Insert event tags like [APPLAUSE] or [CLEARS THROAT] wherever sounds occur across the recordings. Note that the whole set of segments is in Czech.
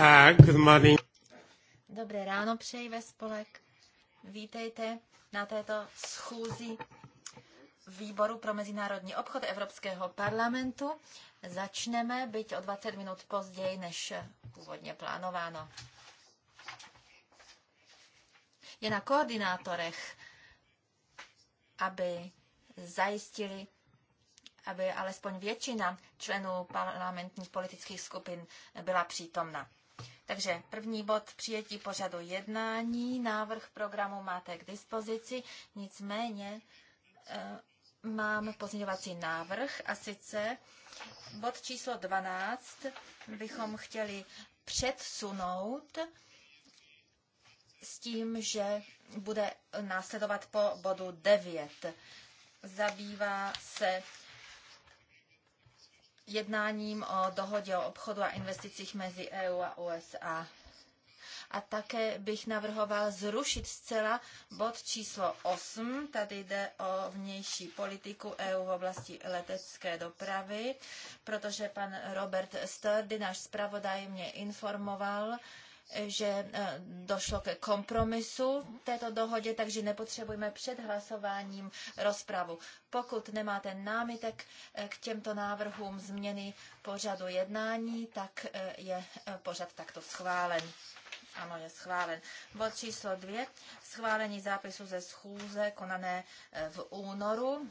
Uh, good morning. Dobré ráno přeji ve spolek. Vítejte na této schůzi výboru pro mezinárodní obchod Evropského parlamentu. Začneme, byť o 20 minut později, než původně plánováno. Je na koordinátorech, aby zajistili aby alespoň většina členů parlamentních politických skupin byla přítomna. Takže první bod přijetí pořadu jednání. Návrh programu máte k dispozici, nicméně eh, mám pozměňovací návrh a sice bod číslo 12 bychom chtěli předsunout s tím, že bude následovat po bodu 9. Zabývá se jednáním o dohodě o obchodu a investicích mezi EU a USA. A také bych navrhoval zrušit zcela bod číslo 8. Tady jde o vnější politiku EU v oblasti letecké dopravy, protože pan Robert Sturdy, náš zpravodaj, mě informoval, že e, došlo ke kompromisu v této dohodě, takže nepotřebujeme před hlasováním rozpravu. Pokud nemáte námitek e, k těmto návrhům změny pořadu jednání, tak e, je pořad takto schválen. Ano, je schválen. Bod číslo dvě. Schválení zápisu ze schůze konané v únoru.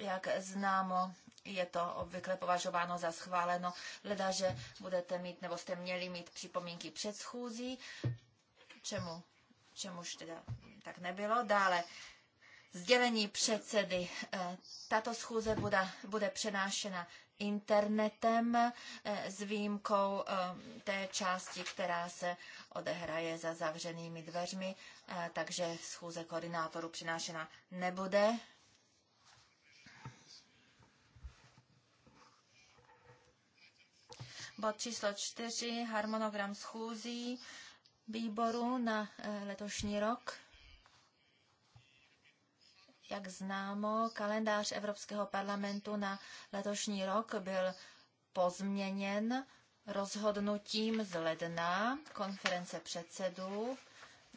Jak známo, je to obvykle považováno za schváleno, ledaže budete mít nebo jste měli mít připomínky před schůzí, čemu, čemuž teda tak nebylo. Dále sdělení předsedy. Eh, tato schůze bude, bude přenášena internetem eh, s výjimkou eh, té části, která se odehraje za zavřenými dveřmi, takže schůze koordinátorů přinášena nebude Bod číslo čtyři, harmonogram schůzí výboru na eh, letošní rok. Jak známo, kalendář Evropského parlamentu na letošní rok byl pozměněn rozhodnutím z ledna konference předsedů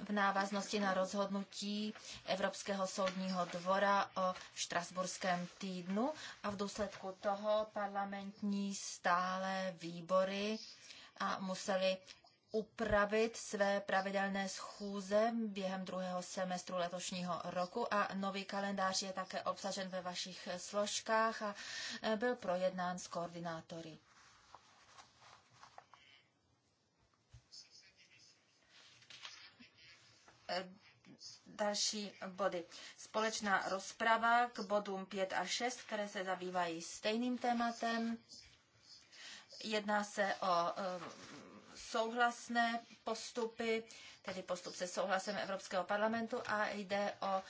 v návaznosti na rozhodnutí Evropského soudního dvora o Štrasburském týdnu a v důsledku toho parlamentní stále výbory a museli upravit své pravidelné schůze během druhého semestru letošního roku a nový kalendář je také obsažen ve vašich složkách a e, byl projednán s koordinátory. Eh, další body. Společná rozprava k bodům 5 a 6, které se zabývají stejným tématem. Jedná se o eh, souhlasné postupy, tedy postup se souhlasem Evropského parlamentu a jde o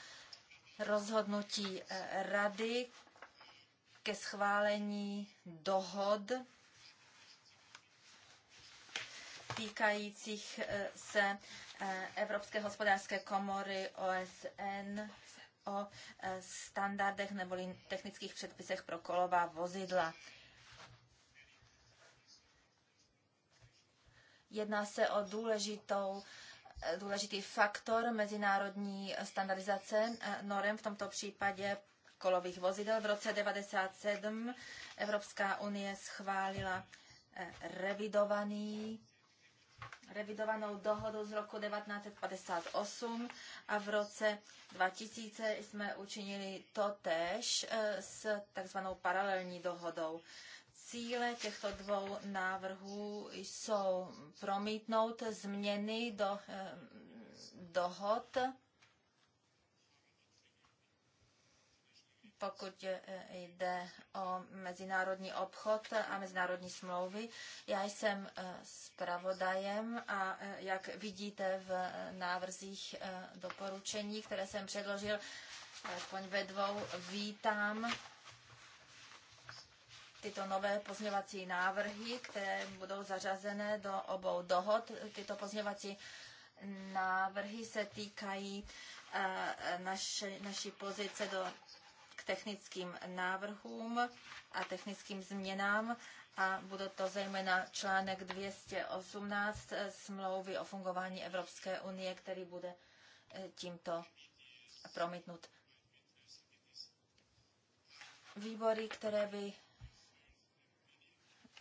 rozhodnutí eh, rady ke schválení dohod týkajících eh, se eh, Evropské hospodářské komory OSN o eh, standardech nebo technických předpisech pro kolová vozidla. Jedná se o důležitou důležitý faktor mezinárodní standardizace norem, v tomto případě kolových vozidel. V roce 1997 Evropská unie schválila revidovaný revidovanou dohodu z roku 1958 a v roce 2000 jsme učinili to tež e, s takzvanou paralelní dohodou. Cíle těchto dvou návrhů jsou promítnout změny do e, dohod pokud e, jde o mezinárodní obchod a mezinárodní smlouvy. Já jsem e, zpravodajem a e, jak vidíte v návrzích doporučení, které jsem předložil, alespoň ve dvou, vítám tyto nové pozměvací návrhy, které budou zařazené do obou dohod. Tyto pozměvací návrhy se týkají naši, naší pozice do technickým návrhům a technickým změnám a bude to zejména článek 218 smlouvy o fungování Evropské unie, který bude e, tímto promítnut. Výbory, které by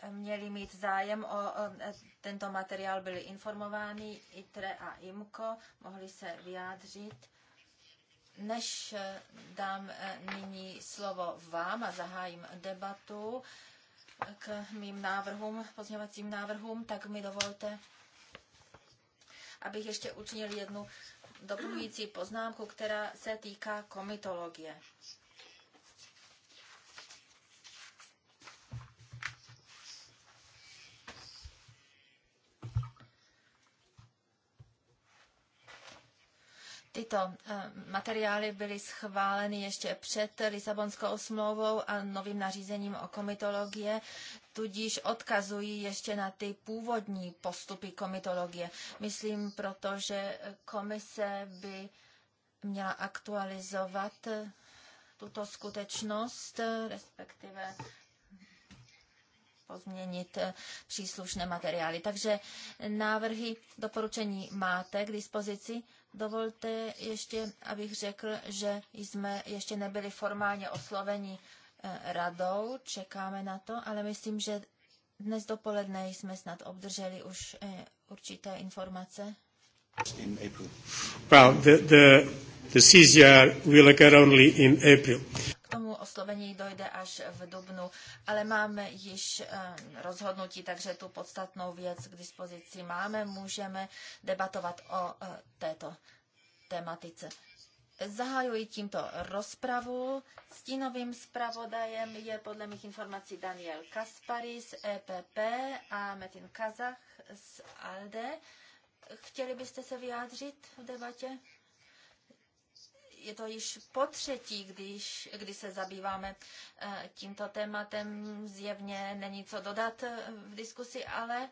měli mít zájem o e, tento materiál, byly informovány, ITRE a IMCO, mohli se vyjádřit než eh, dám eh, nyní slovo vám a zahájím debatu k mým návrhům, pozměňovacím návrhům, tak mi dovolte, abych ještě učinil jednu doplňující poznámku, která se týká komitologie. Tyto eh, materiály byly schváleny ještě před Lisabonskou smlouvou a novým nařízením o komitologie, tudíž odkazují ještě na ty původní postupy komitologie. Myslím proto, že komise by měla aktualizovat eh, tuto skutečnost, respektive pozměnit eh, příslušné materiály. Takže návrhy doporučení máte k dispozici Dovolte ještě, abych řekl, že jsme ještě nebyli formálně osloveni eh, radou, čekáme na to, ale myslím, že dnes dopoledne jsme snad obdrželi už eh, určité informace. In April. Well, the, the, the CCR will occur only in April oslovení dojde až v Dubnu, ale máme již eh, rozhodnutí, takže tu podstatnou věc k dispozici máme. Můžeme debatovat o eh, této tematice. Zahajuji tímto rozpravu. Stínovým zpravodajem je podle mých informací Daniel Kaspary z EPP a Metin Kazach z ALDE. Chtěli byste se vyjádřit v debatě? je to již po třetí, když, kdy se zabýváme eh, tímto tématem. Zjevně není co dodat eh, v diskusi, ale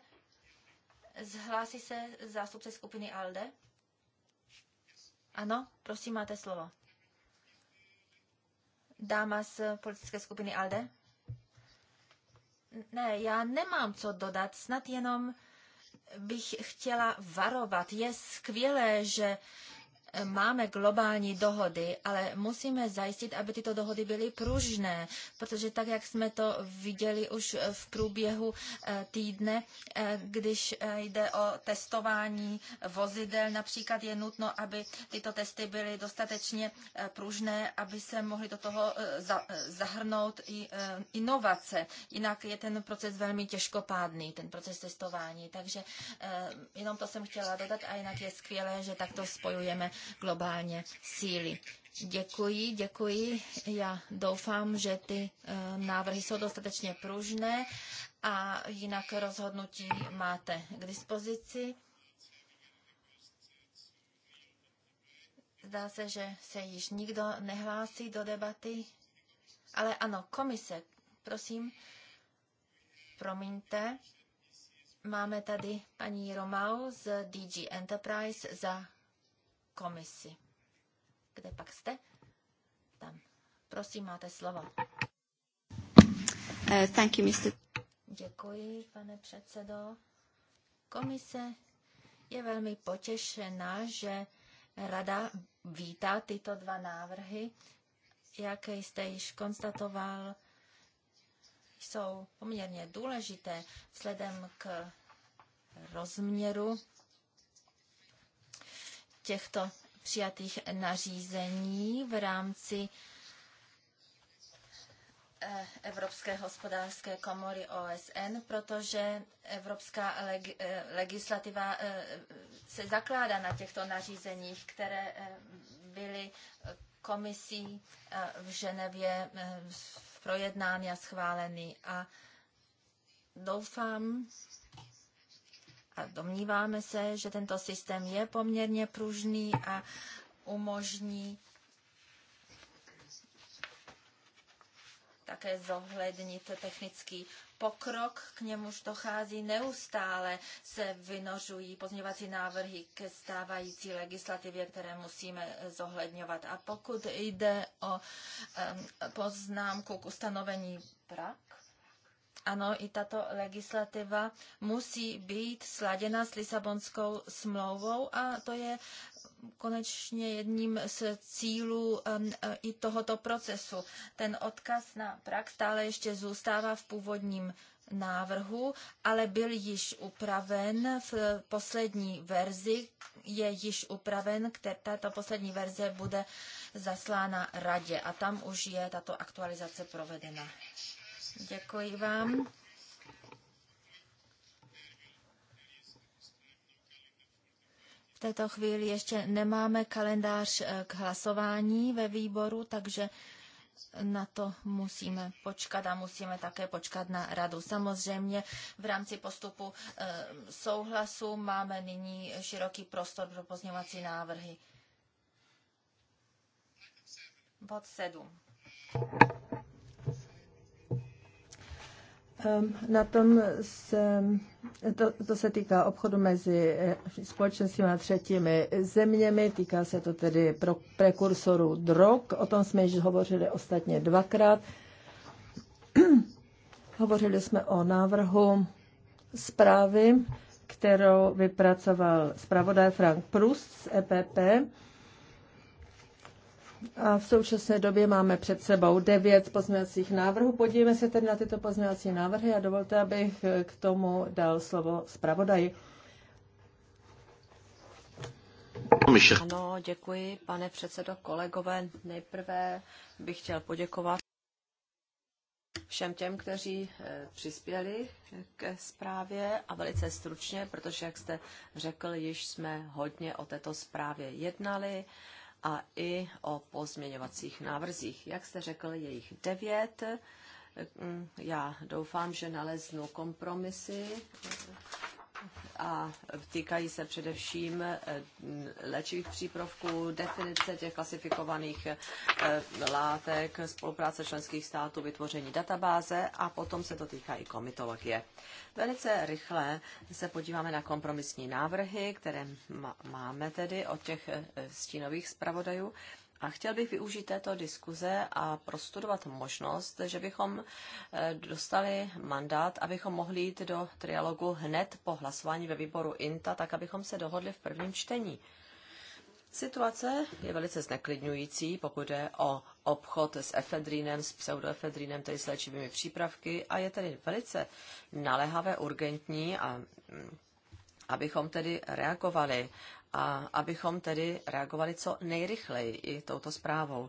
zhlásí se zástupce skupiny ALDE. Ano, prosím, máte slovo. Dáma z politické skupiny ALDE. Ne, já nemám co dodat, snad jenom bych chtěla varovat. Je skvělé, že máme globální dohody, ale musíme zajistit, aby tyto dohody byly pružné, protože tak, jak jsme to viděli už v průběhu eh, týdne, eh, když eh, jde o testování vozidel, například je nutno, aby tyto testy byly dostatečně pružné, aby se mohly do toho zahrnout i inovace. Jinak je ten proces velmi těžkopádný, ten proces testování. Takže jenom to jsem chtěla dodat a jinak je skvělé, že takto spojujeme globálně síly. Děkuji, děkuji. Já doufám, že ty eh, návrhy jsou dostatečně pružné a jinak rozhodnutí máte k dispozici. Zdá se, že se již nikdo nehlásí do debaty. Ale ano, komise, prosím, promiňte. Máme tady paní Romau z DG Enterprise za komisi. Kde pak jste? Tam. Prosím, máte slovo. Uh, thank you, Mr. Děkuji, pane předsedo. Komise je velmi potěšená, že Rada vítá tyto dva návrhy. Jak jste již konstatoval, jsou poměrně důležité vzhledem k rozměru těchto přijatých nařízení v rámci eh, Evropské hospodářské komory OSN, protože evropská eh, legislativa eh, se zakládá na těchto nařízeních, které byly komisí v Ženevě projednány a schváleny. A doufám, domníváme se, že tento systém je poměrně pružný a umožní také zohlednit technický pokrok, k němuž dochází neustále, se vynořují pozměňovací návrhy ke stávající legislativě, které musíme zohledňovat. A pokud jde o poznámku k ustanovení pra, ano, i tato legislativa musí být sladěna s Lisabonskou smlouvou a to je konečně jedním z cílů um, i tohoto procesu. Ten odkaz na Prag stále ještě zůstává v původním návrhu, ale byl již upraven v poslední verzi, je již upraven, tato poslední verze bude zaslána radě a tam už je tato aktualizace provedena. Děkuji vám. V této chvíli ještě nemáme kalendář eh, k hlasování ve výboru, takže na to musíme počkat a musíme také počkat na radu. Samozřejmě v rámci postupu eh, souhlasu máme nyní široký prostor pro pozněvací návrhy. Bod 7. Ehm, na tom se, to, to se týká obchodu mezi eh, společenstvím a třetími zeměmi, týká se to tedy pro prekursorů drog, o tom jsme již hovořili ostatně dvakrát. [CLEARS THROAT] hovořili jsme o návrhu zprávy, kterou vypracoval zpravodaj Frank Prust z EPP a v současné době máme před sebou devět pozměňovacích návrhů. Podívejme se tedy na tyto pozměňovací návrhy a dovolte, abych k tomu dal slovo zpravodaji. Ano, děkuji, pane předsedo, kolegové. Nejprve bych chtěl poděkovat všem těm, kteří eh, přispěli ke zprávě a velice stručně, protože, jak jste řekl, již jsme hodně o této zprávě jednali a i o pozměňovacích návrzích. Jak jste řekl, je jich devět. Mm, já doufám, že naleznu kompromisy a týkají se především eh, léčivých přípravků, definice těch klasifikovaných eh, látek, spolupráce členských států, vytvoření databáze a potom se to týká i komitologie. Velice rychle se podíváme na kompromisní návrhy, které máme tedy od těch eh, stínových zpravodajů. A chtěl bych využít této diskuze a prostudovat možnost, že bychom eh, dostali mandát, abychom mohli jít do trialogu hned po hlasování ve výboru INTA, tak abychom se dohodli v prvním čtení. Situace je velice zneklidňující, pokud jde o obchod s efedrínem, s pseudoefedrínem, tedy s léčivými přípravky, a je tedy velice naléhavé, urgentní a mm, abychom tedy reagovali a abychom tedy reagovali co nejrychleji i touto zprávou.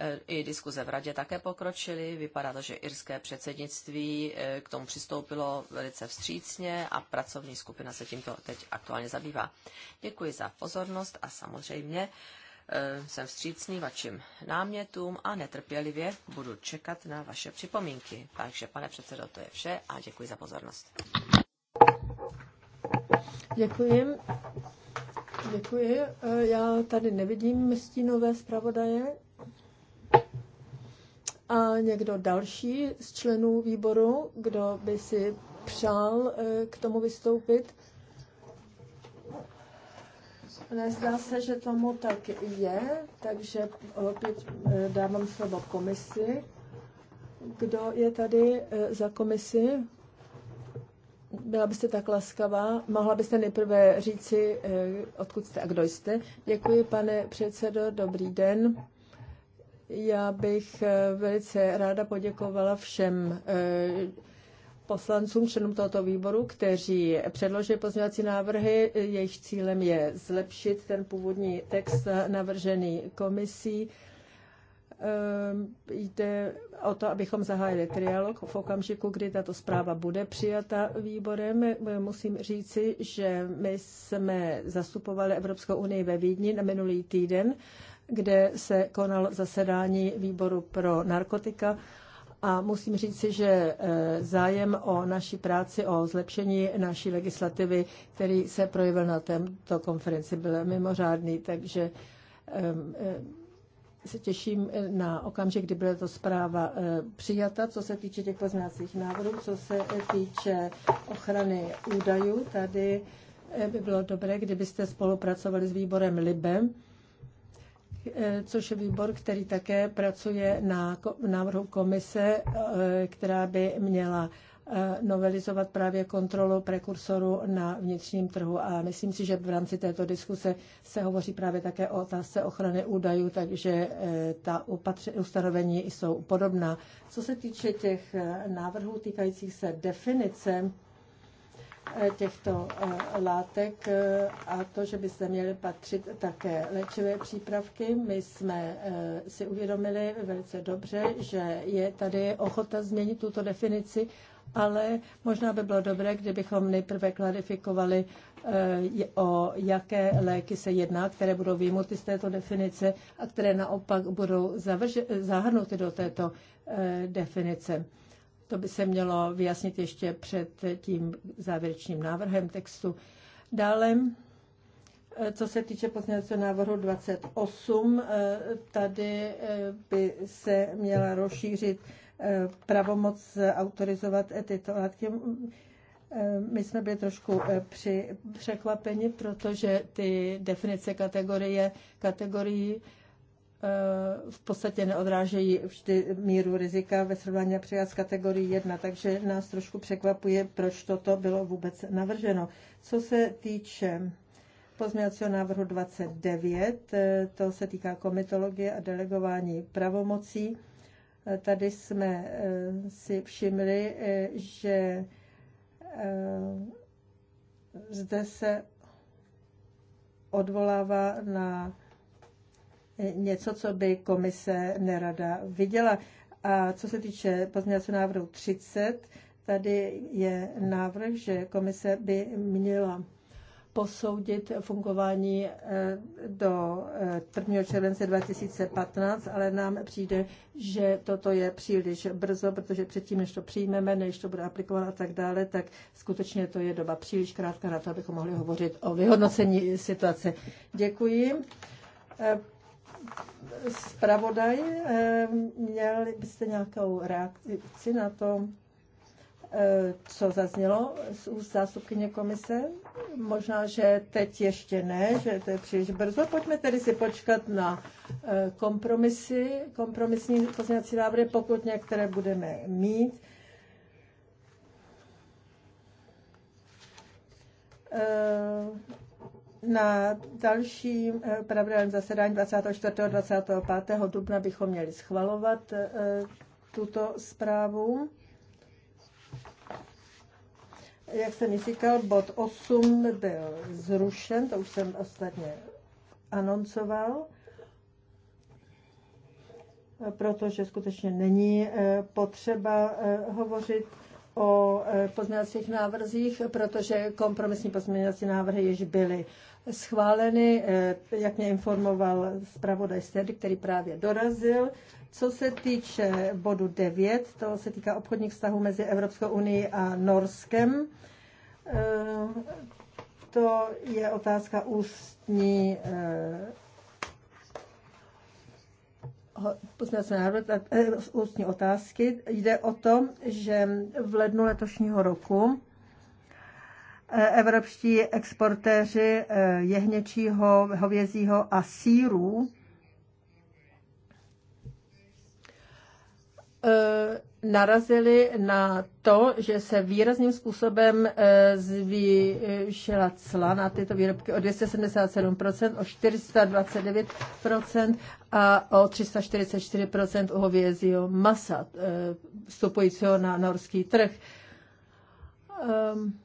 E, I diskuze v radě také pokročily, vypadá to, že irské předsednictví e, k tomu přistoupilo velice vstřícně a pracovní skupina se tímto teď aktuálně zabývá. Děkuji za pozornost a samozřejmě e, jsem vstřícný vašim námětům a netrpělivě budu čekat na vaše připomínky. Takže, pane předsedo, to je vše a děkuji za pozornost. Děkuji. Děkuji. E, já tady nevidím stínové zpravodaje. A někdo další z členů výboru, kdo by si přál e, k tomu vystoupit? Nezdá se, že tomu tak je, takže e, opět dávám slovo komisi. Kdo je tady za komisi? byla byste tak laskavá, mohla byste nejprve říci, eh, odkud jste a kdo jste. Děkuji, pane předsedo, dobrý den. Já bych eh, velice ráda poděkovala všem eh, poslancům, členům tohoto výboru, kteří předložili pozměňovací návrhy. Jejich cílem je zlepšit ten původní text navržený komisí. Ehm, jde o to, abychom zahájili trialog v okamžiku, kdy tato zpráva bude přijata výborem. Eh, musím říci, že my jsme zastupovali Evropskou unii ve Vídni na minulý týden, kde se konal zasedání výboru pro narkotika a musím říci, že eh, zájem o naší práci, o zlepšení naší legislativy, který se projevil na této konferenci, byl mimořádný, takže ehm, eh, se těším eh, na okamžik, kdy bude to zpráva eh, přijata, co se týče těch pozměňovacích návrhů, co se eh, týče ochrany údajů. Tady by bylo dobré, kdybyste spolupracovali s výborem LIBEM, což je výbor, který také pracuje na návrhu komise, která by měla Eh, novelizovat právě kontrolu prekursoru na vnitřním trhu. A myslím si, že v rámci této diskuse se hovoří právě také o otázce ochrany údajů, takže eh, ta ustanovení jsou podobná. Co se týče těch eh, návrhů týkajících se definice těchto látek a to, že by se měly patřit také léčivé přípravky. My jsme si uvědomili velice dobře, že je tady ochota změnit tuto definici ale možná by bylo dobré, kdybychom nejprve klarifikovali, eh, o jaké léky se jedná, které budou výjimuty z této definice a které naopak budou zahrnuty do této eh, definice. To by se mělo vyjasnit ještě před tím závěrečným návrhem textu. Dále eh, co se týče pozměňovacího návrhu 28, tady by se měla rozšířit pravomoc autorizovat tyto látky. My jsme byli trošku eh, při překvapeni, protože ty definice kategorie kategorií eh, v podstatě neodrážejí vždy míru rizika ve srovnání například s kategorií 1, takže nás trošku překvapuje, proč toto bylo vůbec navrženo. Co se týče pozměňovacího návrhu 29, eh, to se týká komitologie a delegování pravomocí. Tady jsme eh, si všimli, eh, že eh, zde se odvolává na něco, co by komise nerada viděla. A co se týče pozměňovacího návrhu 30, tady je návrh, že komise by měla posoudit fungování eh, do 1. Eh, července 2015, ale nám přijde, že toto je příliš brzo, protože předtím, než to přijmeme, než to bude aplikovat a tak dále, tak skutečně to je doba příliš krátká na to, abychom mohli hovořit o vyhodnocení situace. Děkuji. Spravodaj, eh, měli byste nějakou reakci na to? Eh, co zaznělo z úst zástupkyně komise. Možná, že teď ještě ne, že to je příliš brzo. Pojďme tedy si počkat na eh, kompromisy, kompromisní pozměňovací návrhy, pokud některé budeme mít. Eh, na dalším pravidelném zasedání 24. a 25. dubna bychom měli schvalovat tuto zprávu. Jak jsem říkal, bod 8 byl zrušen, to už jsem ostatně anoncoval, protože skutečně není eh, potřeba eh, hovořit o eh, pozměňovacích návrzích, protože kompromisní pozměňovací návrhy již byly schváleny, eh, jak mě informoval zpravodaj Stedy, který právě dorazil. Co se týče bodu 9, to se týká obchodních vztahů mezi Evropskou unii a Norskem. Eh, to je otázka ústní eh, ústní otázky. Jde o to, že v lednu letošního roku E, evropští exportéři e, jehněčího, hovězího a sírů e, narazili na to, že se výrazným způsobem zvýšila cla na tyto výrobky o 277%, o 429% a o 344% u hovězího masa vstupujícího na norský trh. Um,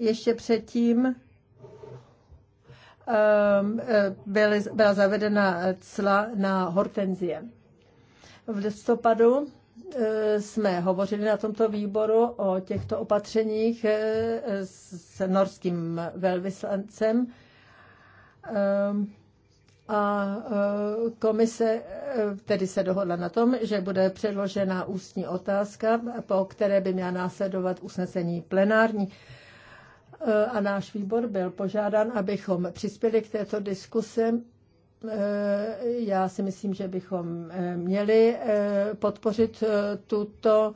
ještě předtím ehm, eh, byly, byla zavedena cla na hortenzie. V listopadu eh, jsme hovořili na tomto výboru o těchto opatřeních eh, s norským velvyslancem ehm, a komise tedy se dohodla na tom, že bude předložena ústní otázka, po které by měla následovat usnesení plenární a náš výbor byl požádán, abychom přispěli k této diskuse. Eh, já si myslím, že bychom eh, měli eh, podpořit tuto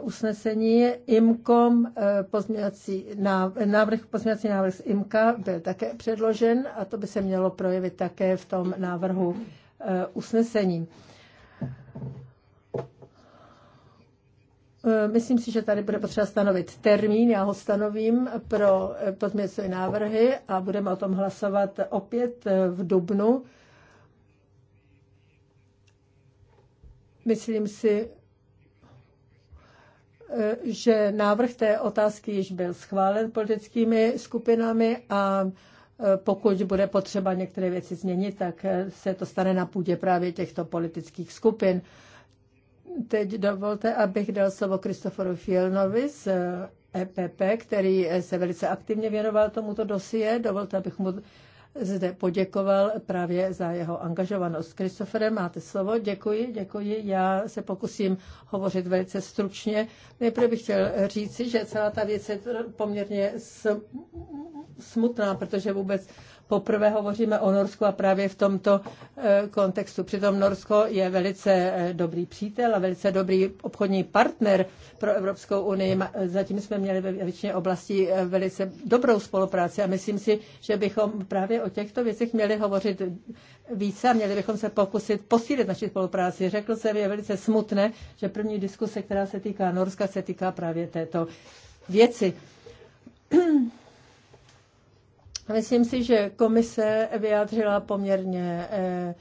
usnesení IMKOM, pozměňací návrh, pozměňací návrh z IMKA byl také předložen a to by se mělo projevit také v tom návrhu usnesení. Eh, myslím si, že tady bude potřeba stanovit termín, já ho stanovím pro eh, podměstové návrhy a budeme o tom hlasovat opět eh, v Dubnu. Myslím si, že návrh té otázky již byl schválen politickými skupinami a pokud bude potřeba některé věci změnit, tak se to stane na půdě právě těchto politických skupin. Teď dovolte, abych dal slovo Kristoforu Fielnovi z EPP, který se velice aktivně věnoval tomuto dosie. Dovolte, abych mu zde poděkoval právě za jeho angažovanost. Kristofere, máte slovo. Děkuji, děkuji. Já se pokusím hovořit velice stručně. Nejprve bych chtěl říci, že celá ta věc je poměrně smutná, protože vůbec Poprvé hovoříme o Norsku a právě v tomto eh, kontextu. Přitom Norsko je velice eh, dobrý přítel a velice dobrý obchodní partner pro Evropskou unii. Zatím jsme měli ve většině oblastí eh, velice dobrou spolupráci a myslím si, že bychom právě o těchto věcech měli hovořit více a měli bychom se pokusit posílit naši spolupráci. Řekl jsem, je velice smutné, že první diskuse, která se týká Norska, se týká právě této věci. [CLEARS THROAT] Myslím si, že komise vyjádřila poměrně eh,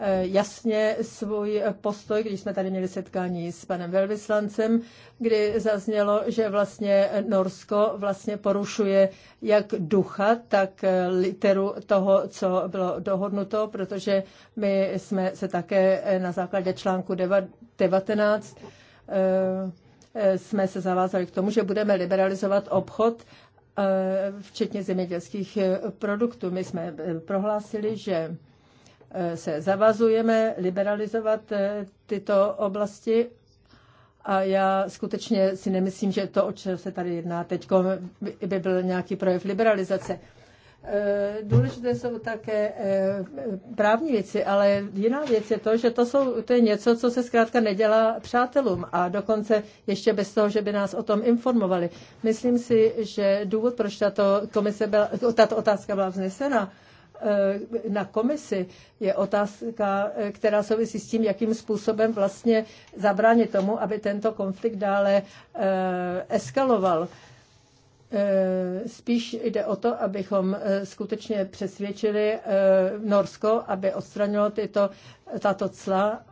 eh, jasně svůj postoj, když jsme tady měli setkání s panem velvyslancem, kdy zaznělo, že vlastně Norsko vlastně porušuje jak ducha, tak literu toho, co bylo dohodnuto, protože my jsme se také eh, na základě článku 19 jsme se zavázali k tomu, že budeme liberalizovat obchod Eh, včetně zemědělských eh, produktů. My jsme eh, prohlásili, že se zavazujeme liberalizovat tyto oblasti a já skutečně si nemyslím, že to, o čem se tady jedná teď, by byl nějaký projev liberalizace. Eh, důležité jsou také eh, právní věci, ale jiná věc je to, že to, jsou, to je něco, co se zkrátka nedělá přátelům a dokonce ještě bez toho, že by nás o tom informovali. Myslím si, že důvod, proč tato, komise byla, tato otázka byla vznesena, eh, na komisi je otázka, která souvisí s tím, jakým způsobem vlastně zabránit tomu, aby tento konflikt dále eskaloval. Eh, spíš jde o to, abychom eh, skutečně přesvědčili eh, Norsko, aby odstranilo tyto, tato cla,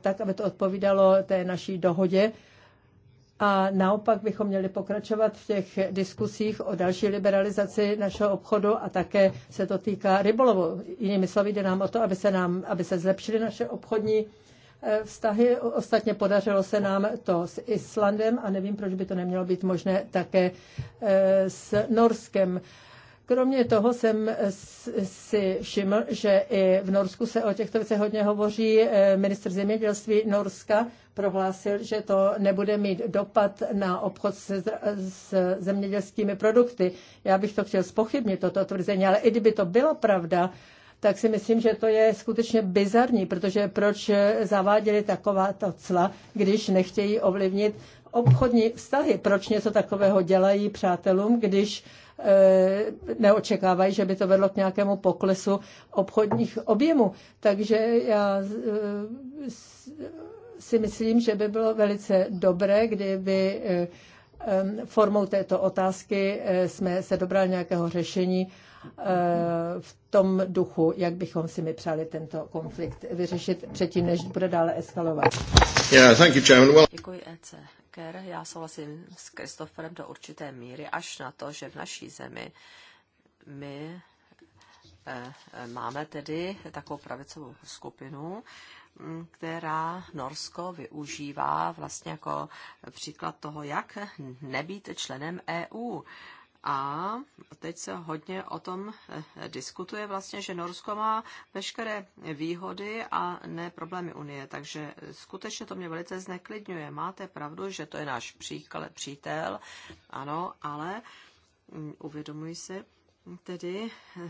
tak aby to odpovídalo té naší dohodě. A naopak bychom měli pokračovat v těch diskusích o další liberalizaci našeho obchodu a také se to týká rybolovu. Jinými slovy, jde nám o to, aby se, nám, aby se zlepšily naše obchodní Eh, vztahy. Ostatně podařilo se nám to s Islandem a nevím, proč by to nemělo být možné také eh, s Norskem. Kromě toho jsem si všiml, že i v Norsku se o těchto věcech hodně hovoří. Eh, Minister zemědělství Norska prohlásil, že to nebude mít dopad na obchod se, s zemědělskými produkty. Já bych to chtěl spochybnit, toto tvrzení, ale i kdyby to byla pravda, tak si myslím, že to je skutečně bizarní, protože proč zaváděli ta cla, když nechtějí ovlivnit obchodní vztahy? Proč něco takového dělají přátelům, když eh, neočekávají, že by to vedlo k nějakému poklesu obchodních objemů. Takže já eh, si myslím, že by bylo velice dobré, kdyby eh, formou této otázky jsme se dobrali nějakého řešení Eh, v tom duchu, jak bychom si my přáli tento konflikt vyřešit předtím, než bude dále eskalovat. Yeah, thank you, Chairman. Well... Děkuji, EC. Já souhlasím s Kristoferem do určité míry, až na to, že v naší zemi my eh, máme tedy takovou pravicovou skupinu, mm, která Norsko využívá vlastně jako příklad toho, jak nebýt členem EU. A teď se hodně o tom eh, diskutuje vlastně, že Norsko má veškeré výhody a ne problémy Unie. Takže skutečně to mě velice zneklidňuje. Máte pravdu, že to je náš přítel, ano, ale mm, uvědomuji si, tedy eh,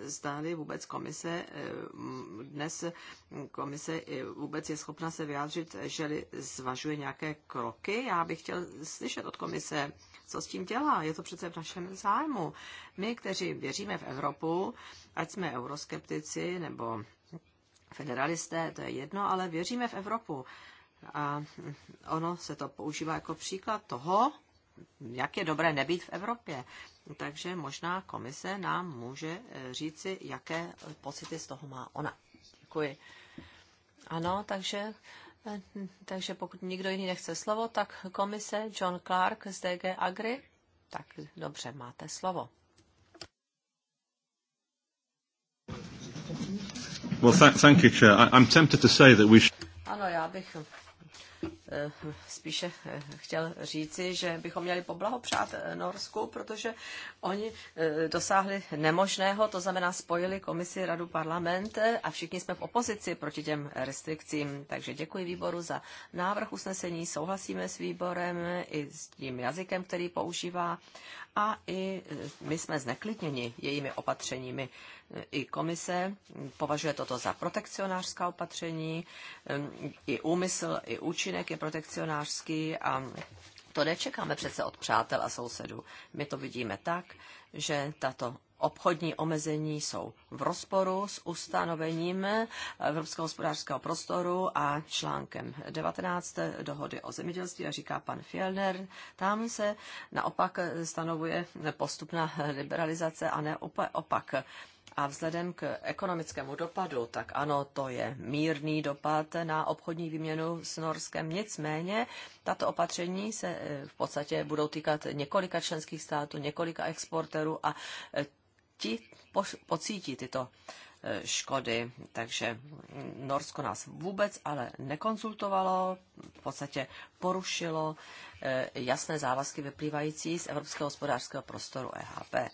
zdáli vůbec komise, eh, dnes komise vůbec je schopna se vyjádřit, že zvažuje nějaké kroky. Já bych chtěl slyšet od komise, co s tím dělá. Je to přece v našem zájmu. My, kteří věříme v Evropu, ať jsme euroskeptici nebo federalisté, to je jedno, ale věříme v Evropu. A ono se to používá jako příklad toho, jak je dobré nebýt v Evropě. Takže možná komise nám může eh, říci, jaké pocity z toho má ona. Děkuji. Ano, takže takže pokud nikdo jiný nechce slovo, tak komise John Clark z DG Agri. Tak dobře, máte slovo. Well, thank, thank you, Chair. I, I'm tempted to say that we should... Ano, já bych Eh, spíše eh, chtěl říci, že bychom měli poblahopřát eh, Norsku, protože oni dosáhli nemožného, to znamená spojili komisi, radu, parlament a všichni jsme v opozici proti těm restrikcím. Takže děkuji výboru za návrh usnesení, souhlasíme s výborem i s tím jazykem, který používá a i my jsme zneklidněni jejími opatřeními i komise považuje toto za protekcionářská opatření, i úmysl, i účinek je protekcionářský a to nečekáme přece od přátel a sousedů. My to vidíme tak, že tato obchodní omezení jsou v rozporu s ustanovením Evropského hospodářského prostoru a článkem 19 dohody o zemědělství, a říká pan Fielner. Tam se naopak stanovuje postupná liberalizace a ne opak. A vzhledem k ekonomickému dopadu, tak ano, to je mírný dopad na obchodní výměnu s Norskem. Nicméně tato opatření se eh, v podstatě budou týkat několika členských států, několika exporterů a eh, ti pocítí tyto eh, škody. Takže Norsko nás vůbec ale nekonzultovalo, v podstatě porušilo jasné závazky vyplývající z Evropského hospodářského prostoru EHP.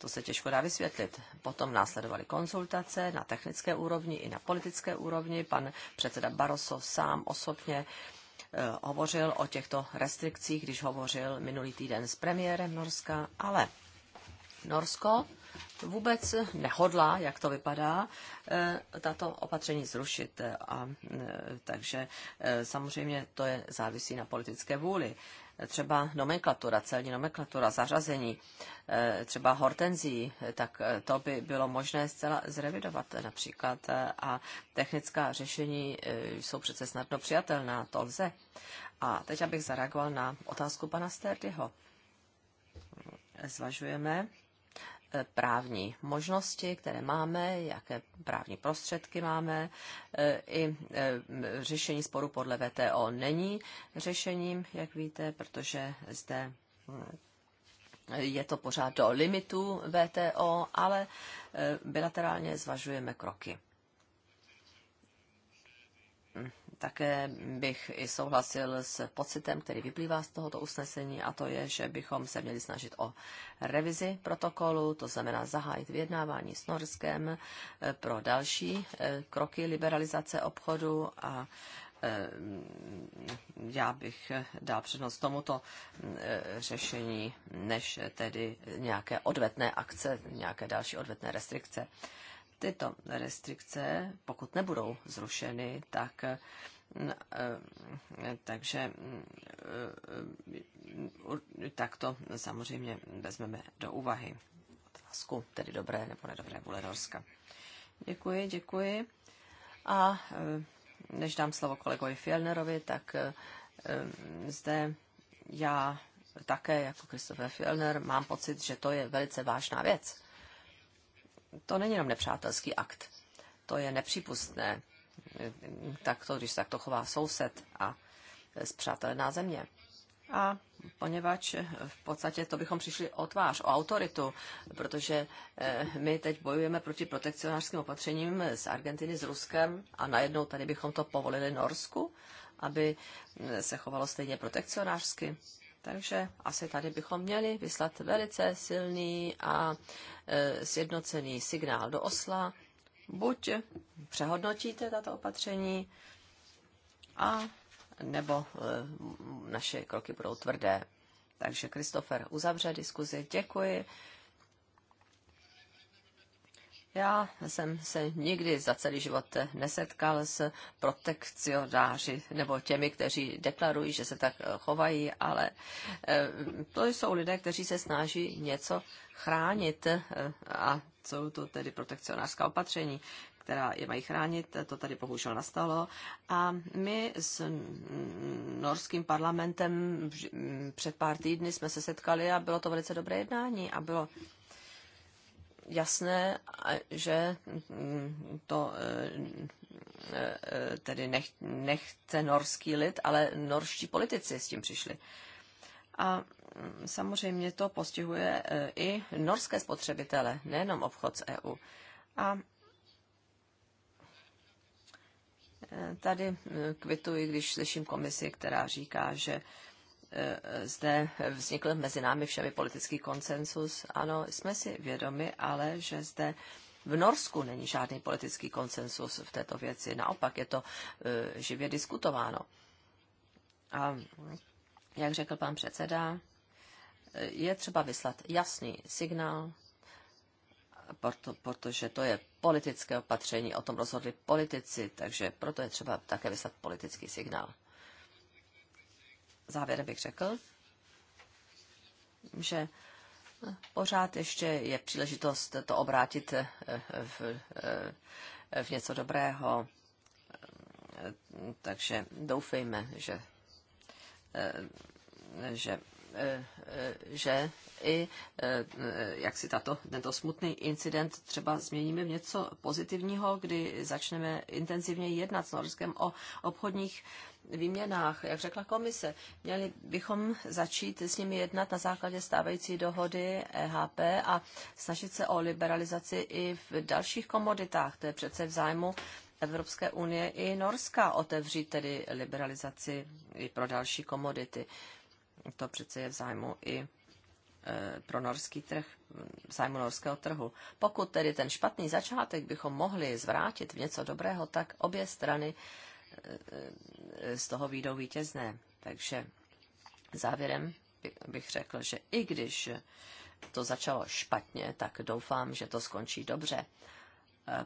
To se těžko dá vysvětlit. Potom následovaly konzultace na technické úrovni i na politické úrovni. Pan předseda Barroso sám osobně eh, hovořil o těchto restrikcích, když hovořil minulý týden s premiérem Norska, ale Norsko vůbec nehodlá, jak to vypadá, eh, tato opatření zrušit. A, eh, takže samozřejmě to je závisí na politické vůli třeba nomenklatura, celní nomenklatura, zařazení eh, třeba hortenzí, eh, tak eh, to by bylo možné zcela zrevidovat například a technická řešení jsou přece snadno přijatelná, to lze. A teď abych zareagoval na otázku pana Sterdyho. Zvažujeme Eh, právní možnosti, které máme, jaké právní prostředky máme. Eh, I eh, řešení sporu podle VTO není řešením, jak víte, protože zde hm, je to pořád do limitu VTO, ale bilaterálně zvažujeme kroky. Také bych i souhlasil s pocitem, který vyplývá z tohoto usnesení, a to je, že bychom se měli snažit o revizi protokolu, to znamená zahájit vyjednávání s Norskem eh, pro další eh, kroky liberalizace obchodu a eh, já bych dal přednost tomuto mm, řešení, než tedy nějaké odvetné akce, nějaké další odvetné restrikce tyto restrikce, pokud nebudou zrušeny, tak mm, eh, takže mm, eh, tak to samozřejmě vezmeme do úvahy. Otázku, tedy dobré nebo nedobré vůle Norska. Děkuji, děkuji. A eh, než dám slovo kolegovi Fielnerovi, tak zde já také jako Christopher Fielner mám pocit, že to je velice vážná věc to není jenom nepřátelský akt. To je nepřípustné. Tak to, když se takto chová soused a zpřátelená země. A poněvadž v podstatě to bychom přišli o tvář, o autoritu, protože eh, my teď bojujeme proti protekcionářským opatřením s Argentiny, s Ruskem a najednou tady bychom to povolili Norsku, aby mm, se chovalo stejně protekcionářsky. Takže asi tady bychom měli vyslat velice silný a e, sjednocený signál do osla. Buď přehodnotíte tato opatření, a nebo e, naše kroky budou tvrdé. Takže Kristofer uzavře diskuzi. Děkuji já jsem se nikdy za celý život nesetkal s protekcionáři nebo těmi, kteří deklarují, že se tak eh, chovají, ale eh, to jsou lidé, kteří se snaží něco chránit eh, a jsou to tedy protekcionářská opatření která je mají chránit, to tady bohužel nastalo. A my s norským parlamentem před pár týdny jsme se setkali a bylo to velice dobré jednání a bylo jasné, že mm, to e, e, e, tedy nech, nechce norský lid, ale norští politici s tím přišli. A mm, samozřejmě to postihuje i norské spotřebitele, nejenom obchod s EU. A tady mm, kvituji, když slyším komisi, která říká, že Eh, zde vznikl mezi námi všemi politický konsensus. Ano, jsme si vědomi, ale že zde v Norsku není žádný politický konsensus v této věci. Naopak je to eh, živě diskutováno. A jak řekl pan předseda, eh, je třeba vyslat jasný signál, proto, protože to je politické opatření, o tom rozhodli politici, takže proto je třeba také vyslat politický signál závěrem bych řekl, že pořád ještě je příležitost to obrátit eh, eh, v, eh, v něco dobrého. Takže doufejme, že, že Eh, že i eh, jak si tato, tento smutný incident třeba změníme v něco pozitivního, kdy začneme intenzivně jednat s Norskem o obchodních výměnách. Jak řekla komise, měli bychom začít s nimi jednat na základě stávající dohody EHP a snažit se o liberalizaci i v dalších komoditách. To je přece v zájmu Evropské unie i Norska otevřít tedy liberalizaci i pro další komodity. To přece je v zájmu i e, pro norský trh, v zájmu norského trhu. Pokud tedy ten špatný začátek bychom mohli zvrátit v něco dobrého, tak obě strany e, e, z toho výjdou vítězné. Takže závěrem bych řekl, že i když to začalo špatně, tak doufám, že to skončí dobře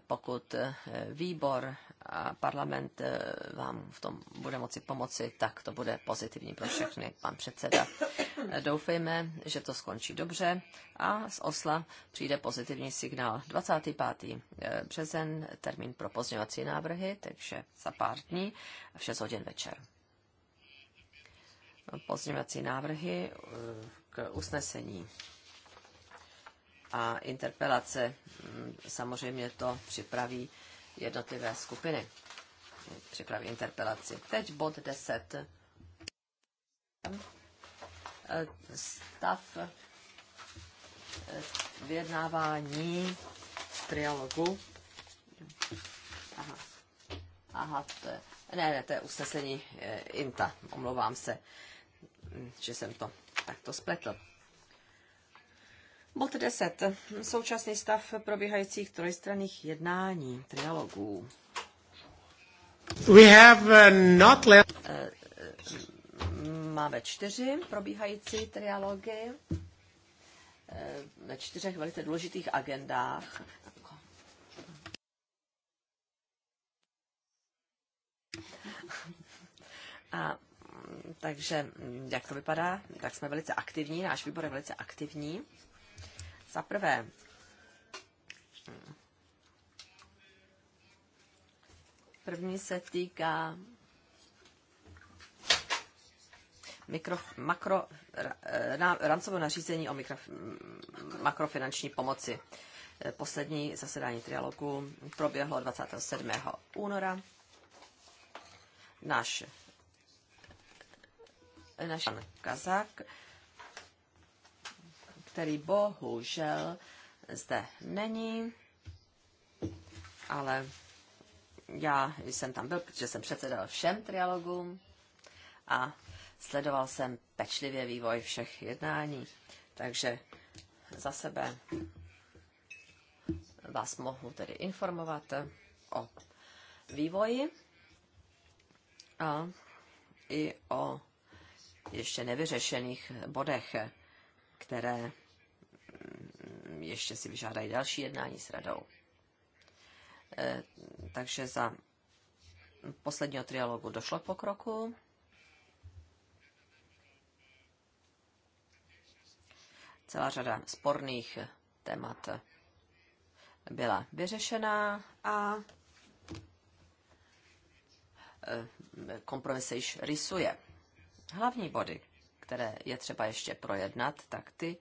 pokud eh, výbor a parlament eh, vám v tom bude moci pomoci, tak to bude pozitivní pro všechny, pan předseda. Eh, doufejme, že to skončí dobře a z Osla přijde pozitivní signál. 25. březen, termín pro pozměňovací návrhy, takže za pár dní v 6 hodin večer. Pozměňovací návrhy k usnesení a interpelace. Mm, samozřejmě to připraví jednotlivé skupiny. Připraví interpelaci. Teď bod 10. Stav eh, vyjednávání trialogu. Aha. Aha, to je, ne, ne, to je usnesení e, INTA, omlouvám se, mm, že jsem to takto spletl. Bod 10. Současný stav probíhajících trojstranných jednání, trialogů. We have uh, not left... Eh, máme čtyři probíhající trialogy na eh, čtyřech velice důležitých agendách. A takže mm, jak to vypadá, tak jsme velice aktivní, náš výbor je velice aktivní za prvé, první se týká mikro, makro, eh, na, rámcové nařízení o mikro, makrofinanční pomoci. Eh, poslední zasedání trialogu proběhlo 27. února. Náš, eh, náš Kazak který bohužel zde není, ale já jsem tam byl, protože jsem předsedal všem trialogům a sledoval jsem pečlivě vývoj všech jednání. Takže za sebe vás mohu tedy informovat o vývoji a i o ještě nevyřešených bodech, které ještě si vyžádají další jednání s radou. Eh, takže za posledního trialogu došlo k pokroku. Celá řada sporných témat byla vyřešená a eh, kompromis se již rysuje. Hlavní body, které je třeba ještě projednat, tak ty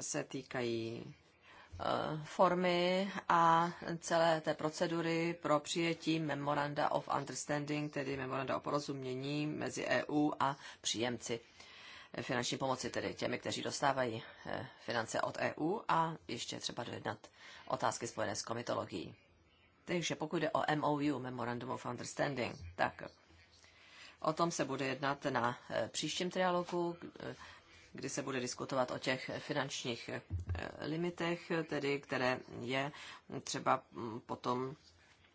se týkají eh, formy a celé té procedury pro přijetí Memoranda of Understanding, tedy Memoranda o porozumění mezi EU a příjemci finanční pomoci, tedy těmi, kteří dostávají eh, finance od EU a ještě třeba dojednat otázky spojené s komitologií. Takže pokud jde o MOU, Memorandum of Understanding, tak o tom se bude jednat na eh, příštím trialogu, kdy se bude diskutovat o těch finančních eh, limitech, tedy které je třeba mm, potom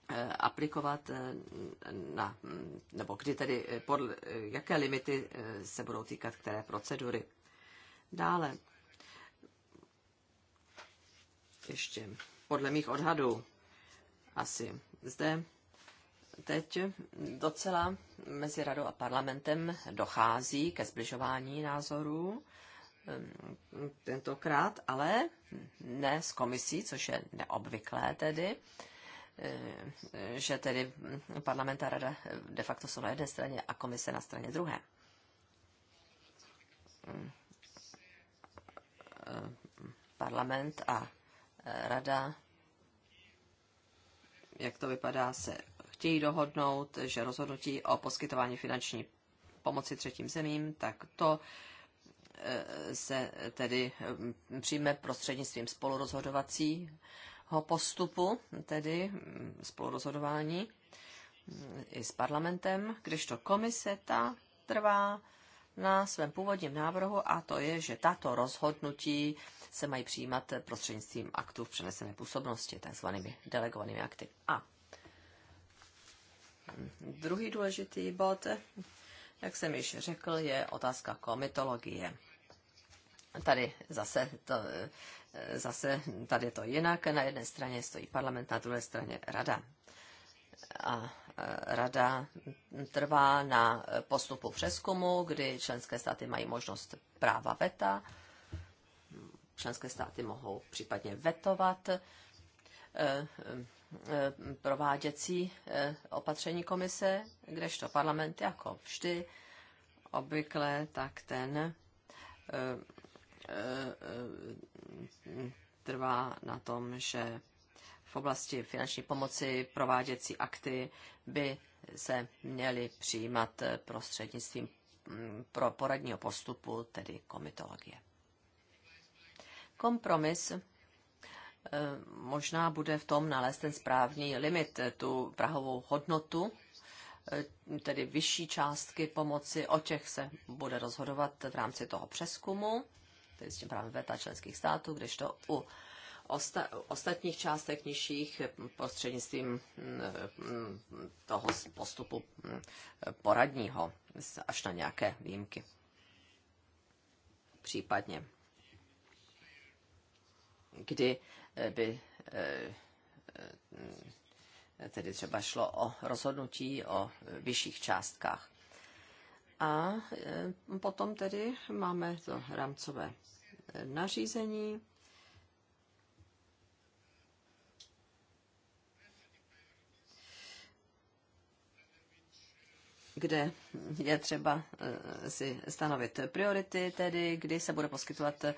eh, aplikovat eh, na, mm, nebo kdy tedy, podle, jaké limity se budou týkat které procedury. Dále, ještě podle mých odhadů, asi zde teď docela mezi radou a parlamentem dochází ke zbližování názorů ehm, tentokrát, ale ne s komisí, což je neobvyklé tedy, ehm, že tedy parlament a rada de facto jsou na jedné straně a komise na straně druhé. Ehm, parlament a rada, jak to vypadá, se chtějí dohodnout, že rozhodnutí o poskytování finanční pomoci třetím zemím, tak to e, se tedy e, přijme prostřednictvím spolurozhodovacího postupu, tedy mm, spolurozhodování mm, i s parlamentem, kdežto komise ta trvá na svém původním návrhu a to je, že tato rozhodnutí se mají přijímat prostřednictvím aktů v přenesené působnosti, takzvanými delegovanými akty. A Druhý důležitý bod, jak jsem již řekl, je otázka komitologie. Tady zase to, zase tady je to jinak. Na jedné straně stojí parlament, na druhé straně rada. A e, rada trvá na postupu přeskumu, kdy členské státy mají možnost práva veta. Členské státy mohou případně vetovat Eh, eh, prováděcí eh, opatření komise, kdežto parlament jako vždy obvykle, tak ten trvá na tom, že v oblasti finanční pomoci prováděcí akty by se měly přijímat prostřednictvím mm, pro poradního postupu, tedy komitologie. Kompromis Eh, možná bude v tom nalézt ten správný limit, eh, tu prahovou hodnotu, eh, tedy vyšší částky pomoci, o těch se bude rozhodovat v rámci toho přeskumu, tedy s tím právě veta členských států, když to u osta- ostatních částek nižších prostřednictvím mm, toho postupu mm, poradního, až na nějaké výjimky. Případně kdy by eh, eh, tedy třeba šlo o rozhodnutí o vyšších částkách. A eh, potom tedy máme to rámcové nařízení kde je třeba eh, si stanovit priority, tedy kdy se bude poskytovat eh,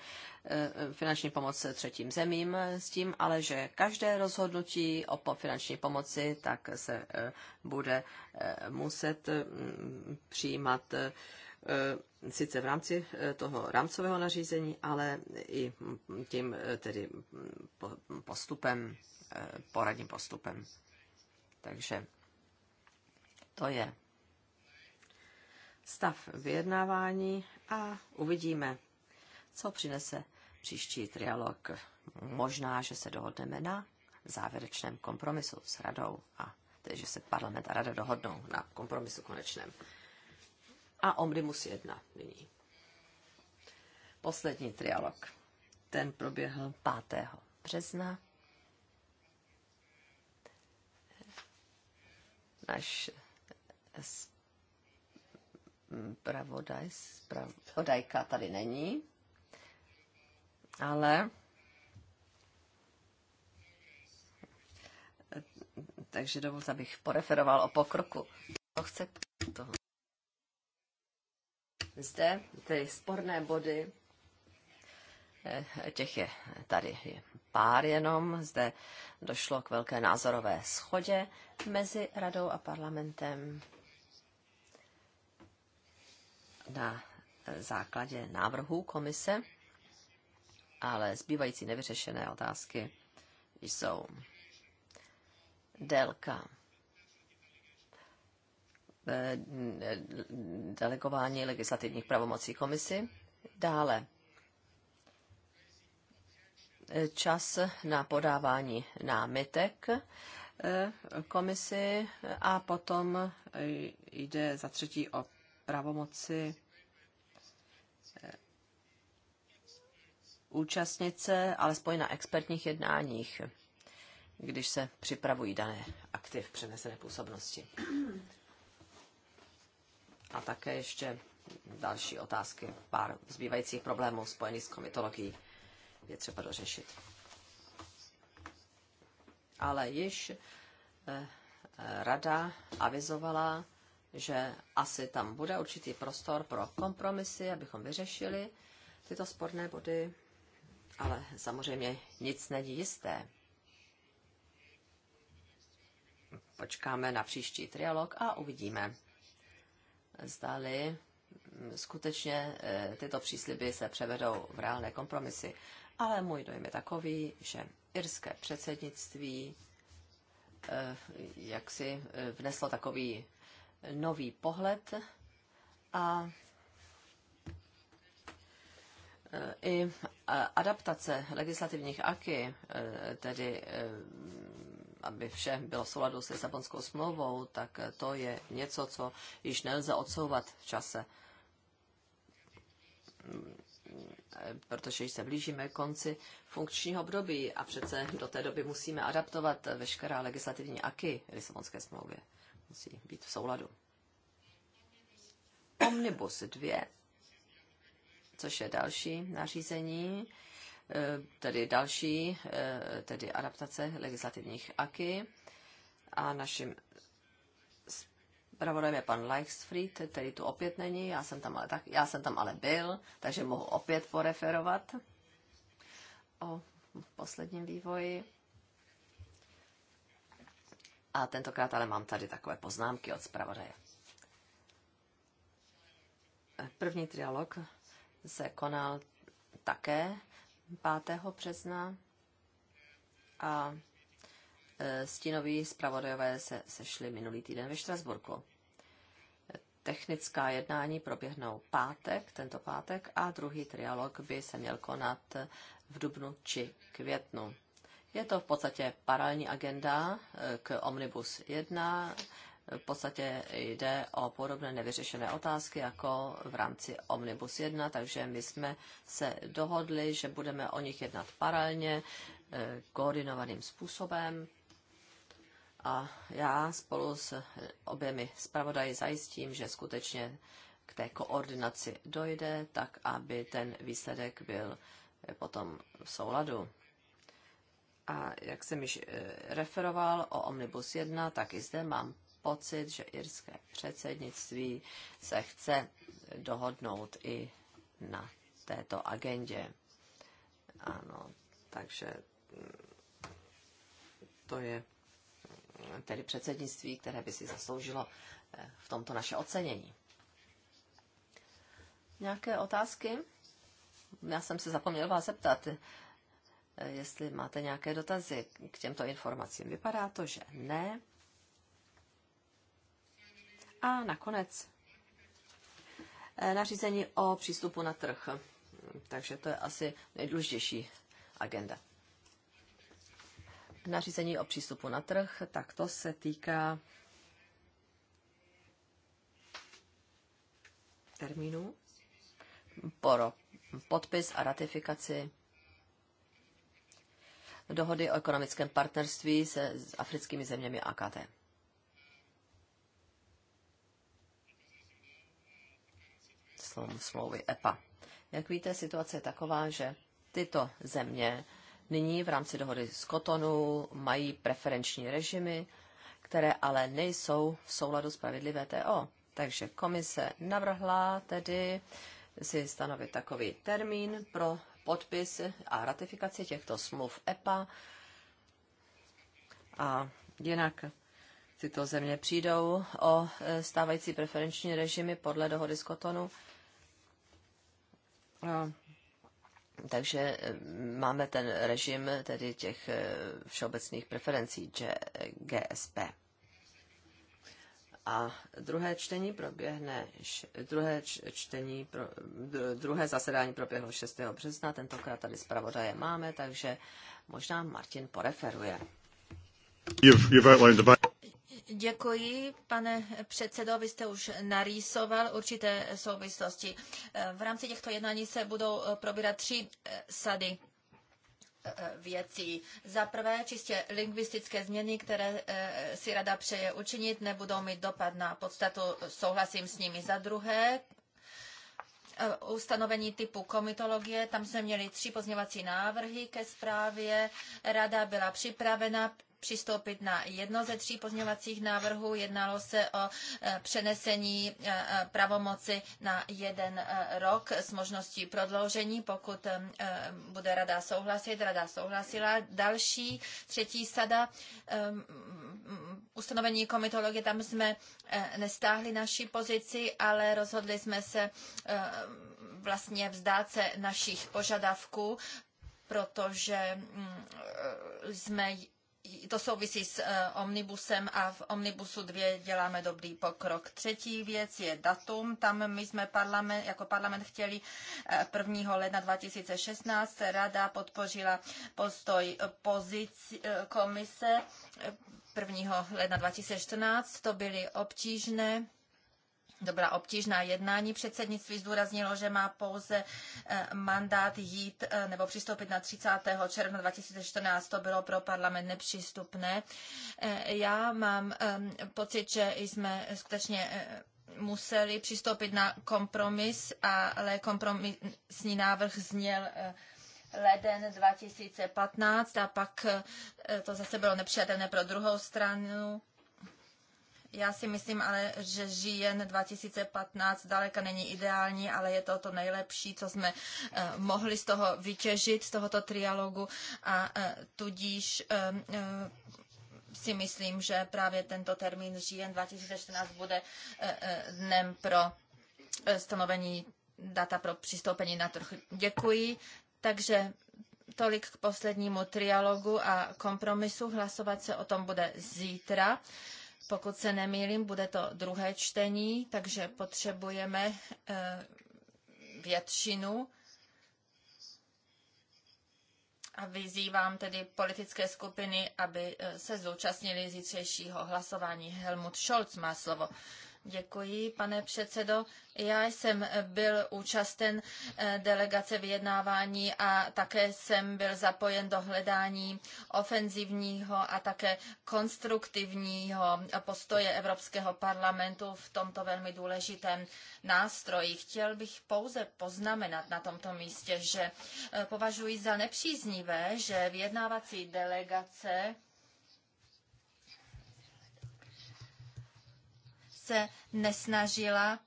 finanční pomoc třetím zemím, s tím ale, že každé rozhodnutí o finanční pomoci tak se eh, bude muset mm, přijímat sice v rámci toho rámcového nařízení, ale i tím tedy mm, postupem, poradním postupem. Takže to je stav vyjednávání a uvidíme, co přinese příští trialog. Možná, že se dohodneme na závěrečném kompromisu s radou a tedy, že se parlament a rada dohodnou na kompromisu konečném. A Omnibus 1 nyní. Poslední trialog. Ten proběhl 5. března. Náš pravodajka tady není, ale takže dovolte, abych poreferoval o pokroku. To chce toho. Zde ty sporné body, eh, těch je tady je pár jenom, zde došlo k velké názorové schodě mezi radou a parlamentem na základě návrhů komise, ale zbývající nevyřešené otázky jsou délka eh, delegování legislativních pravomocí komisi, dále eh, čas na podávání námitek eh, komisi a potom jde za třetí o pravomoci eh, účastnice, alespoň na expertních jednáních, když se připravují dané v přenesené působnosti. A také ještě další otázky, pár zbývajících problémů spojených s komitologií je třeba dořešit. Ale již eh, eh, rada avizovala že asi tam bude určitý prostor pro kompromisy, abychom vyřešili tyto sporné body, ale samozřejmě nic není jisté. Počkáme na příští trialog a uvidíme, zdali skutečně e, tyto přísliby se převedou v reálné kompromisy. Ale můj dojem je takový, že irské předsednictví e, jak si e, vneslo takový nový pohled a e, i adaptace legislativních aky, e, tedy e, aby vše bylo v souladu se Lisabonskou smlouvou, tak to je něco, co již nelze odsouvat v čase. Protože již se blížíme konci funkčního období a přece do té doby musíme adaptovat veškerá legislativní aky Lisabonské smlouvy musí být v souladu. Omnibus 2, což je další nařízení, eh, tedy další eh, tedy adaptace legislativních aky. A naším zpravodajem je pan Leichsfried, který tu opět není, já jsem tam ale, tak, já jsem tam ale byl, takže mohu opět poreferovat o posledním vývoji. A tentokrát ale mám tady takové poznámky od zpravodaje. První trialog se konal také 5. března a e, stínoví zpravodajové se sešli minulý týden ve Štrasburku. Technická jednání proběhnou pátek, tento pátek, a druhý trialog by se měl konat v dubnu či květnu. Je to v podstatě paralelní agenda eh, k Omnibus 1. V podstatě jde o podobné nevyřešené otázky jako v rámci Omnibus 1, takže my jsme se dohodli, že budeme o nich jednat paralelně, eh, koordinovaným způsobem. A já spolu s eh, oběmi zpravodaji zajistím, že skutečně k té koordinaci dojde, tak aby ten výsledek byl potom v souladu a jak jsem již eh, referoval o Omnibus 1, tak i zde mám pocit, že irské předsednictví se chce dohodnout i na této agendě. Ano, takže mm, to je mm, tedy předsednictví, které by si zasloužilo eh, v tomto naše ocenění. Nějaké otázky? Já jsem se zapomněl vás zeptat, Eh, jestli máte nějaké dotazy k těmto informacím. Vypadá to, že ne. A nakonec eh, nařízení o přístupu na trh. Takže to je asi nejdůležitější agenda. Nařízení o přístupu na trh, tak to se týká termínu pro podpis a ratifikaci dohody o ekonomickém partnerství se, s africkými zeměmi AKT. Smlouvy EPA. Jak víte, situace je taková, že tyto země nyní v rámci dohody z Kotonu mají preferenční režimy, které ale nejsou v souladu s pravidly VTO. Takže komise navrhla tedy si stanovit takový termín pro podpis a ratifikaci těchto smluv EPA. A jinak tyto země přijdou o e, stávající preferenční režimy podle dohody z Kotonu. A takže e, máme ten režim tedy těch e, všeobecných preferencí GSP a druhé čtení proběhne, druhé čtení, druhé zasedání proběhlo 6. března, tentokrát tady zpravodaje máme, takže možná Martin poreferuje. You've, you've outlined the Děkuji, pane předsedo. Vy jste už narýsoval určité souvislosti. V rámci těchto jednání se budou probírat tři eh, sady věcí. Za prvé, čistě lingvistické změny, které eh, si rada přeje učinit, nebudou mít dopad na podstatu, souhlasím s nimi. Za druhé, eh, ustanovení typu komitologie. Tam jsme měli tři pozněvací návrhy ke zprávě. Rada byla připravena přistoupit na jedno ze tří pozměňovacích návrhů. Jednalo se o e, přenesení e, e, pravomoci na jeden rok s možností prodloužení, pokud bude rada souhlasit. Rada souhlasila. Další, třetí sada ustanovení komitologie, tam jsme nestáhli naši pozici, ale rozhodli jsme se vlastně vzdát se našich požadavků, protože jsme to souvisí s eh, omnibusem a v omnibusu 2 děláme dobrý pokrok. Třetí věc je datum. Tam my jsme parlament, jako parlament chtěli 1. Eh, ledna 2016. Rada podpořila postoj pozici eh, komise 1. ledna 2014. To byly obtížné Dobrá, obtíž obtížná jednání. Předsednictví zdůraznilo, že má pouze eh, mandát jít eh, nebo přistoupit na 30. června 2014. To bylo pro parlament nepřístupné. Eh, já mám pocit, že jsme skutečně museli přistoupit na kompromis, ale kompromisní návrh zněl leden 2015 a pak to zase bylo nepřijatelné pro druhou stranu já si myslím ale, že žijen 2015 daleka není ideální, ale je to to nejlepší, co jsme eh, mohli z toho vytěžit, z tohoto trialogu a eh, tudíž eh, si myslím, že právě tento termín říjen 2014 bude dnem pro stanovení data pro přistoupení na trh. Děkuji. Takže tolik k poslednímu trialogu a kompromisu. Hlasovat se o tom bude zítra. Pokud se nemýlím, bude to druhé čtení, takže potřebujeme eh, většinu. A vyzývám tedy politické skupiny, aby eh, se zúčastnili zítřejšího hlasování. Helmut Scholz má slovo. Děkuji, pane předsedo. Já jsem byl účasten eh, delegace vyjednávání a také jsem byl zapojen do hledání ofenzivního a také konstruktivního postoje Evropského parlamentu v tomto velmi důležitém nástroji. Chtěl bych pouze poznamenat na tomto místě, že eh, považuji za nepříznivé, že vyjednávací delegace se nesnažila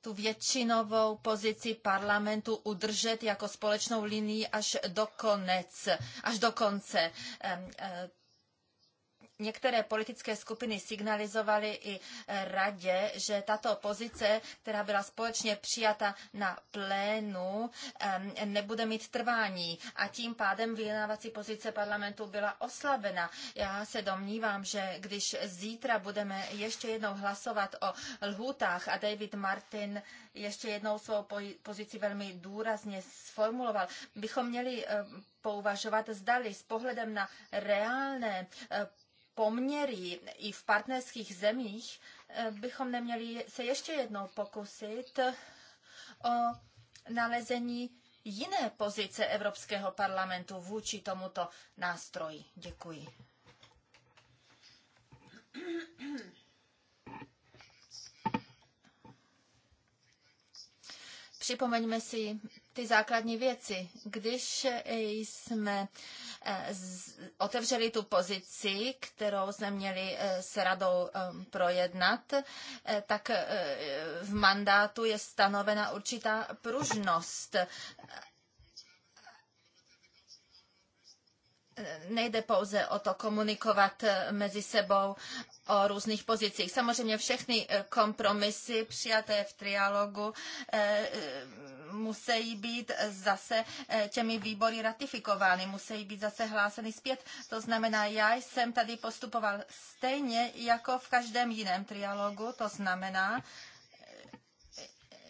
tu většinovou pozici parlamentu udržet jako společnou linii až do konec, až do konce. E, některé politické skupiny signalizovaly i eh, radě, že tato pozice, která byla společně přijata na plénu, nebude mít trvání a tím pádem vyjednávací pozice parlamentu byla oslabena. Já se domnívám, že když zítra budeme ještě jednou hlasovat o lhůtách a David Martin ještě jednou svou pozici velmi důrazně sformuloval, bychom měli eh, pouvažovat zdali s pohledem na reálné eh, poměry i v partnerských zemích eh, bychom neměli se ještě jednou pokusit o nalezení jiné pozice Evropského parlamentu vůči tomuto nástroji. Děkuji. Připomeňme si ty základní věci. Když jsme Eh, otevřeli tu pozici, kterou jsme měli eh, s radou eh, projednat, tak v mandátu je stanovena určitá pružnost nejde pouze o to komunikovat eh, mezi sebou o různých pozicích. Samozřejmě všechny eh, kompromisy přijaté v trialogu eh, musí být zase těmi výbory ratifikovány, musí být zase hláseny zpět. To znamená, já jsem tady postupoval stejně jako v každém jiném trialogu, to znamená,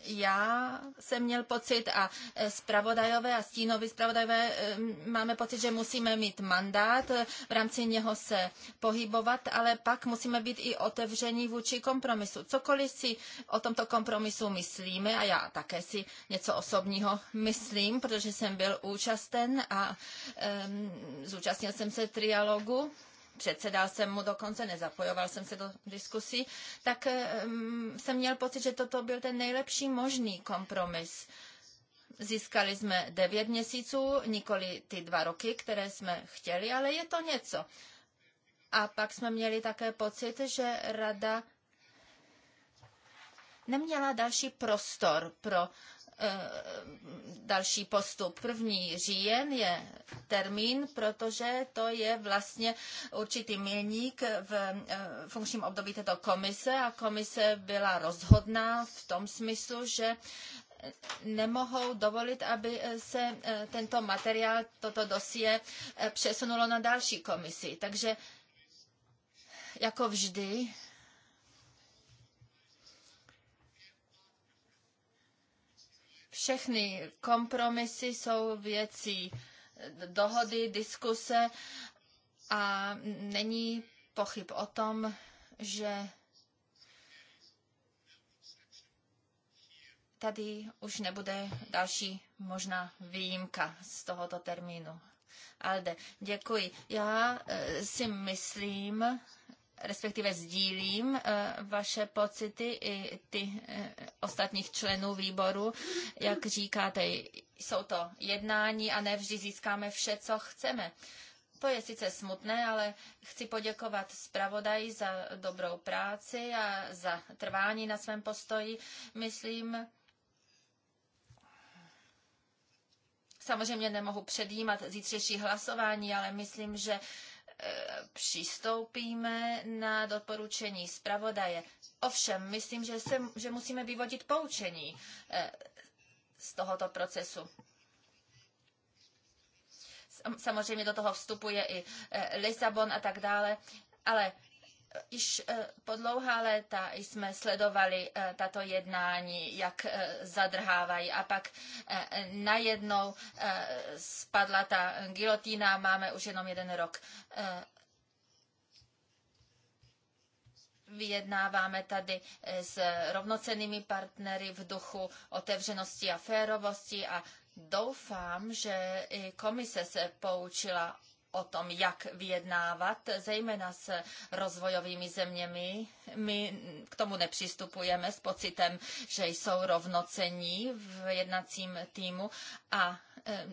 já jsem měl pocit a spravodajové e, a stínoví spravodajové e, máme pocit, že musíme mít mandát, e, v rámci něho se pohybovat, ale pak musíme být i otevření vůči kompromisu. Cokoliv si o tomto kompromisu myslíme, a já také si něco osobního myslím, protože jsem byl účasten a um, zúčastnil jsem se trialogu, předsedal jsem mu dokonce, nezapojoval jsem se do diskusí, tak eh, mm, jsem měl pocit, že toto byl ten nejlepší možný kompromis. Získali jsme devět měsíců, nikoli ty dva roky, které jsme chtěli, ale je to něco. A pak jsme měli také pocit, že rada neměla další prostor pro Eh, další postup. První říjen je termín, protože to je vlastně určitý milník v eh, funkčním období této komise a komise byla rozhodná v tom smyslu, že nemohou dovolit, aby se eh, tento materiál, toto dosie přesunulo na další komisi. Takže jako vždy Všechny kompromisy jsou věcí dohody, diskuse a není pochyb o tom, že tady už nebude další možná výjimka z tohoto termínu. Alde, děkuji. Já eh, si myslím, respektive sdílím eh, vaše pocity i ty eh, ostatních členů výboru. Jak říkáte, jsou to jednání a nevždy získáme vše, co chceme. To je sice smutné, ale chci poděkovat zpravodaji za dobrou práci a za trvání na svém postoji. Myslím, samozřejmě nemohu předjímat zítřejší hlasování, ale myslím, že přistoupíme na doporučení zpravodaje. Ovšem, myslím, že, se, že musíme vyvodit poučení eh, z tohoto procesu. Samozřejmě do toho vstupuje i eh, Lisabon a tak dále, ale Již eh, po dlouhá léta jsme sledovali eh, tato jednání, jak eh, zadrhávají a pak najednou spadla ta gilotína, máme už jenom jeden rok. Vyjednáváme tady s rovnocennými partnery v duchu otevřenosti a férovosti a doufám, že i komise se poučila o tom, jak vyjednávat, zejména s rozvojovými zeměmi. My k tomu nepřistupujeme s pocitem, že jsou rovnocení v jednacím týmu a eh,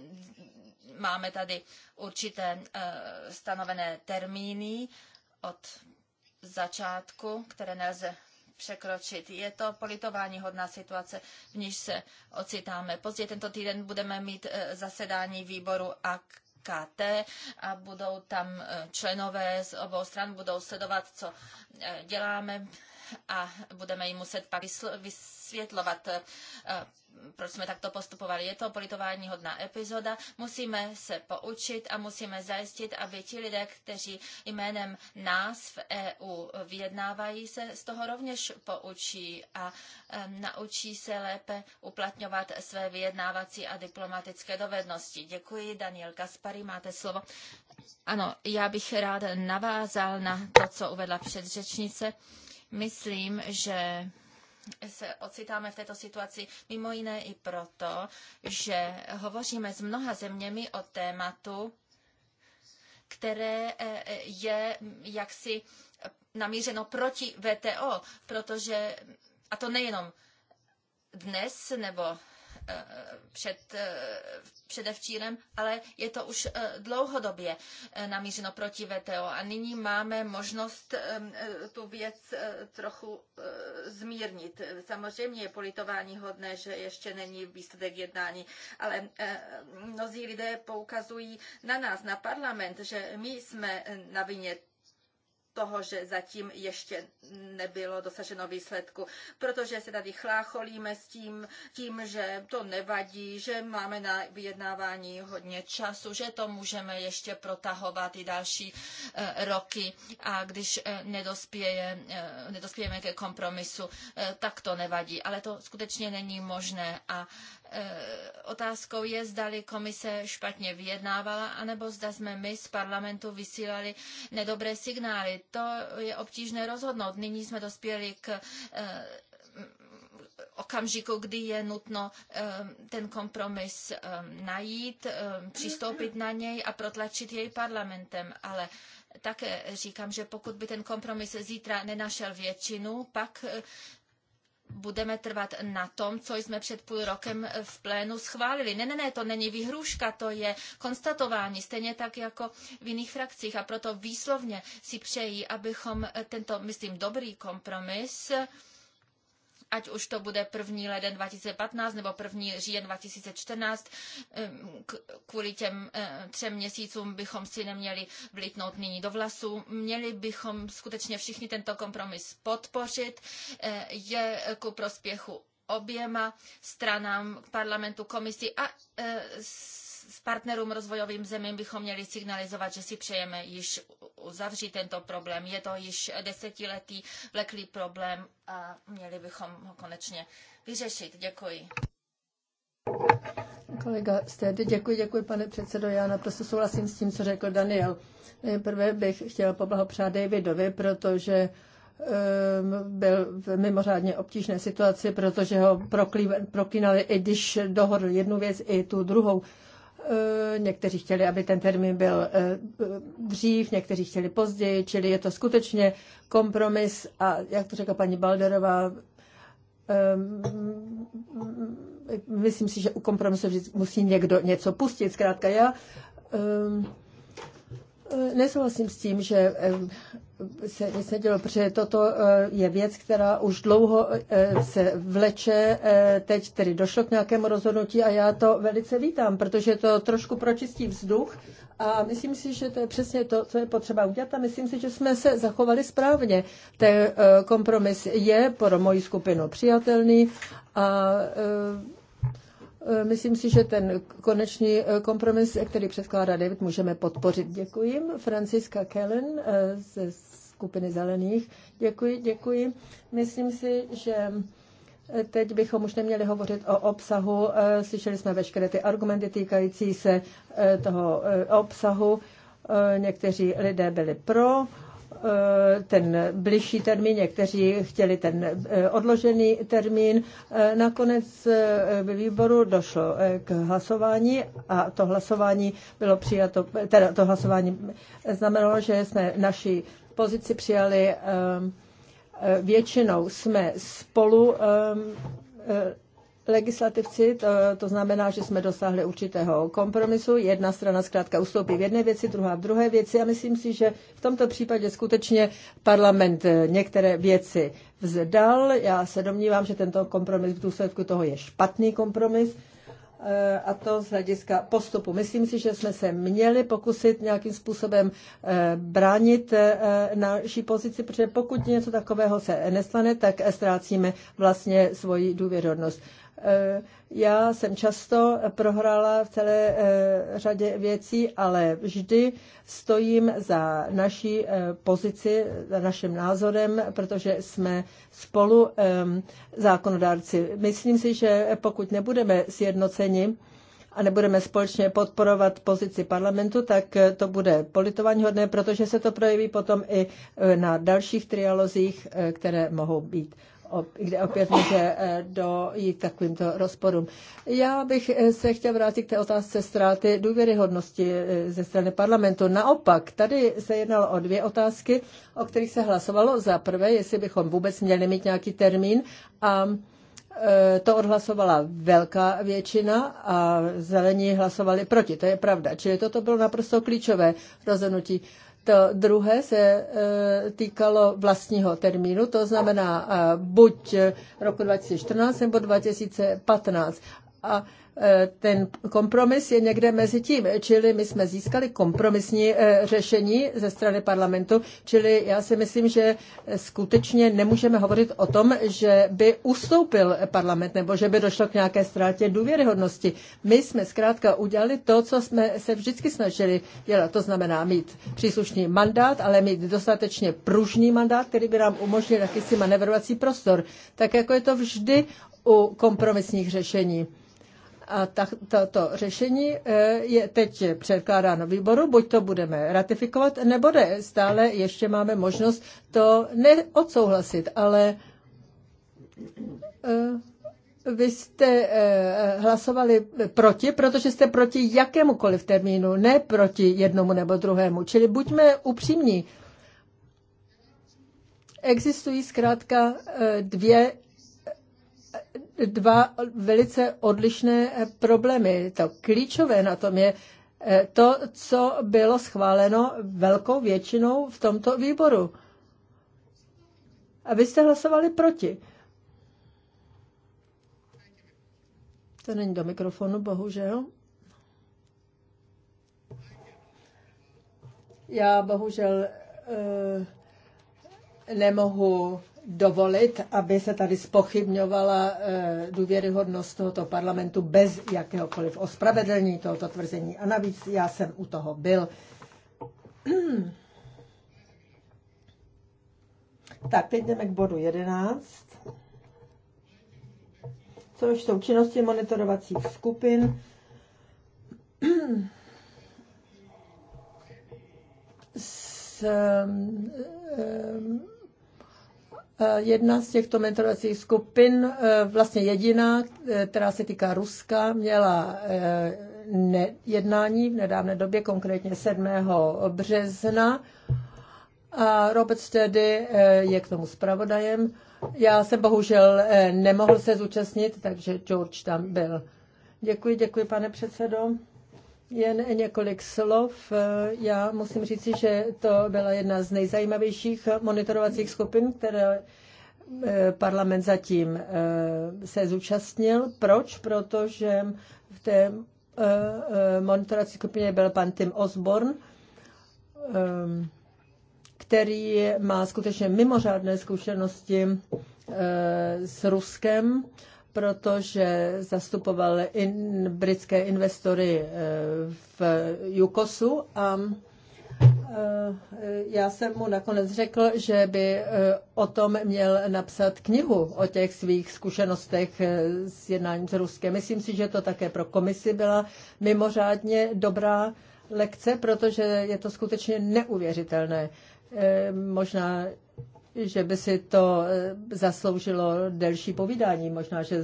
máme tady určité eh, stanovené termíny od začátku, které nelze překročit. Je to politování hodná situace, v níž se ocitáme. Později tento týden budeme mít eh, zasedání výboru a KT a budou tam e, členové z obou stran, budou sledovat, co e, děláme a budeme jim muset pak vysl- vysl- vysvětlovat, eh, proč jsme takto postupovali. Je to politování hodná epizoda. Musíme se poučit a musíme zajistit, aby ti lidé, kteří jménem nás v EU vyjednávají, se z toho rovněž poučí a naučí se lépe uplatňovat své vyjednávací a diplomatické dovednosti. Děkuji. Daniel Kaspary, máte slovo. Ano, já bych rád navázal na to, co uvedla předřečnice. Myslím, že se ocitáme v této situaci mimo jiné i proto, že hovoříme s mnoha zeměmi o tématu, které eh, je jaksi namířeno proti VTO, protože, a to nejenom dnes nebo před, eh, předevčírem, ale je to už eh, dlouhodobě eh, namířeno proti VTO a nyní máme možnost tu věc trochu zmírnit. Samozřejmě je politování hodné, že ještě není výsledek jednání, ale mnozí lidé poukazují na nás, na parlament, že my jsme na vině toho, že zatím ještě nebylo dosaženo výsledku, protože se tady chlácholíme s tím, tím, že to nevadí, že máme na vyjednávání hodně času, že to můžeme ještě protahovat i další e, roky a když e, nedospěje, e, nedospějeme ke kompromisu, tak to nevadí. Ale to skutečně není možné a Eh, otázkou je, zdali komise špatně vyjednávala, anebo zda jsme my z parlamentu vysílali nedobré signály. To je obtížné rozhodnout. Nyní jsme dospěli k eh, okamžiku, kdy je nutno eh, ten kompromis najít, přistoupit na něj a protlačit jej parlamentem. Ale také říkám, že pokud by ten kompromis zítra nenašel většinu, pak budeme trvat na tom, co jsme před půl rokem v plénu schválili. Ne, ne, ne, to není vyhrůžka, to je konstatování, stejně tak jako v jiných frakcích. A proto výslovně si přeji, abychom tento, myslím, dobrý kompromis ať už to bude první leden 2015 nebo první říjen 2014. Kvůli těm eh, třem měsícům bychom si neměli vlítnout nyní do vlasu. Měli bychom skutečně všichni tento kompromis podpořit. Eh, je ku prospěchu oběma stranám parlamentu, komisi a eh, s partnerům rozvojovým zemím bychom měli signalizovat, že si přejeme již uzavřít tento problém. Je to již desetiletý vleklý problém a měli bychom ho konečně vyřešit. Děkuji. Kolega Stedy, děkuji, děkuji, pane předsedo. Já naprosto souhlasím s tím, co řekl Daniel. Nejprve bych chtěl poblahopřát Davidovi, protože ehm, byl v mimořádně obtížné situaci, protože ho proklínali, i když dohodl jednu věc, i tu druhou. Eh, někteří chtěli, aby ten termín byl eh, dřív, někteří chtěli později, čili je to skutečně kompromis a jak to řekla paní Balderová, eh, myslím si, že u kompromisu musí někdo něco pustit. Zkrátka já Eh, nesouhlasím s tím, že eh, se nic nedělo, protože toto eh, je věc, která už dlouho se vleče. Teď tedy došlo k nějakému rozhodnutí a já to velice vítám, protože to trošku pročistí vzduch a myslím si, že to je přesně to, co je potřeba udělat a myslím si, že jsme se zachovali správně. Ten kompromis je pro moji skupinu přijatelný a Eh, myslím si, že ten konečný eh, kompromis, který předkládá David, můžeme podpořit. Děkuji. Franciska Kellen eh, ze skupiny Zelených. Děkuji, děkuji. Myslím si, že Teď bychom už neměli hovořit o obsahu. Slyšeli jsme veškeré ty argumenty týkající se toho obsahu. Někteří lidé byli pro, Eh, ten bližší termín, někteří chtěli ten eh, odložený termín. Eh, nakonec ve výboru došlo k hlasování a to hlasování bylo přijato, teda to hlasování znamenalo, že jsme naši pozici přijali většinou jsme spolu legislativci, to, to znamená, že jsme dosáhli určitého kompromisu. Jedna strana zkrátka ustoupí v jedné věci, druhá v druhé věci a myslím si, že v tomto případě skutečně parlament eh, některé věci vzdal. Já se domnívám, že tento kompromis v důsledku toho je špatný kompromis eh, a to z hlediska postupu. Myslím si, že jsme se měli pokusit nějakým způsobem eh, bránit naší pozici, protože pokud něco takového se nestane, tak ztrácíme vlastně svoji důvěrodnost. Eh, já jsem často prohrála v celé eh, řadě věcí, ale vždy stojím za naší eh, pozici, za naším názorem, protože jsme spolu zákonodárci. Myslím si, že pokud nebudeme sjednoceni, a nebudeme společně podporovat pozici parlamentu, tak to bude politování hodné, protože se to projeví potom i na dalších trialozích, které mohou být kde opět může eh, dojít takovýmto rozporům. Já bych eh, se chtěl vrátit k té otázce ztráty důvěryhodnosti eh, ze strany parlamentu. Naopak, tady se jednalo o dvě otázky, o kterých se hlasovalo. Za prvé, jestli bychom vůbec měli mít nějaký termín a to odhlasovala velká většina a zelení hlasovali proti, to je pravda. Čili toto bylo naprosto klíčové rozhodnutí. To druhé se e, týkalo vlastního termínu, to znamená e, buď roku 2014 nebo 2015. A Eh, ten kompromis je někde mezi tím, čili my jsme získali kompromisní eh, řešení ze strany parlamentu, čili já si myslím, že skutečně nemůžeme hovořit o tom, že by ustoupil parlament nebo že by došlo k nějaké ztrátě důvěryhodnosti. My jsme zkrátka udělali to, co jsme se vždycky snažili dělat, to znamená mít příslušný mandát, ale mít dostatečně pružný mandát, který by nám umožnil jakýsi manevrovací prostor, tak jako je to vždy u kompromisních řešení. A toto řešení eh, je teď předkládáno výboru, buď to budeme ratifikovat, nebo ne. Stále ještě máme možnost to neodsouhlasit, ale eh, vy jste eh, hlasovali proti, protože jste proti jakémukoliv termínu, ne proti jednomu nebo druhému. Čili buďme upřímní. Existují zkrátka dvě dva velice odlišné eh, problémy. To klíčové na tom je eh, to, co bylo schváleno velkou většinou v tomto výboru. A vy jste hlasovali proti. To není do mikrofonu, bohužel. Já bohužel eh, nemohu dovolit, aby se tady spochybňovala eh, důvěryhodnost tohoto parlamentu bez jakéhokoliv ospravedlnění tohoto tvrzení. A navíc já jsem u toho byl. [CLEARS THROAT] Tak, teď jdeme k bodu 11, což jsou činnosti monitorovacích skupin. [CLEARS THROAT] S, um, Eh, jedna z těchto mentorovacích skupin, eh, vlastně jediná, eh, která se týká Ruska, měla jednání v nedávné době, konkrétně 7. března. A Robert Stedy je k tomu zpravodajem. Já jsem bohužel nemohl se zúčastnit, takže George tam byl. Děkuji, děkuji, pane předsedo. Jen několik slov. Já musím říci, že to byla jedna z nejzajímavějších monitorovacích skupin, které eh, parlament zatím eh, se zúčastnil. Proč? Protože v té eh, monitorací skupině byl pan Tim Osborne, který má skutečně mimořádné zkušenosti s Ruskem protože zastupoval in, britské investory eh, v Jukosu a eh, já jsem mu nakonec řekl, že by eh, o tom měl napsat knihu o těch svých zkušenostech s jednáním s Ruskem. Myslím si, že to také pro komisi byla mimořádně dobrá lekce, protože je to skutečně neuvěřitelné. Možná že by si to eh, zasloužilo delší povídání. Možná, že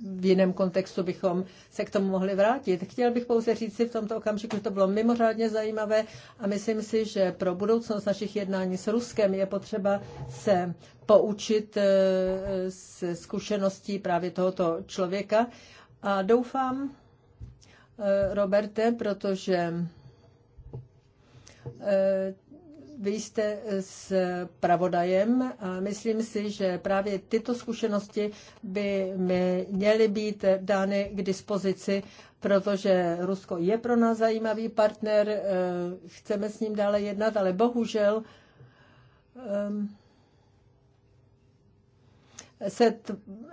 v jiném kontextu bychom se k tomu mohli vrátit. Chtěl bych pouze říct si v tomto okamžiku, že to bylo mimořádně zajímavé a myslím si, že pro budoucnost našich jednání s Ruskem je potřeba se poučit se eh, zkušeností právě tohoto člověka. A doufám, eh, Roberte, protože vy jste eh, s pravodajem a myslím si, že právě tyto zkušenosti by měly být dány k dispozici, protože Rusko je pro nás zajímavý partner, eh, chceme s ním dále jednat, ale bohužel ehm, se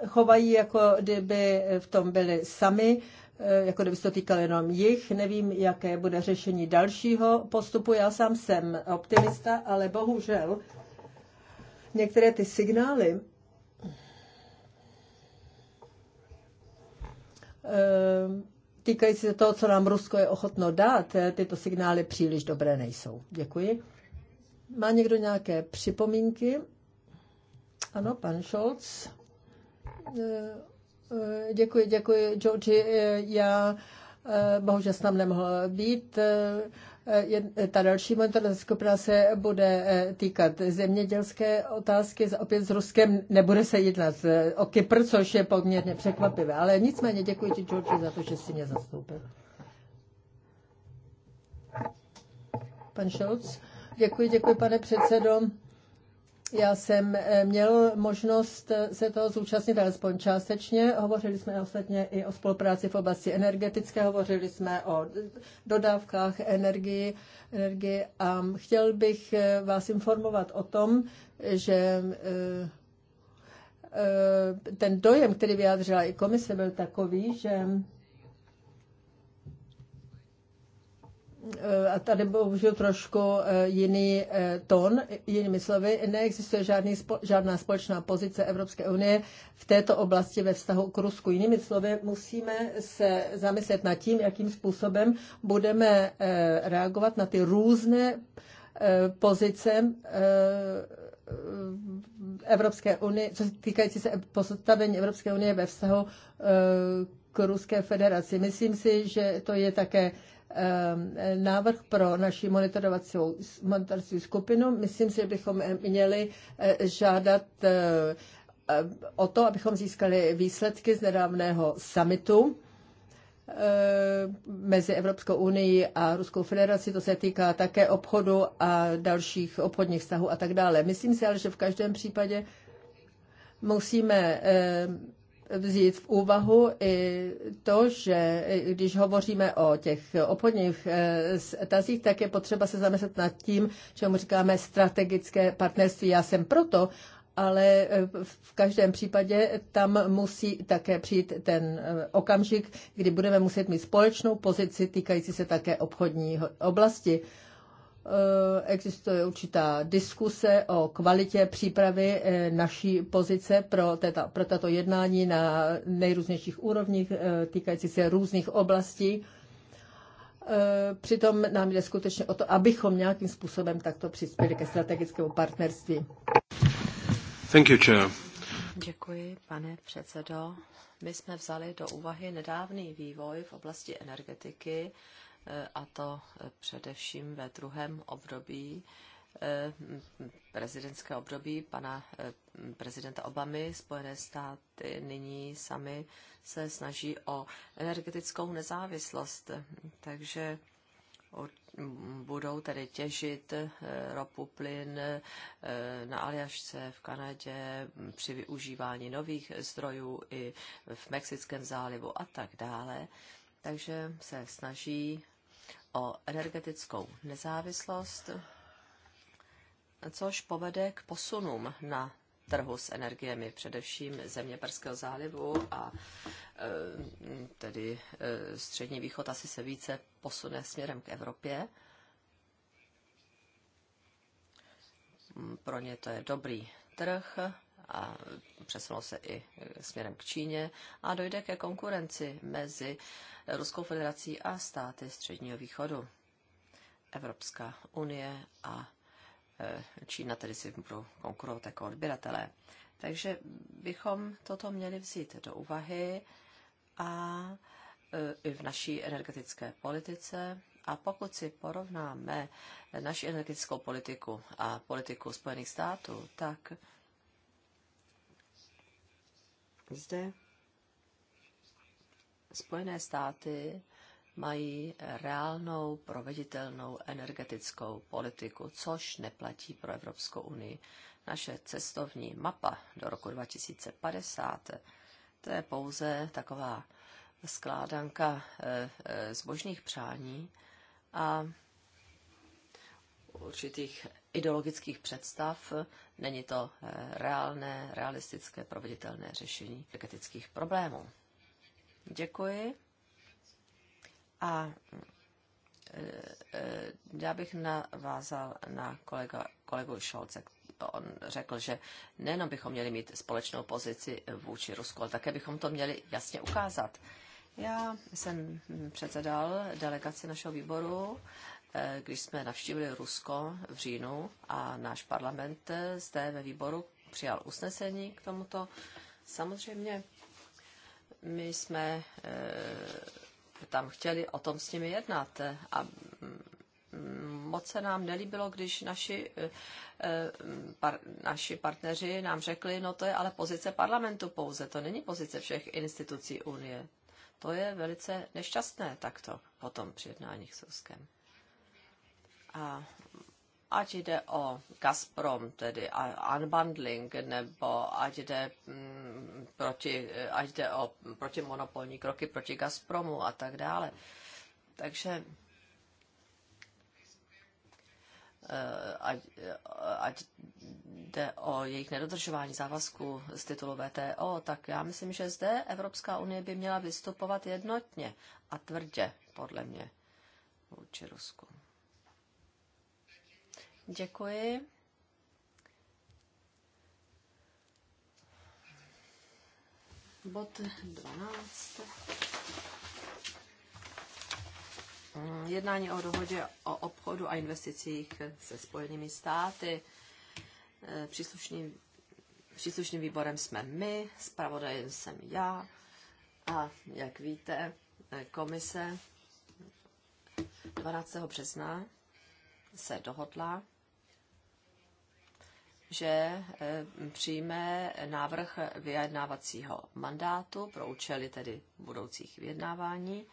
chovají, jako kdyby v tom byli sami. Eh, jako kdyby se to týkalo jenom jich. Nevím, jaké bude řešení dalšího postupu. Já sám jsem optimista, ale bohužel některé ty signály eh, týkající se toho, co nám Rusko je ochotno dát, eh, tyto signály příliš dobré nejsou. Děkuji. Má někdo nějaké připomínky? Ano, pan Scholz Eh, děkuji, děkuji, Georgi. Eh, já eh, bohužel jsem nám nemohl být. Ta další monitorová skupina se bude týkat zemědělské otázky, opět s Ruskem nebude se jednat o Kypr, což je poměrně překvapivé, ale nicméně děkuji ti, Georgi, za to, že jsi mě zastoupil. Pan Šolc, děkuji, děkuji, pane předsedo. Já jsem eh, měl možnost eh, se toho zúčastnit alespoň částečně. Hovořili jsme ostatně i o spolupráci v oblasti energetické, hovořili jsme o dodávkách energii, energii a chtěl bych eh, vás informovat o tom, že ten dojem, který vyjádřila i komise, byl takový, že Eh, a tady bohužel trošku eh, jiný eh, tón, jinými slovy, neexistuje žádný, žádná společná pozice Evropské unie v této oblasti ve vztahu k Rusku. Jinými slovy, musíme se zamyslet nad tím, jakým způsobem budeme reagovat na ty různé pozice Evropské unie, co se týkající se postavení Evropské unie ve vztahu k Ruské federaci. Myslím si, že to je také Eh, návrh pro naši monitorovací skupinu. Myslím si, že bychom eh, měli eh, žádat o to, abychom získali výsledky z nedávného summitu mezi Evropskou unii a Ruskou federací. To se týká také obchodu a dalších obchodních vztahů a tak dále. Myslím si ale, že v každém případě musíme vzít v úvahu i to, že když hovoříme o těch obchodních eh, tazích, tak je potřeba se zamyslet nad tím, čemu říkáme strategické partnerství. Já jsem proto, ale eh, v každém případě tam musí také přijít ten eh, okamžik, kdy budeme muset mít společnou pozici týkající se také obchodní oblasti. Eh, existuje určitá diskuse o kvalitě přípravy eh, naší pozice pro, teta, pro tato jednání na nejrůznějších úrovních, eh, týkající se různých oblastí. Přitom nám jde skutečně o to, abychom nějakým způsobem takto přispěli ke strategickému partnerství. Thank you, chair. Děkuji, pane předsedo. My jsme vzali do úvahy nedávný vývoj v oblasti energetiky a to eh, především ve druhém období eh, prezidentské období pana eh, prezidenta Obamy. Spojené státy nyní sami se snaží o energetickou nezávislost, takže budou tedy těžit ropu, plyn na Aljašce v Kanadě při využívání nových zdrojů i v Mexickém zálivu a tak dále. Takže se snaží o energetickou nezávislost, což povede k posunům na trhu s energiemi, především země Perského zálivu a e, tedy e, střední východ asi se více posune směrem k Evropě. Pro ně to je dobrý trh a přesunou se i směrem k Číně a dojde ke konkurenci mezi Ruskou federací a státy Středního východu. Evropská unie a e, Čína tedy si budou konkurovat jako odběratelé. Takže bychom toto měli vzít do úvahy a e, i v naší energetické politice. A pokud si porovnáme naši energetickou politiku a politiku Spojených států, tak zde Spojené státy mají reálnou proveditelnou energetickou politiku, což neplatí pro Evropskou unii. Naše cestovní mapa do roku 2050 to je pouze taková skládanka eh, eh, zbožných přání a určitých ideologických představ. Není to eh, reálné, realistické, proveditelné řešení energetických problémů. Děkuji. A eh, eh, já bych navázal na kolega, kolegu Šolce. On řekl, že nejenom bychom měli mít společnou pozici vůči Rusku, ale také bychom to měli jasně ukázat. Já jsem předsedal delegaci našeho výboru Eh, když jsme navštívili Rusko v říjnu a náš parlament eh, zde ve výboru přijal usnesení k tomuto. Samozřejmě my jsme eh, tam chtěli o tom s nimi jednat a mm, moc se nám nelíbilo, když naši, par, naši partneři nám řekli, no to je ale pozice parlamentu pouze, to není pozice všech institucí Unie. To je velice nešťastné takto potom při jednáních s Ruskem. A ať jde o Gazprom, tedy unbundling, nebo ať jde, mm, proti, ať jde o protimonopolní kroky proti Gazpromu a tak dále. Takže eh, ať, ať jde o jejich nedodržování závazků z titulu VTO, tak já myslím, že zde Evropská unie by měla vystupovat jednotně a tvrdě, podle mě, vůči Rusku. Děkuji. Bod 12. Mm, jednání o dohodě o obchodu a investicích se Spojenými státy. Eh, příslušným, příslušným výborem jsme my, zpravodajem jsem já. A jak víte, eh, komise 12. března se dohodla že eh, přijme návrh vyjednávacího mandátu pro účely tedy budoucích vyjednávání.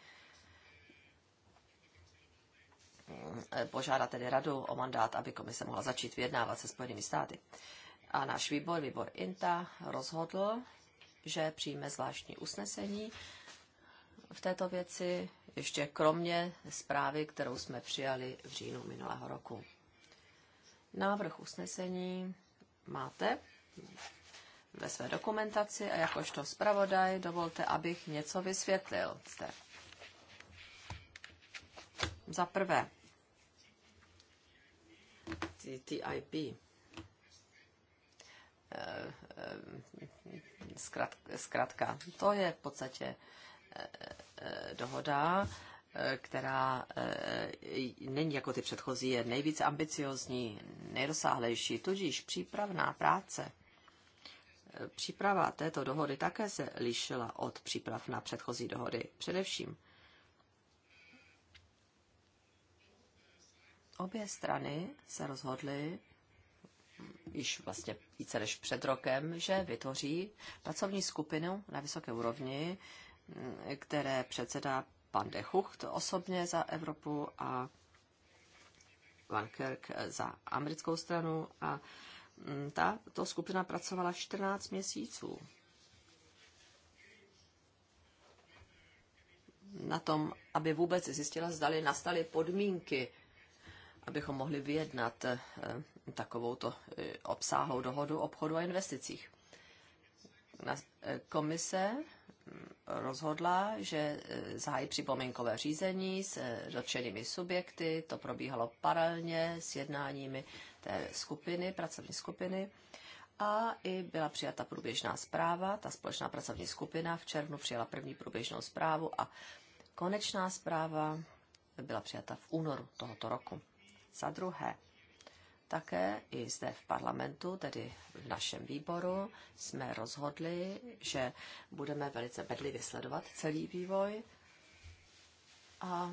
Eh, požádá tedy radu o mandát, aby komise mohla začít vyjednávat se Spojenými státy. A náš výbor, výbor INTA, rozhodl, že přijme zvláštní usnesení v této věci, ještě kromě zprávy, kterou jsme přijali v říjnu minulého roku. Návrh usnesení máte ve své dokumentaci a jakožto zpravodaj dovolte, abych něco vysvětlil zde. Za prvé, TTIP, eh, eh, zkrátka, to je v podstatě eh, dohoda která eh, není jako ty předchozí, je nejvíce ambiciozní, nejrozsáhlejší, tudíž přípravná práce. Eh, příprava této dohody také se lišila od příprav na předchozí dohody. Především obě strany se rozhodly již vlastně více než před rokem, že vytvoří pracovní skupinu na vysoké úrovni, mm, které předsedá pan de Hucht osobně za Evropu a Van Kerk za americkou stranu a mm, ta to skupina pracovala 14 měsíců. Na tom, aby vůbec zjistila, zdali nastaly podmínky, abychom mohli vyjednat eh, takovouto eh, obsáhlou dohodu obchodu a investicích. Eh, komise rozhodla, že e, zahájí připomínkové řízení s e, dotčenými subjekty. To probíhalo paralelně s jednáními té skupiny, pracovní skupiny. A i byla přijata průběžná zpráva. Ta společná pracovní skupina v červnu přijala první průběžnou zprávu a konečná zpráva byla přijata v únoru tohoto roku. Za druhé, také i zde v parlamentu, tedy v našem výboru, jsme rozhodli, že budeme velice bedlivě sledovat celý vývoj a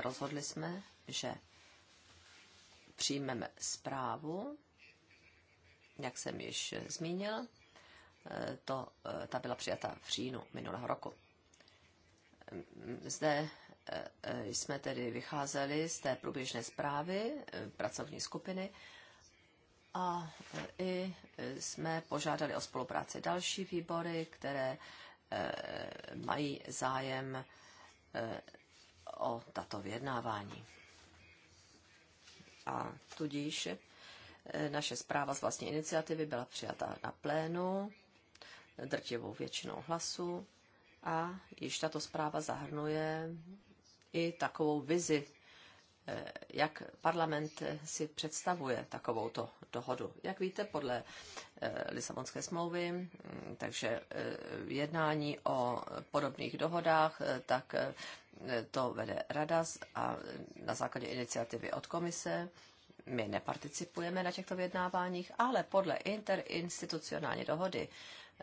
rozhodli jsme, že přijmeme zprávu, jak jsem již zmínil, to, ta byla přijata v říjnu minulého roku. Zde eh, eh, jsme tedy vycházeli z té průběžné zprávy eh, pracovní skupiny a i jsme požádali o spolupráci další výbory, které mají zájem o tato vyjednávání. A tudíž naše zpráva z vlastní iniciativy byla přijata na plénu drtivou většinou hlasů a již tato zpráva zahrnuje i takovou vizi, eh, jak parlament si představuje takovouto dohodu. Jak víte, podle eh, Lisabonské smlouvy, mm, takže eh, jednání o podobných dohodách, tak to vede rada a na základě iniciativy od komise. My neparticipujeme na těchto vyjednáváních, ale podle interinstitucionální dohody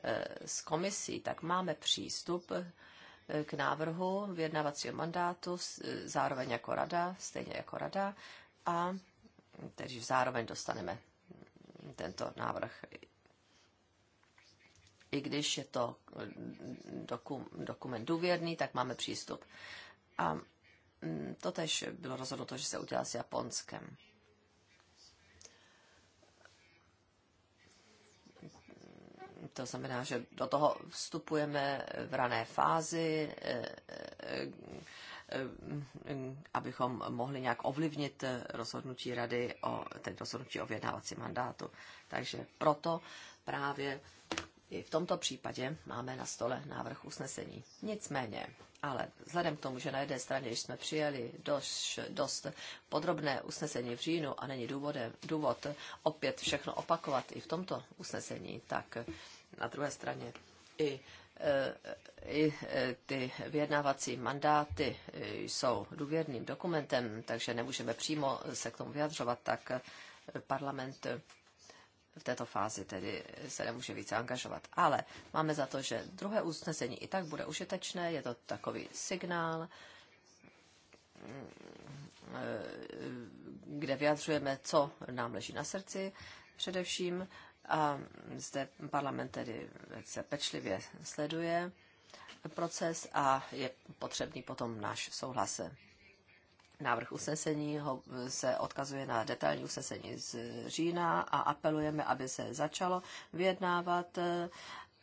Eh, s komisí, tak máme přístup eh, k návrhu vyjednávacího mandátu, eh, zároveň jako rada, stejně jako rada, a tedy zároveň dostaneme tento návrh. I když je to dokum, dokument důvěrný, tak máme přístup. A mm, totež bylo rozhodnuto, že se udělá s Japonskem. To znamená, že do toho vstupujeme v rané fázi, eh, eh, eh, abychom mohli nějak ovlivnit rozhodnutí rady o ten rozhodnutí o vyjednávacím mandátu. Takže proto právě i v tomto případě máme na stole návrh usnesení. Nicméně, ale vzhledem k tomu, že na jedné straně jsme přijali dost, dost podrobné usnesení v říjnu a není důvod opět všechno opakovat i v tomto usnesení, tak na druhé straně i e, i e, ty vyjednávací mandáty e, jsou důvěrným dokumentem, takže nemůžeme přímo se k tomu vyjadřovat, tak parlament v této fázi tedy se nemůže více angažovat. Ale máme za to, že druhé usnesení i tak bude užitečné, je to takový signál, kde vyjadřujeme, co nám leží na srdci především a zde parlament tedy velice pečlivě sleduje proces a je potřebný potom náš souhlas. Návrh usnesení ho, se odkazuje na detailní usnesení z října a apelujeme, aby se začalo vyjednávat,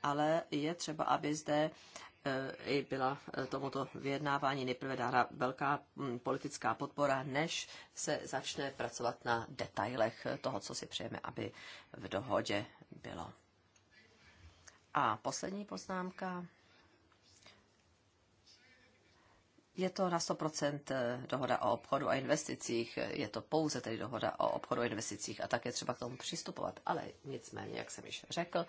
ale je třeba, aby zde i byla eh, tomuto vyjednávání nejprve dána velká hm, politická podpora, než se začne pracovat na detailech toho, co si přejeme, aby v dohodě bylo. A poslední poznámka. Je to na 100% eh, dohoda o obchodu a investicích, je to pouze tedy dohoda o obchodu a investicích a tak je třeba k tomu přistupovat. Ale nicméně, jak jsem již řekl,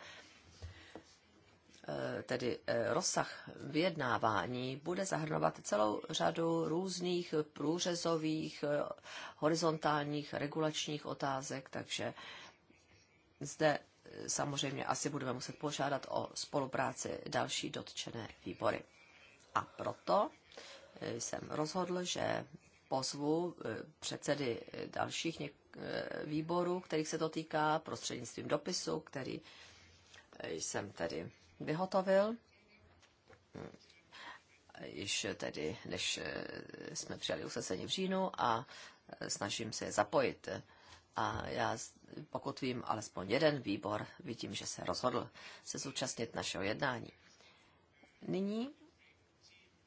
Eh, tedy eh, rozsah vyjednávání bude zahrnovat celou řadu různých průřezových, eh, horizontálních, regulačních otázek, takže zde samozřejmě asi budeme muset požádat o spolupráci další dotčené výbory. A proto jsem rozhodl, že pozvu předsedy dalších výborů, kterých se to týká, prostřednictvím dopisu, který jsem tedy vyhotovil již tedy, než eh, jsme přijali usnesení v říjnu a eh, snažím se je zapojit. A já, pokud vím, alespoň jeden výbor vidím, že se rozhodl se zúčastnit našeho jednání. Nyní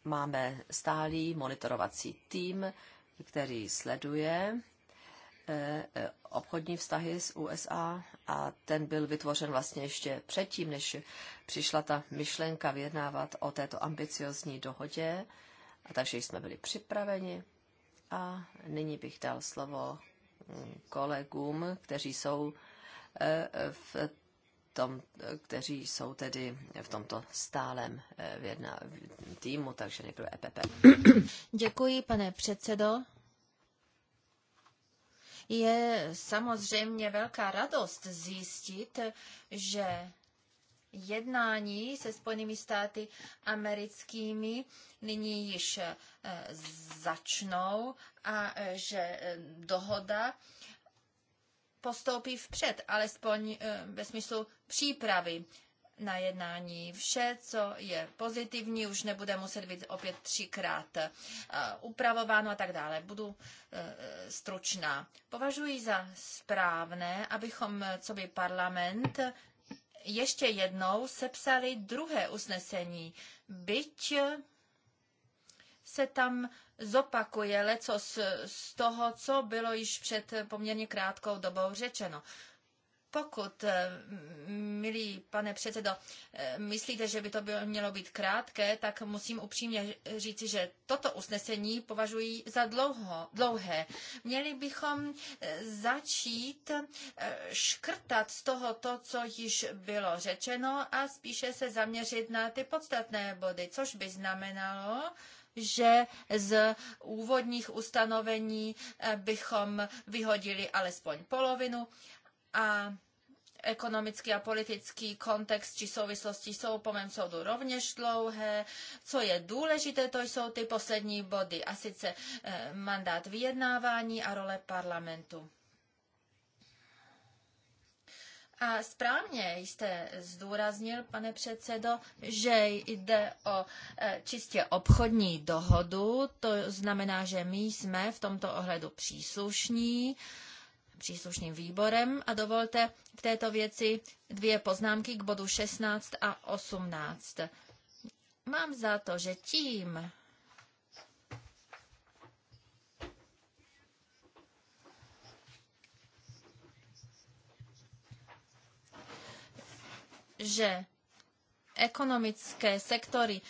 máme stálý monitorovací tým, který sleduje Eh, obchodní vztahy s USA a ten byl vytvořen vlastně ještě předtím, než přišla ta myšlenka vyjednávat o této ambiciozní dohodě. A takže jsme byli připraveni a nyní bych dal slovo mm, kolegům, kteří jsou eh, v tom, kteří jsou tedy v tomto stálem eh, v jedna, v týmu, takže nejprve EPP. Děkuji, pane předsedo. Je samozřejmě velká radost zjistit, že jednání se Spojenými státy americkými nyní již eh, začnou a eh, že eh, dohoda postoupí vpřed, alespoň ve smyslu přípravy na jednání. Vše, co je pozitivní, už nebude muset být opět třikrát eh, upravováno a tak dále. Budu eh, stručná. Považuji za správné, abychom, co by parlament, ještě jednou sepsali druhé usnesení, byť se tam zopakuje leco z, z toho, co bylo již před poměrně krátkou dobou řečeno. Pokud, eh, milý pane předsedo, eh, myslíte, že by to bylo, mělo být krátké, tak musím upřímně říci, že toto usnesení považuji za dlouho, dlouhé. Měli bychom eh, začít škrtat z toho to, co již bylo řečeno a spíše se zaměřit na ty podstatné body, což by znamenalo, že z úvodních ustanovení bychom vyhodili alespoň polovinu a ekonomický a politický kontext či souvislosti jsou po mém soudu rovněž dlouhé. Co je důležité, to jsou ty poslední body, a sice eh, mandát vyjednávání a role parlamentu. A správně jste zdůraznil, pane předsedo, že jde o eh, čistě obchodní dohodu, to znamená, že my jsme v tomto ohledu příslušní příslušným výborem a dovolte v této věci dvě poznámky k bodu 16 a 18. Mám za to, že tím, že ekonomické sektory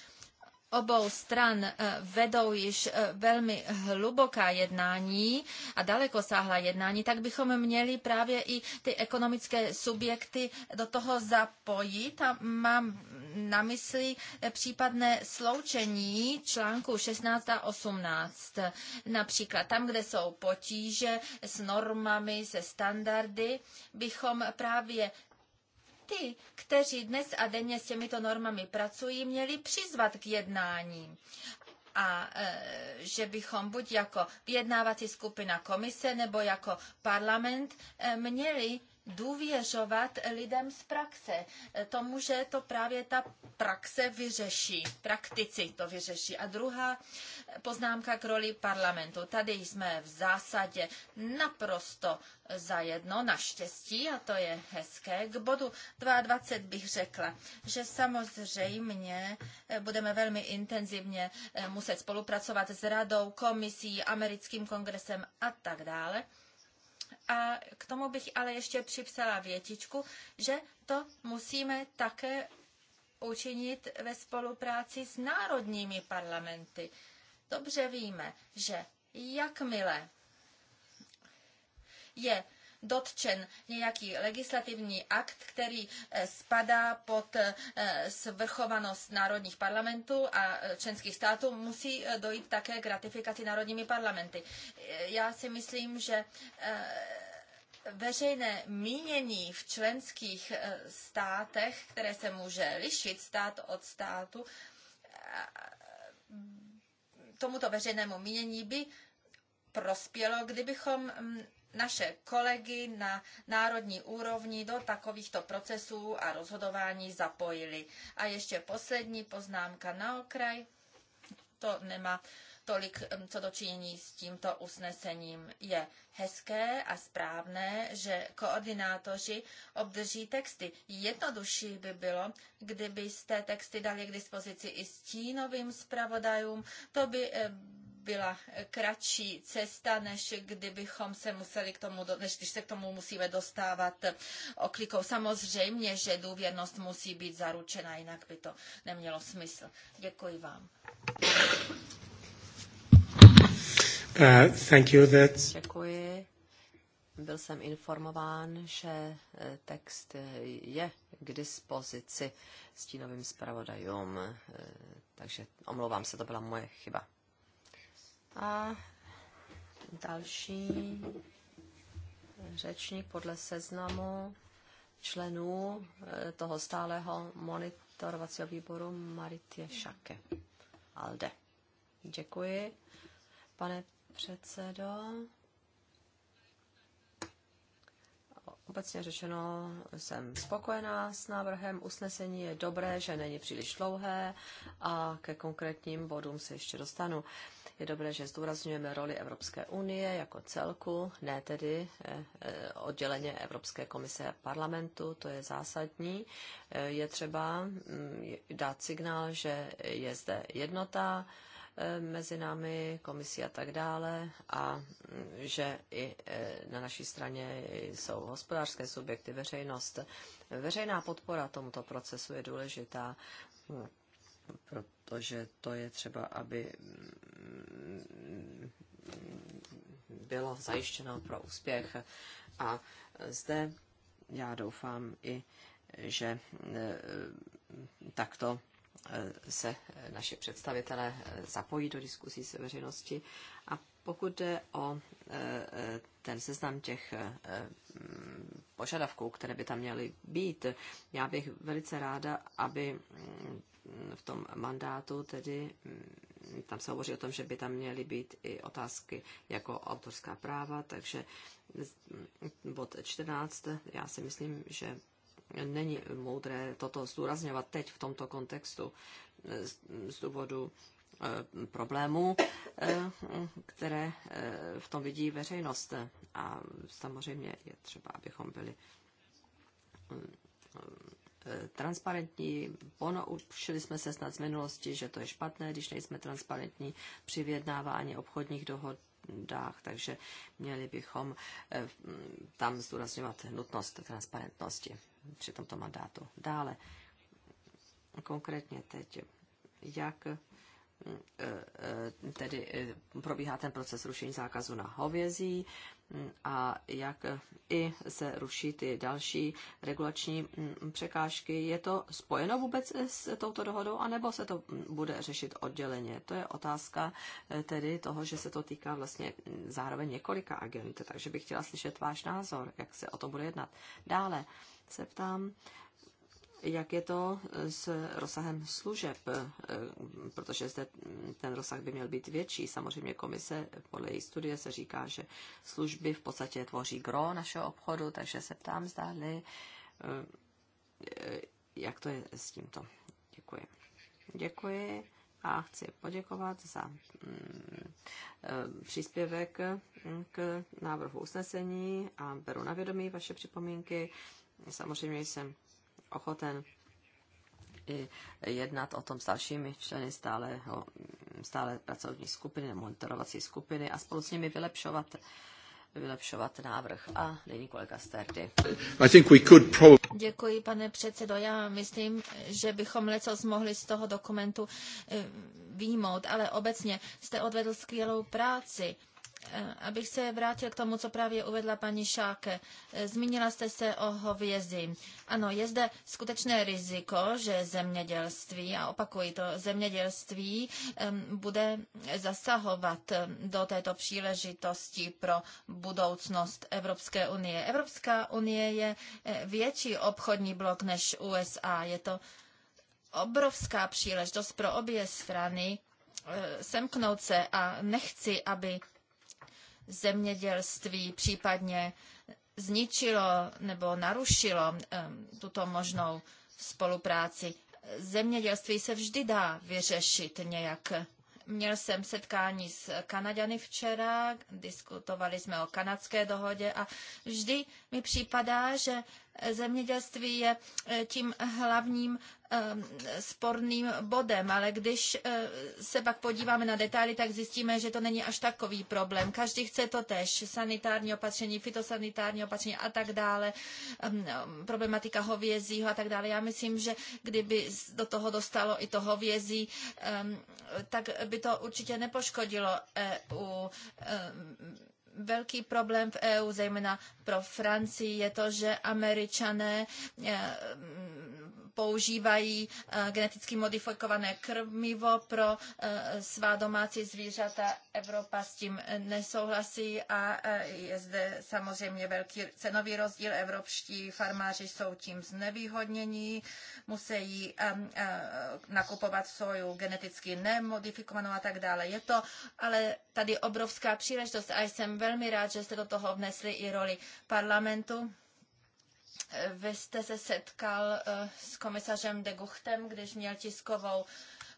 obou stran eh, vedou již eh, velmi hluboká jednání a daleko sáhla jednání, tak bychom měli právě i ty ekonomické subjekty do toho zapojit a mám na mysli eh, případné sloučení článku 16 a 18. Například tam, kde jsou potíže s normami, se standardy, bychom právě ty, kteří dnes a denně s těmito normami pracují, měli přizvat k jednání a e, že bychom buď jako vyjednávací skupina komise nebo jako parlament e, měli důvěřovat lidem z praxe, eh, tomu, že to právě ta praxe vyřeší, praktici to vyřeší. A druhá poznámka k roli parlamentu. Tady jsme v zásadě naprosto zajedno, naštěstí, a to je hezké. K bodu 22 bych řekla, že samozřejmě eh, budeme velmi intenzivně eh, muset spolupracovat s radou, komisí, americkým kongresem a tak dále a k tomu bych ale ještě připsala větičku, že to musíme také učinit ve spolupráci s národními parlamenty. Dobře víme, že jakmile je dotčen nějaký legislativní akt, který eh, spadá pod eh, svrchovanost národních parlamentů a eh, členských států, musí dojít také k ratifikaci národními parlamenty. Já si myslím, že veřejné mínění v členských státech, které se může lišit stát od státu, tomuto veřejnému mínění by prospělo, kdybychom mm, naše kolegy na národní úrovni do takovýchto procesů a rozhodování zapojili. A ještě poslední poznámka na okraj. To nemá tolik co dočinění s tímto usnesením. Je hezké a správné, že koordinátoři obdrží texty. Jednodušší by bylo, kdybyste texty dali k dispozici i stínovým zpravodajům. To by byla kratší cesta, než kdybychom se museli k tomu, než když se k tomu musíme dostávat oklikou. Samozřejmě, že důvěrnost musí být zaručena, jinak by to nemělo smysl. Děkuji vám. Uh, thank you, that's... Děkuji. Byl jsem informován, že eh, text eh, je k dispozici stínovým zpravodajům, eh, takže omlouvám se, to byla moje chyba. A další řečník podle seznamu členů eh, toho stáleho monitorovacího výboru Maritě Šake. Alde. Děkuji, pane předsedo. Obecně řečeno jsem spokojená s návrhem usnesení. Je dobré, že není příliš dlouhé a ke konkrétním bodům se ještě dostanu. Je dobré, že zdůrazňujeme roli Evropské unie jako celku, ne tedy eh, eh, odděleně Evropské komise a parlamentu, to je zásadní. Eh, je třeba mm, dát signál, že je zde jednota, Eh, mezi námi, komisí a tak dále a mm, že i eh, na naší straně jsou hospodářské subjekty, veřejnost. Veřejná podpora tomuto procesu je důležitá, hm, protože to je třeba, aby mm, bylo zajištěno pro úspěch. A zde já doufám i, že eh, takto Eh, se naši představitelé eh, zapojí do diskusí s veřejností. A pokud jde o eh, ten seznam těch mm, požadavků, které by tam měly být, já bych velice ráda, aby mm, v tom mandátu tedy, mm, tam se hovoří o tom, že by tam měly být i otázky jako autorská práva, takže bod 14, já si myslím, že není moudré toto zdůrazňovat teď v tomto kontextu eh, z důvodu eh, problémů, eh, které v tom vidí veřejnost. A samozřejmě je třeba, abychom byli transparentní. Ponaučili jsme se snad z minulosti, že to je špatné, když nejsme transparentní při vyjednávání obchodních dohod dách, takže měli bychom mm, tam zdůrazňovat nutnost transparentnosti při tomto mandátu. Dále, konkrétně teď, jak mm, eh, eh, tedy eh, probíhá ten proces rušení zákazu na hovězí mm, a jak i se ruší ty další regulační mm, překážky. Je to spojeno vůbec s touto dohodou, anebo se to bude řešit odděleně? To je otázka tedy toho, že se to týká vlastně zároveň několika agent, takže bych chtěla slyšet váš názor, jak se o to bude jednat. Dále, se ptám, jak je to s rozsahem služeb, eh, protože zde ten rozsah by měl být větší. Samozřejmě komise podle její studie se říká, že služby v podstatě tvoří gro našeho obchodu, takže se ptám, zdáli, eh, jak to je s tímto. Děkuji. Děkuji a chci poděkovat za mm, eh, příspěvek k návrhu usnesení a beru na vědomí vaše připomínky samozřejmě jsem ochoten i jednat o tom s dalšími členy stále, stále pracovní skupiny, monitorovací skupiny a spolu s nimi vylepšovat vylepšovat návrh. A nyní kolega Sterdy. I think we could probably... Děkuji, pane předsedo. Já myslím, že bychom leco mohli z toho dokumentu eh, výjmout, ale obecně jste odvedl skvělou práci Eh, abych se vrátil k tomu, co právě uvedla paní Šáke. Eh, zmínila jste se o hovězi. Ano, je zde skutečné riziko, že zemědělství, a opakuji to, zemědělství bude zasahovat do této příležitosti pro budoucnost Evropské unie. Evropská unie je eh, větší obchodní blok než USA. Je to obrovská příležitost pro obě strany semknout se a nechci, aby zemědělství případně zničilo nebo narušilo tuto možnou spolupráci. Zemědělství se vždy dá vyřešit nějak. Měl jsem setkání s Kanaďany včera, diskutovali jsme o kanadské dohodě a vždy mi připadá, že zemědělství je e, tím hlavním Ehm, sporným bodem, ale když eh, se pak podíváme na detaily, tak zjistíme, že to není až takový problém. Každý chce to tež. Sanitární opatření, fitosanitární opatření a tak dále, ehm, problematika hovězího a tak dále. Já myslím, že kdyby do toho dostalo i to hovězí, ehm, tak by to určitě nepoškodilo EU velký problém v EU, zejména pro Francii, je to, že američané používají eh, geneticky modifikované krmivo pro eh, svá domácí zvířata. Evropa s tím eh, nesouhlasí a je zde samozřejmě velký cenový rozdíl. Evropští farmáři jsou tím znevýhodnění, musí nakupovat soju geneticky nemodifikovanou a tak dále. Je to ale tady obrovská příležitost a jsem velmi rád, že jste do toho vnesli i roli parlamentu vy jste se setkal eh, s komisařem de Guchtem, když měl tiskovou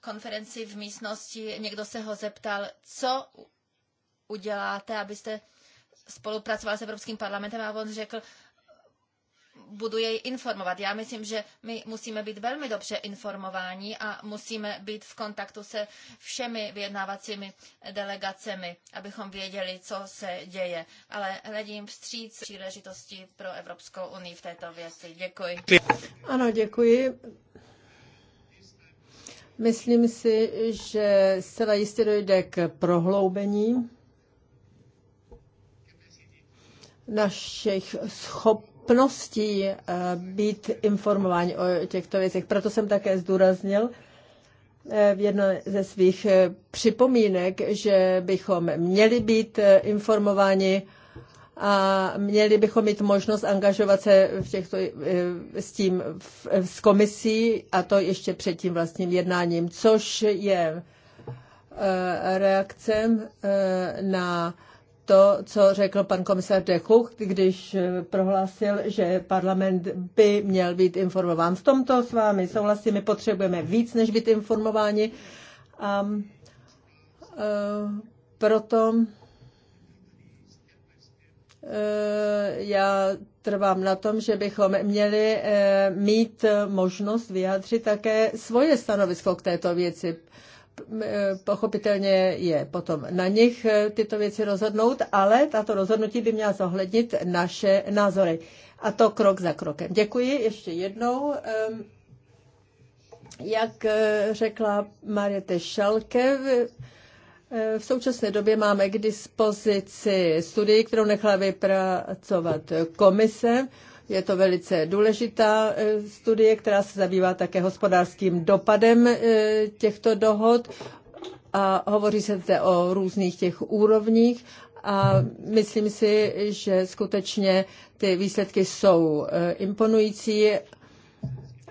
konferenci v místnosti. Někdo se ho zeptal, co uděláte, abyste spolupracoval s Evropským parlamentem a on řekl, budu jej informovat. Já myslím, že my musíme být velmi dobře informováni a musíme být v kontaktu se všemi vyjednávacími delegacemi, abychom věděli, co se děje. Ale hledím vstříc příležitosti pro Evropskou unii v této věci. Děkuji. Ano, děkuji. Myslím si, že zcela jistě dojde k prohloubení našich schopností schopností eh, být informováni o těchto věcech. Proto jsem také zdůraznil eh, v jedno ze svých eh, připomínek, že bychom měli být informováni a měli bychom mít možnost angažovat se v těchto, s tím s komisí a to ještě před tím vlastním jednáním, což je reakcem na to, co řekl pan komisař de Kuch, když eh, prohlásil, že parlament by měl být informován. V tomto s vámi souhlasím, my potřebujeme víc, než být informováni. A, a eh, proto eh, já trvám na tom, že bychom měli mít možnost vyjádřit také svoje stanovisko k této věci. Eh, pochopitelně je potom na nich eh, tyto věci rozhodnout, ale tato rozhodnutí by měla zohlednit naše názory. A to krok za krokem. Děkuji ještě jednou. Jak eh, řekla Mariette Šalke, v současné době máme k dispozici studii, kterou nechala vypracovat komise. Je to velice důležitá e, studie, která se zabývá také hospodářským dopadem e, těchto dohod a hovoří se zde o různých těch úrovních a myslím si, že skutečně ty výsledky jsou e, imponující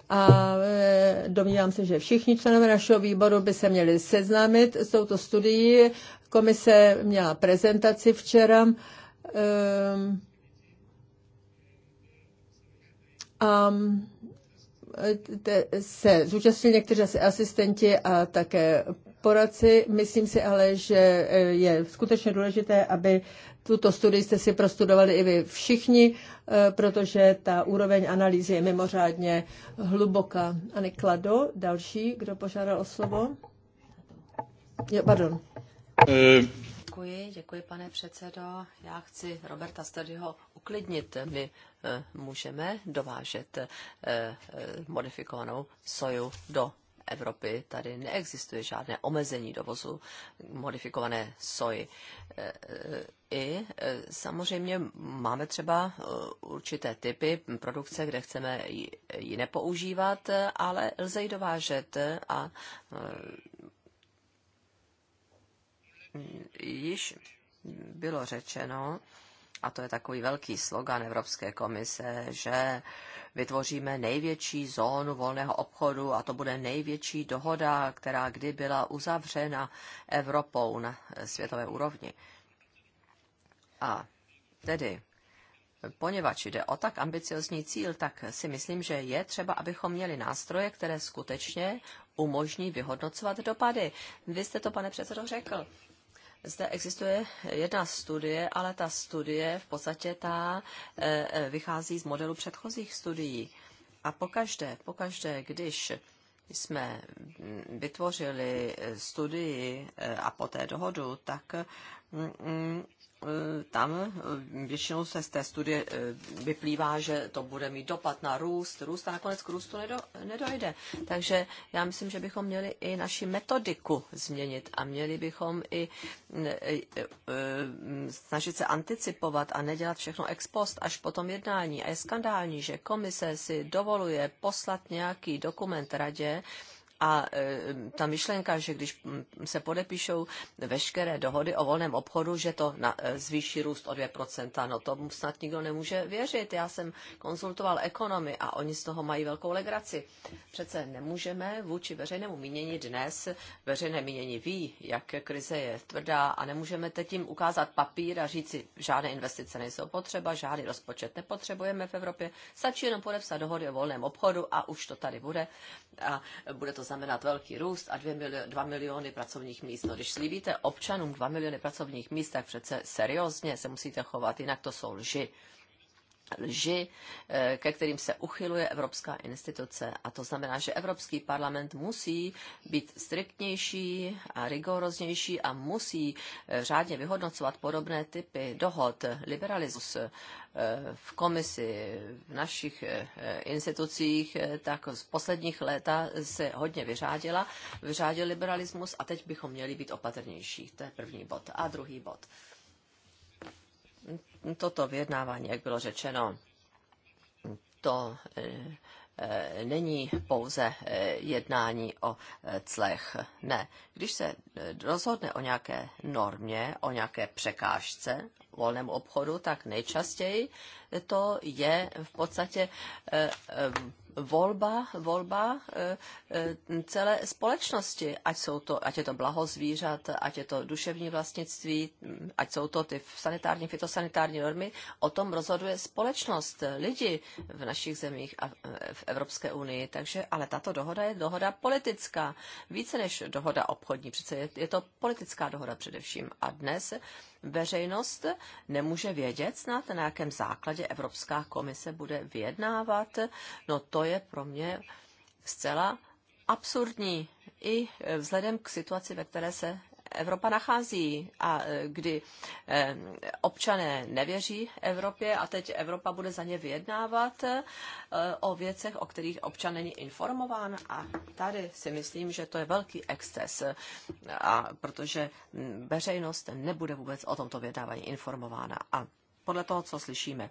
a domnívám se, že všichni členové našeho výboru by se měli seznámit s touto studií. Komise měla prezentaci včera. Um, Um, se zúčastnili někteří asistenti a také poradci. Myslím si ale, že eh, je skutečně důležité, aby tuto studii jste si prostudovali i vy všichni, eh, protože ta úroveň analýzy je mimořádně hluboká. Ani Klado, další, kdo požádal o slovo? Jo, pardon. Děkuji, děkuji pane předsedo. Já chci Roberta Stadyho uklidnit. My E, můžeme dovážet e, e, modifikovanou soju do Evropy. Tady neexistuje žádné omezení dovozu modifikované soji. I samozřejmě máme třeba určité typy produkce, kde chceme ji nepoužívat, ale lze ji dovážet a již bylo řečeno, a to je takový velký slogan Evropské komise, že vytvoříme největší zónu volného obchodu a to bude největší dohoda, která kdy byla uzavřena Evropou na světové úrovni. A tedy, poněvadž jde o tak ambiciozní cíl, tak si myslím, že je třeba, abychom měli nástroje, které skutečně umožní vyhodnocovat dopady. Vy jste to, pane předsedo, řekl. Zde existuje jedna studie, ale ta studie v podstatě ta e, e, vychází z modelu předchozích studií. A pokaždé, pokaždé, když jsme vytvořili studii e, a poté dohodu, tak mm, mm, E, tam e, většinou se z té studie e, vyplývá, že to bude mít dopad na růst, růst a nakonec k růstu nedo, nedojde. Takže já myslím, že bychom měli i naši metodiku změnit a měli bychom i snažit se anticipovat a nedělat všechno ex post až po tom jednání. A je skandální, že komise si dovoluje poslat nějaký dokument radě, a e, ta myšlenka, že když se podepíšou veškeré dohody o volném obchodu, že to na, e, zvýší růst o 2%, no to snad nikdo nemůže věřit. Já jsem konzultoval ekonomy a oni z toho mají velkou legraci. Přece nemůžeme vůči veřejnému mínění dnes, veřejné mínění ví, jak krize je tvrdá a nemůžeme teď tím ukázat papír a říci, žádné investice nejsou potřeba, žádný rozpočet nepotřebujeme v Evropě, stačí jenom podepsat dohody o volném obchodu a už to tady bude a bude to znamenat velký růst a 2 miliony, miliony pracovních míst. No, když slíbíte občanům 2 miliony pracovních míst, tak přece seriózně se musíte chovat, jinak to jsou lži lži, eh, ke kterým se uchyluje Evropská instituce. A to znamená, že Evropský parlament musí být striktnější a rigoroznější a musí eh, řádně vyhodnocovat podobné typy dohod, liberalismus eh, v komisi, v našich institucích, tak z posledních léta se hodně vyřádila, vyřádil liberalismus a teď bychom měli být opatrnější. To je první bod. A druhý bod toto vyjednávání, jak bylo řečeno, to eh, eh, není pouze eh, jednání o clech. Ne. Když se rozhodne o nějaké normě, o nějaké překážce, volném obchodu, tak nejčastěji to je v podstatě eh, eh, volba, volba eh, celé společnosti, ať, jsou to, ať je to blaho zvířat, ať je to duševní vlastnictví, hm, ať jsou to ty sanitární, fitosanitární normy, o tom rozhoduje společnost, lidi v našich zemích a v Evropské unii. Takže, ale tato dohoda je dohoda politická, více než dohoda obchodní, přece je, je to politická dohoda především. A dnes veřejnost nemůže vědět snad, na jakém základě Evropská komise bude vyjednávat. No to je pro mě zcela absurdní i vzhledem k situaci, ve které se Evropa nachází a e, kdy e, občané nevěří Evropě a teď Evropa bude za ně vyjednávat e, o věcech, o kterých občan není informován a tady si myslím, že to je velký exces, a protože veřejnost nebude vůbec o tomto vyjednávání informována a podle toho, co slyšíme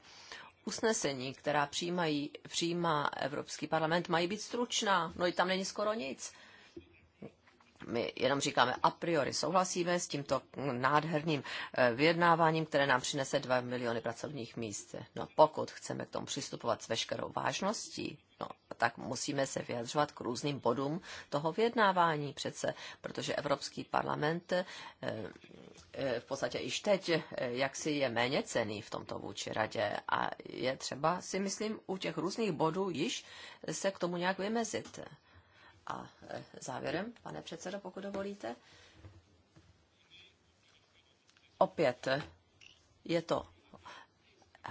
usnesení, která přijímají, přijímá Evropský parlament, mají být stručná. No i tam není skoro nic. My jenom říkáme a priori souhlasíme s tímto nádherným eh, vyjednáváním, které nám přinese 2 miliony pracovních míst. No pokud chceme k tomu přistupovat s veškerou vážností, No, tak musíme se vyjadřovat k různým bodům toho vyjednávání přece, protože Evropský parlament eh, eh, v podstatě již teď jaksi je méně cený v tomto vůči radě a je třeba si myslím u těch různých bodů již se k tomu nějak vymezit. A eh, závěrem, pane předsedo, pokud dovolíte, opět eh, je to eh,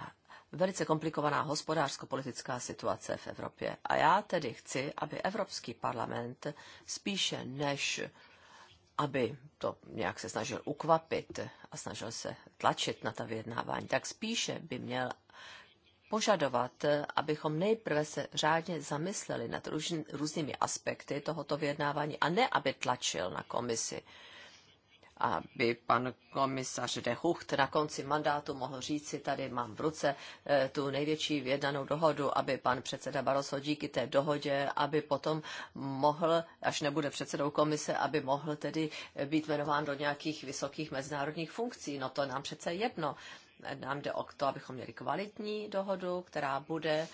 velice komplikovaná hospodářsko-politická situace v Evropě. A já tedy chci, aby Evropský parlament spíše než aby to nějak se snažil ukvapit a snažil se tlačit na ta vyjednávání, tak spíše by měl požadovat, eh, abychom nejprve se řádně zamysleli nad různými aspekty tohoto vyjednávání a ne, aby tlačil na komisi aby pan komisař de Hucht na konci mandátu mohl říci, tady mám v ruce eh, tu největší vyjednanou dohodu, aby pan předseda Barroso díky té dohodě, aby potom mohl, až nebude předsedou komise, aby mohl tedy být jmenován do nějakých vysokých mezinárodních funkcí. No to nám přece jedno. Nám jde o to, abychom měli kvalitní dohodu, která bude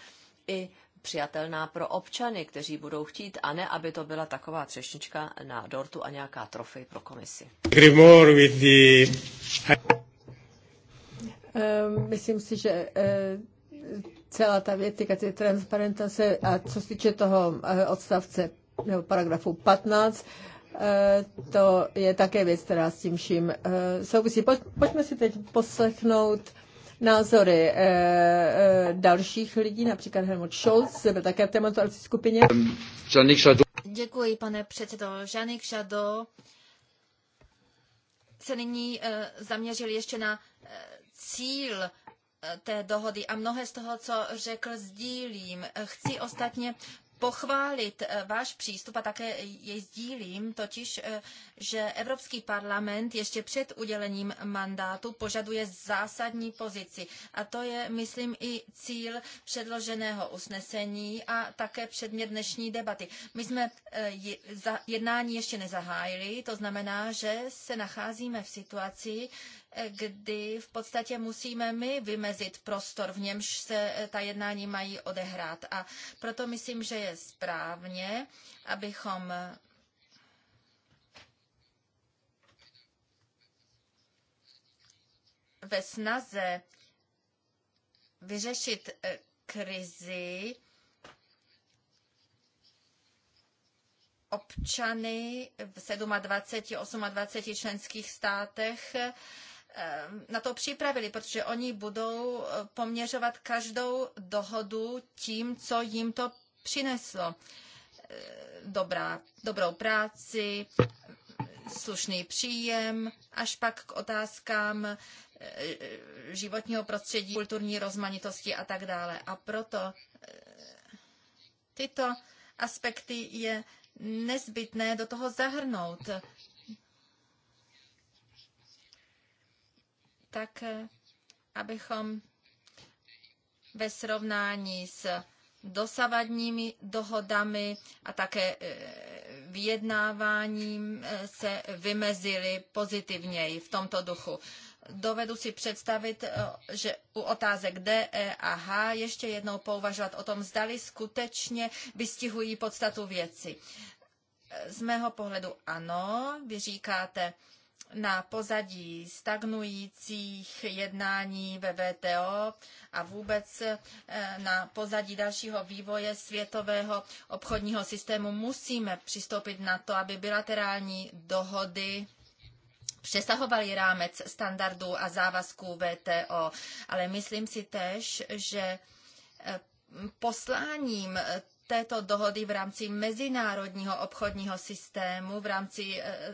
i přijatelná pro občany, kteří budou chtít, a ne, aby to byla taková třešnička na dortu a nějaká trofej pro komisi. Ehm, myslím si, že eh, celá ta větika, ty transparentace a co se týče toho eh, odstavce nebo paragrafu 15, Eh, to je také věc, která s tím vším eh, souvisí. Pojďme si teď poslechnout názory eh, dalších lidí, například Helmut Scholz, byl také v tématu skupině. Děkuji, pane předsedo. Žanik Šado se nyní zaměřil ještě na cíl té dohody a mnohé z toho, co řekl, sdílím. Chci ostatně pochválit eh, váš přístup a také jej sdílím, totiž, eh, že Evropský parlament ještě před udělením mandátu požaduje zásadní pozici. A to je, myslím, i cíl předloženého usnesení a také předmět dnešní debaty. My jsme eh, jednání ještě nezahájili, to znamená, že se nacházíme v situaci, kdy v podstatě musíme my vymezit prostor, v němž se eh, ta jednání mají odehrát. A proto myslím, že je správně, abychom eh, ve snaze vyřešit eh, krizi občany v 27, 28 členských státech na to připravili, protože oni budou eh, poměřovat každou dohodu tím, co jim to přineslo. Eh, dobrá, dobrou práci, slušný příjem, až pak k otázkám eh, životního prostředí, kulturní rozmanitosti a tak dále. A proto tyto aspekty je nezbytné do toho zahrnout tak eh, abychom ve srovnání s dosavadními dohodami a také eh, vyjednáváním eh, se vymezili pozitivněji v tomto duchu. Dovedu si představit, že u otázek D, E a H ještě jednou pouvažovat o tom, zdali skutečně vystihují podstatu věci. Z mého pohledu ano, vy říkáte, na pozadí stagnujících jednání ve VTO a vůbec eh, na pozadí dalšího vývoje světového obchodního systému musíme přistoupit na to, aby bilaterální dohody přesahovaly rámec standardů a závazků VTO. Ale myslím si tež, že eh, posláním této dohody v rámci mezinárodního obchodního systému, v rámci eh,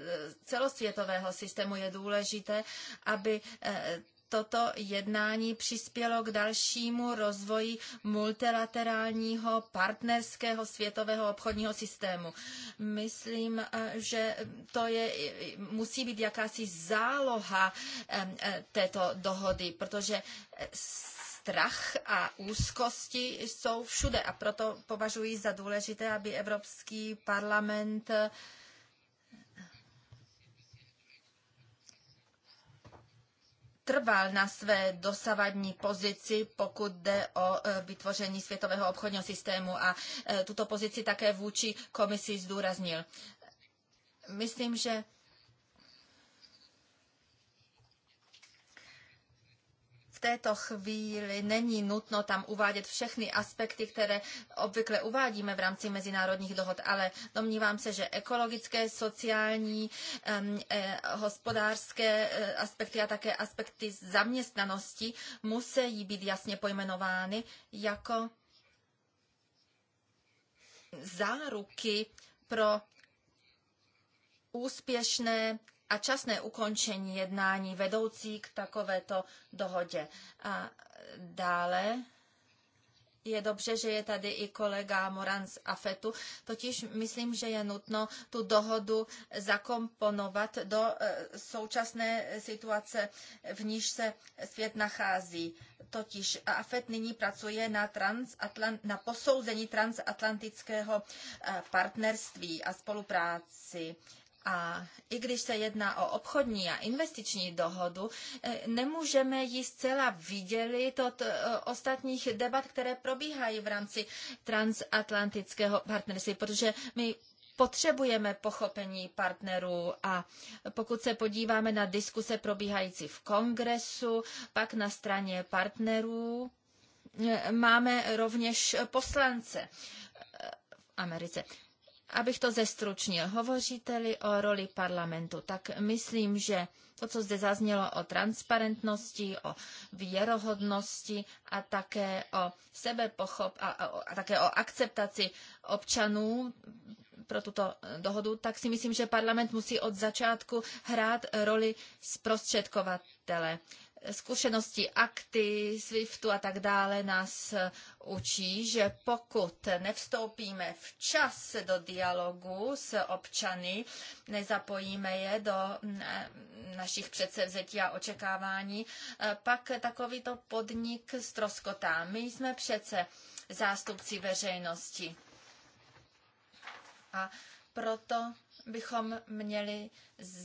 celosvětového systému je důležité, aby eh, toto jednání přispělo k dalšímu rozvoji multilaterálního partnerského světového obchodního systému. Myslím, eh, že to je, musí být jakási záloha této dohody, protože strach a úzkosti jsou všude a proto považuji za důležité, aby Evropský parlament trval na své dosavadní pozici, pokud jde o e, vytvoření světového obchodního systému a e, tuto pozici také vůči komisi zdůraznil. Myslím, že v této chvíli není nutno tam uvádět všechny aspekty, které obvykle uvádíme v rámci mezinárodních dohod, ale domnívám se, že ekologické, sociální, e, hospodářské e, aspekty a také aspekty zaměstnanosti musí být jasně pojmenovány jako záruky pro úspěšné a časné ukončení jednání vedoucí k takovéto dohodě. A dále je dobře, že je tady i kolega Moran z AFETu, totiž myslím, že je nutno tu dohodu zakomponovat do e, současné situace, v níž se svět nachází. Totiž AFET nyní pracuje na, transatlant, na posouzení transatlantického e, partnerství a spolupráci. A i když se jedná o obchodní a investiční dohodu, eh, nemůžeme ji zcela vydělit od eh, ostatních debat, které probíhají v rámci transatlantického partnerství, protože my potřebujeme pochopení partnerů a pokud se podíváme na diskuse probíhající v kongresu, pak na straně partnerů eh, máme rovněž poslance v Americe. Abych to zestručnil, hovoříte-li o roli parlamentu, tak myslím, že to, co zde zaznělo o transparentnosti, o věrohodnosti a také o sebepochop a, a, a také o akceptaci občanů pro tuto dohodu, tak si myslím, že parlament musí od začátku hrát roli zprostředkovatele. Zkušenosti akty, SWIFTu a tak dále nás eh, učí, že pokud nevstoupíme včas do dialogu s občany, nezapojíme je do mm, eh, našich předsevzetí a očekávání, eh, pak takovýto podnik ztroskotá. My jsme přece zástupci veřejnosti. A proto bychom měli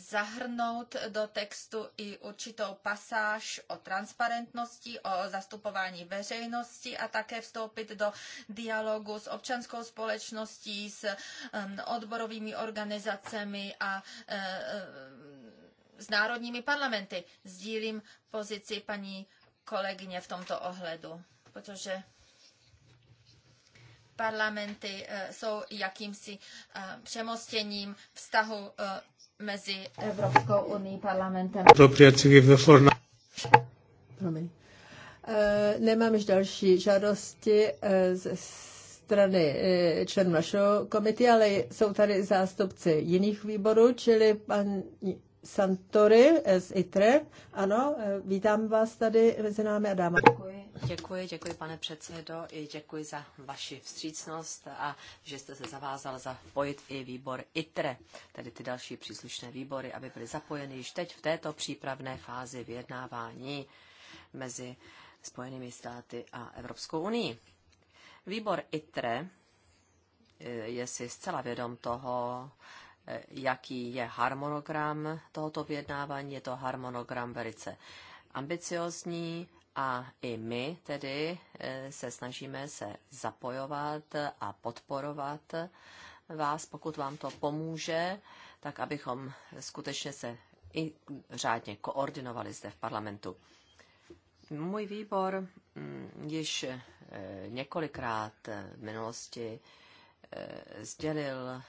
zahrnout do textu i určitou pasáž o transparentnosti, o zastupování veřejnosti a také vstoupit do dialogu s občanskou společností, s odborovými organizacemi a e, e, s národními parlamenty. Sdílím pozici paní kolegyně v tomto ohledu, protože parlamenty eh, jsou jakýmsi eh, přemostěním vztahu eh, mezi Evropskou unii parlamentem. Promiň. Nemám už další žádosti ze strany členů našeho komity, ale jsou tady zástupci jiných výborů, čili pan Santori z ITRE. Ano, vítám vás tady mezi námi a dáma. Děkuji. Děkuji, děkuji pane předsedo i děkuji za vaši vstřícnost a že jste se zavázal zapojit i výbor ITRE, tedy ty další příslušné výbory, aby byly zapojeny již teď v této přípravné fázi vyjednávání mezi Spojenými státy a Evropskou unii. Výbor ITRE eh, je si zcela vědom toho, eh, jaký je harmonogram tohoto vyjednávání. Je to harmonogram velice ambiciozní a i my tedy e, se snažíme se zapojovat a podporovat vás, pokud vám to pomůže, tak abychom skutečně se i řádně koordinovali zde v parlamentu. Můj výbor mm, již e, několikrát v minulosti e, sdělil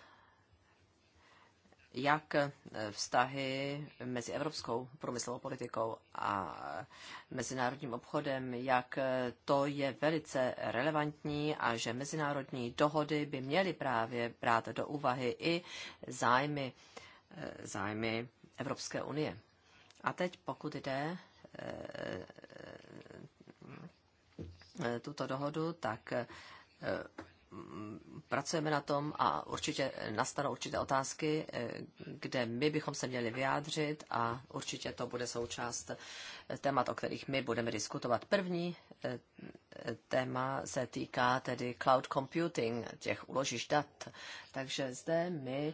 jak eh, vztahy mezi evropskou průmyslovou politikou a eh, mezinárodním obchodem, jak eh, to je velice relevantní a že mezinárodní dohody by měly právě brát do úvahy i zájmy, zájmy Evropské unie. A teď pokud jde tuto dohodu, tak Mm, pracujeme na tom a určitě nastanou určité otázky, eh, kde my bychom se měli vyjádřit a určitě to bude součást eh, témat, o kterých my budeme diskutovat. První eh, téma se týká tedy cloud computing, těch uložiš dat. Takže zde my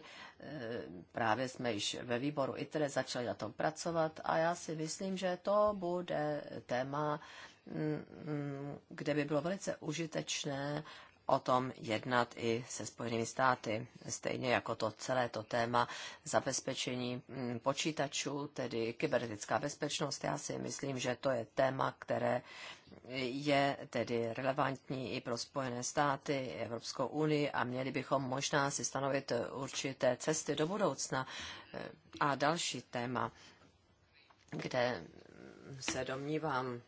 právě jsme již ve výboru ITRE začali na tom pracovat a já si myslím, že to bude téma, mm, mm, kde by bylo velice užitečné o tom jednat i se Spojenými státy, stejně jako to celé to téma zabezpečení mm, počítačů, tedy kybernetická bezpečnost. Já si myslím, že to je téma, které je tedy relevantní i pro Spojené státy, Evropskou unii a měli bychom možná si stanovit určité cesty do budoucna. E, a další téma, kde se domnívám,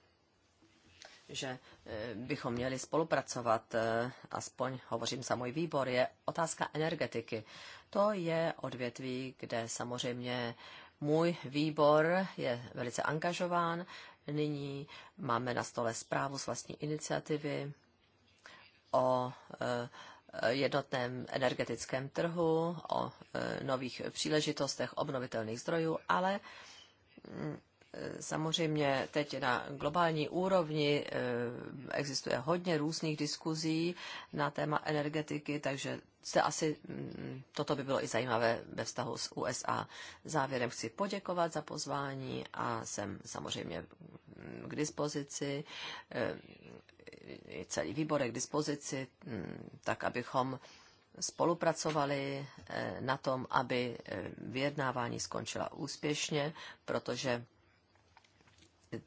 že eh, bychom měli spolupracovat, eh, aspoň hovořím za můj výbor, je otázka energetiky. To je odvětví, kde samozřejmě můj výbor je velice angažován. Nyní máme na stole zprávu z vlastní iniciativy o eh, jednotném energetickém trhu, o nových příležitostech obnovitelných zdrojů, ale mm, Samozřejmě teď na globální úrovni eh, existuje hodně různých diskuzí na téma energetiky, takže se asi mm, toto by bylo i zajímavé ve vztahu s USA. Závěrem chci poděkovat za pozvání a jsem samozřejmě k dispozici, eh, celý výbor je k dispozici, mm, tak abychom spolupracovali eh, na tom, aby vyjednávání skončila úspěšně, protože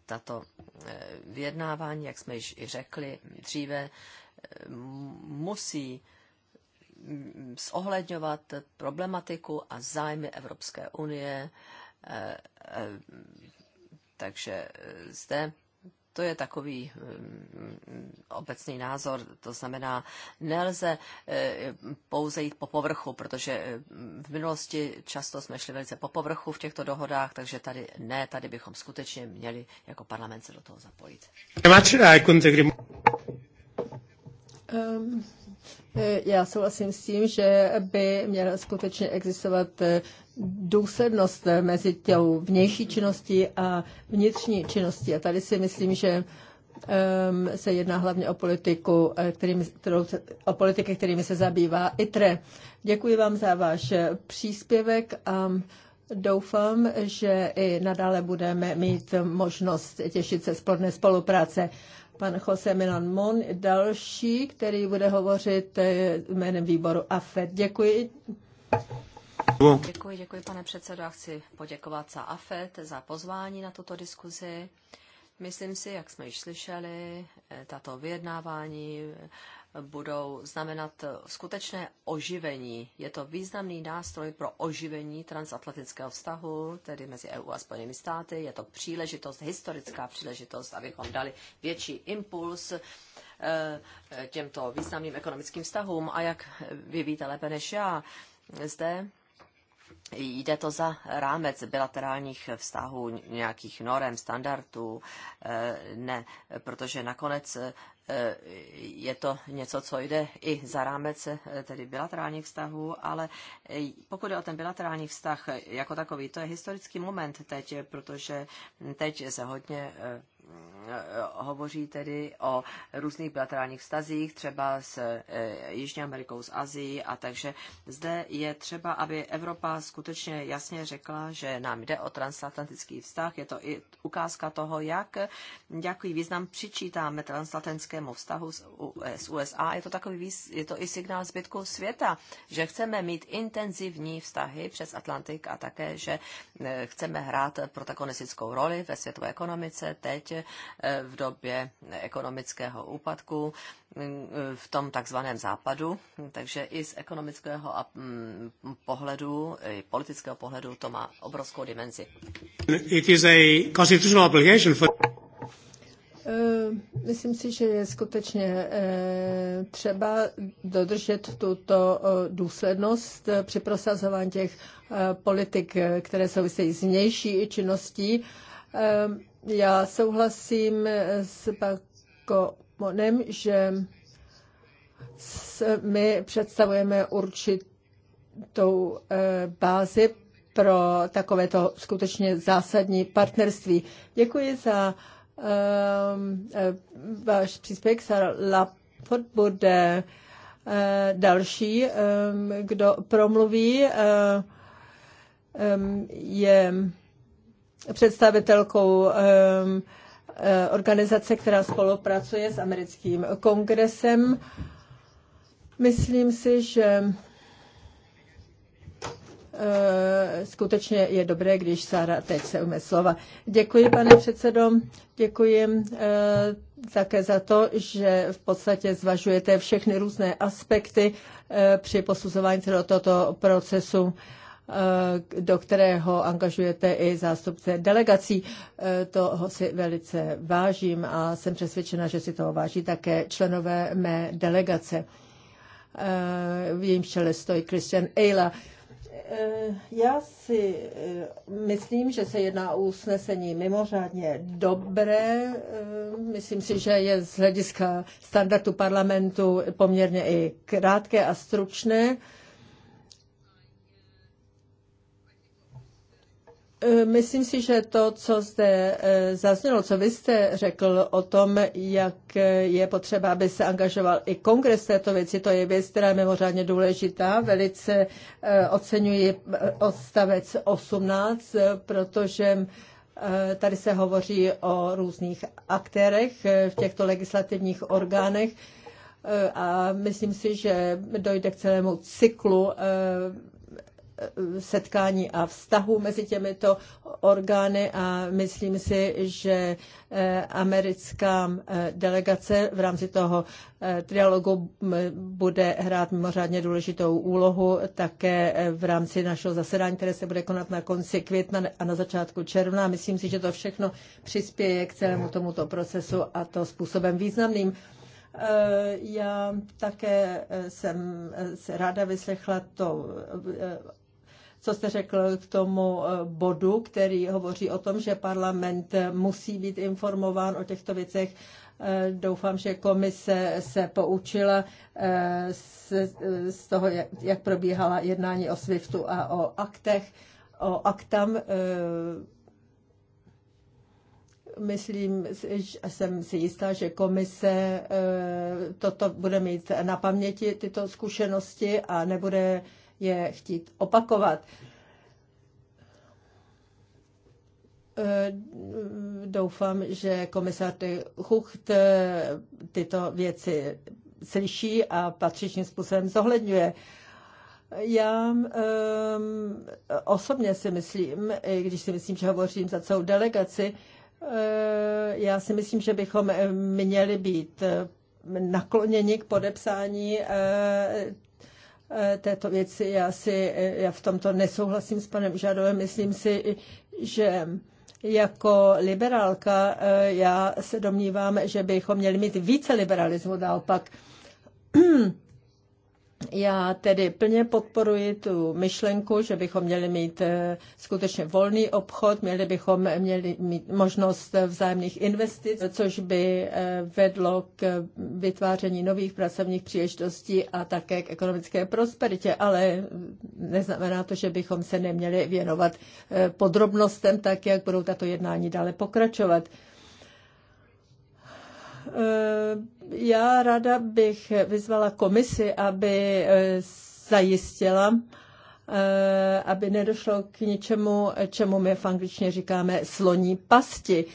tato eh, vyjednávání, jak jsme již i řekli dříve, eh, musí mm, zohledňovat problematiku a zájmy Evropské unie. Eh, takže zde to je takový eh, obecný názor, to znamená, nelze eh, pouze jít po povrchu, protože eh, v minulosti často jsme šli velice po povrchu v těchto dohodách, takže tady ne, tady bychom skutečně měli jako parlament se do toho zapojit. Um, já souhlasím s tím, že by měl skutečně existovat důslednost eh, mezi těm vnější činností a vnitřní činností. A tady si myslím, že ehm, se jedná hlavně o politiku, eh, kterými, kterou, o politiky, kterými se zabývá ITRE. Děkuji vám za váš eh, příspěvek a doufám, že i nadále budeme mít možnost těšit se splodné spolupráce. Pan Jose Milan Mon, další, který bude hovořit jménem výboru AFED. Děkuji. Děkuji, děkuji, pane předsedo. Já chci poděkovat za AFET, za pozvání na tuto diskuzi. Myslím si, jak jsme již slyšeli, eh, tato vyjednávání eh, budou znamenat skutečné oživení. Je to významný nástroj pro oživení transatlantického vztahu, tedy mezi EU a Spojenými státy. Je to příležitost, historická příležitost, abychom dali větší impuls eh, těmto významným ekonomickým vztahům. A jak vy víte lépe než já, zde Jde to za rámec bilaterálních vztahů, nějakých norem, standardů, eh, ne, protože nakonec eh, je to něco, co jde i za rámec eh, tedy bilaterálních vztahů, ale pokud je o ten bilaterální vztah jako takový, to je historický moment teď, protože teď se hodně Eh, hovoří tedy o různých bilaterálních vztazích, třeba s eh, Jižní Amerikou, s Azií a takže zde je třeba, aby Evropa skutečně jasně řekla, že nám jde o transatlantický vztah. Je to i ukázka toho, jak, jaký význam přičítáme transatlantickému vztahu s USA. Je to, takový, je to i signál zbytku světa, že chceme mít intenzivní vztahy přes Atlantik a také, že eh, chceme hrát protagonistickou roli ve světové ekonomice teď Eh, v době ekonomického úpadku mm, v tom takzvaném západu, takže i z ekonomického mm, pohledu, i politického pohledu to má obrovskou dimenzi. It is a constitutional obligation for... Eh, myslím si, že je skutečně eh, třeba dodržet tuto důslednost při prosazování těch politik, které souvisejí s vnější činností. Já souhlasím s Pakomonem, že my představujeme určitou eh, bázi pro takovéto skutečně zásadní partnerství. Děkuji za um, váš příspěvek. Sara Lapot bude uh, další, um, kdo promluví. Uh, um, je představitelkou ehm, eh, organizace, která spolupracuje s americkým kongresem. Myslím si, že eh, skutečně je dobré, když Sára teď se ume slova. Děkuji, pane předsedo, děkuji eh, také za to, že v podstatě zvažujete všechny různé aspekty při posuzování celého tohoto procesu. Eh, do kterého angažujete i zástupce delegací. Eh, toho si velice vážím a jsem přesvědčena, že si toho váží také členové mé delegace. Eh, v jejím čele stojí Christian Eila. Já si myslím, že se jedná o usnesení mimořádně dobré. Myslím si, že je z hlediska standardu parlamentu poměrně i krátké a stručné. E, myslím si, že to, co zde e, zaznělo, co vy jste řekl o tom, jak je potřeba, aby se angažoval i kongres této věci, to je věc, která je mimořádně důležitá. Velice e, oceňuji odstavec 18, protože tady se hovoří o různých aktérech v těchto legislativních orgánech a myslím si, že dojde k celému cyklu setkání a vztahu mezi těmito orgány a myslím si, že eh, americká eh, delegace v rámci toho eh, trialogu bude hrát mimořádně důležitou úlohu také v rámci našeho zasedání, které se bude konat na konci května a na začátku června. Myslím si, že to všechno přispěje k celému tomuto procesu a to způsobem významným. Já také jsem se ráda vyslechla to co jste řekl k tomu eh, bodu, který hovoří o tom, že parlament musí být informován o těchto věcech. Eh, doufám, že komise se poučila eh, z toho, jak probíhala jednání o SWIFTu a o aktech. O aktam myslím, jsem si jistá, že komise toto bude mít na paměti, tyto zkušenosti a nebude je chtít opakovat. Eh, doufám, že komisár Chucht eh, tyto věci slyší a patřičným způsobem zohledňuje. Já um, osobně si myslím, i když si myslím, že hovořím za celou delegaci, uh, já si myslím, že bychom měli být nakloněni k podepsání uh, Eh, této věci. Já, si, eh, já v tomto nesouhlasím s panem Žadovem. Myslím si, že jako liberálka eh, já se domnívám, že bychom měli mít více liberalismu naopak. [CLEARS THROAT] Já tedy plně podporuji tu myšlenku, že bychom měli mít eh, skutečně volný obchod, měli bychom měli mít možnost vzájemných investic, což by eh, vedlo k vytváření nových pracovních příležitostí a také k ekonomické prosperitě, ale eh, neznamená to, že bychom se neměli věnovat podrobnostem, tak jak budou tato jednání dále pokračovat. Eh, já ráda bych vyzvala komisi, aby eh, zajistila, eh, aby nedošlo k něčemu, čemu my v angličtině říkáme sloní pasti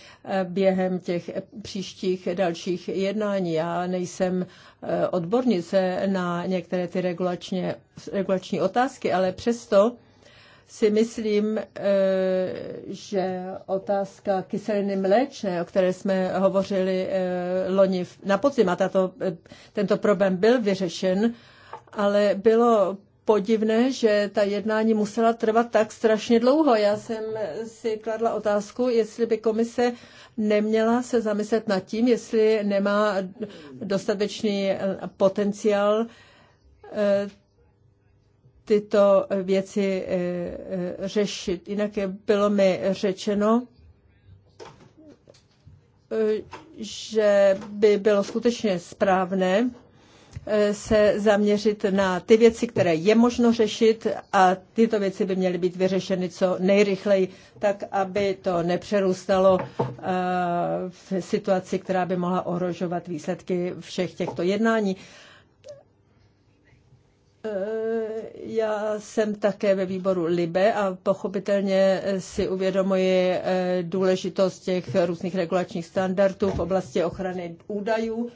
během těch příštích dalších jednání. Já nejsem odbornice na některé ty regulační otázky, ale přesto si myslím, eh, že otázka kyseliny mléčné, o které jsme hovořili eh, loni na podzim, a tato, eh, tento problém byl vyřešen, ale bylo podivné, že ta jednání musela trvat tak strašně dlouho. Já jsem si kladla otázku, jestli by komise neměla se zamyslet nad tím, jestli nemá dostatečný potenciál tyto věci eh, eh, řešit. Jinak bylo mi řečeno, eh, že by bylo skutečně správné se zaměřit na ty věci, které je možno řešit a tyto věci by měly být vyřešeny co nejrychleji, tak aby to nepřerůstalo v situaci, která by mohla ohrožovat výsledky všech těchto jednání. Eh, já jsem také ve výboru LIBE a pochopitelně si uvědomuji eh, důležitost těch různých regulačních standardů v oblasti ochrany údajů.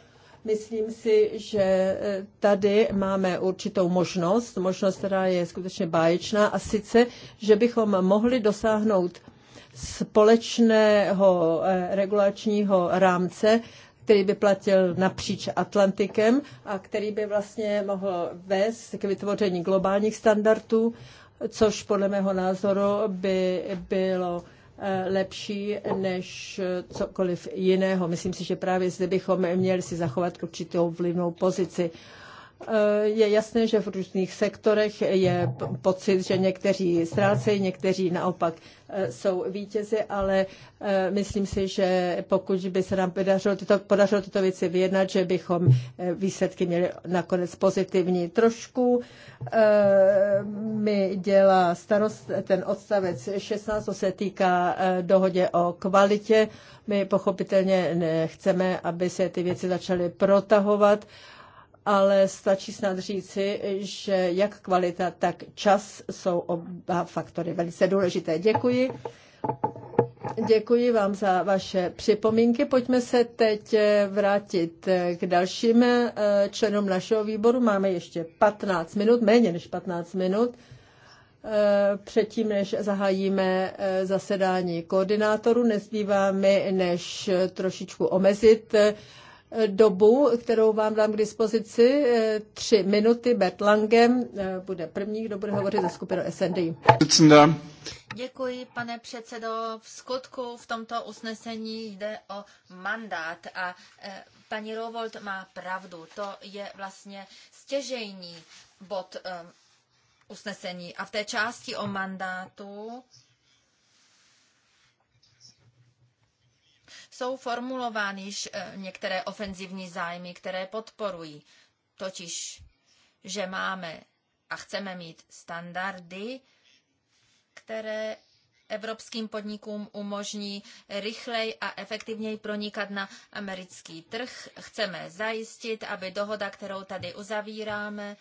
Myslím si, že eh, tady máme určitou možnost, možnost, která je skutečně báječná, a sice, že bychom mohli dosáhnout společného regulačního rámce, který by platil napříč Atlantikem a který by vlastně mohl vést k vytvoření globálních standardů, což podle mého názoru by bylo eh, lepší než cokoliv jiného. Myslím si, že právě zde bychom měli si zachovat určitou vlivnou pozici. Eh, je jasné, že v různých sektorech je pocit, že někteří ztrácejí, někteří naopak eh, jsou vítězi, ale eh, myslím si, že pokud by se nám podařilo tyto, podařilo tyto věci vyjednat, že bychom výsledky měli nakonec pozitivní. Trošku mi dělá starost ten odstavec 16, co se týká dohodě o kvalitě. My pochopitelně nechceme, aby se ty věci začaly protahovat ale stačí snad říci, že jak kvalita, tak čas jsou oba faktory velice důležité. Děkuji. Děkuji vám za vaše připomínky. Pojďme se teď eh, vrátit eh, k dalším eh, členům našeho výboru. Máme ještě 15 minut, méně než 15 minut, předtím, než zahájíme zasedání koordinátorů. Nezbývá mi, než trošičku omezit dobu, kterou vám dám k dispozici, eh, tři minuty. Bert Langem eh, bude první, kdo bude hovořit za skupinu SND. Děkuji, pane předsedo. V skutku v tomto usnesení jde o mandát a eh, paní Rowold má pravdu. To je vlastně stěžejní bod usnesení. A v té části o mandátu jsou formulovány již eh, některé ofenzivní zájmy, které podporují. Totiž, že máme a chceme mít standardy, které evropským podnikům umožní rychleji a efektivněji pronikat na americký trh. Chceme zajistit, aby dohoda, kterou tady uzavíráme,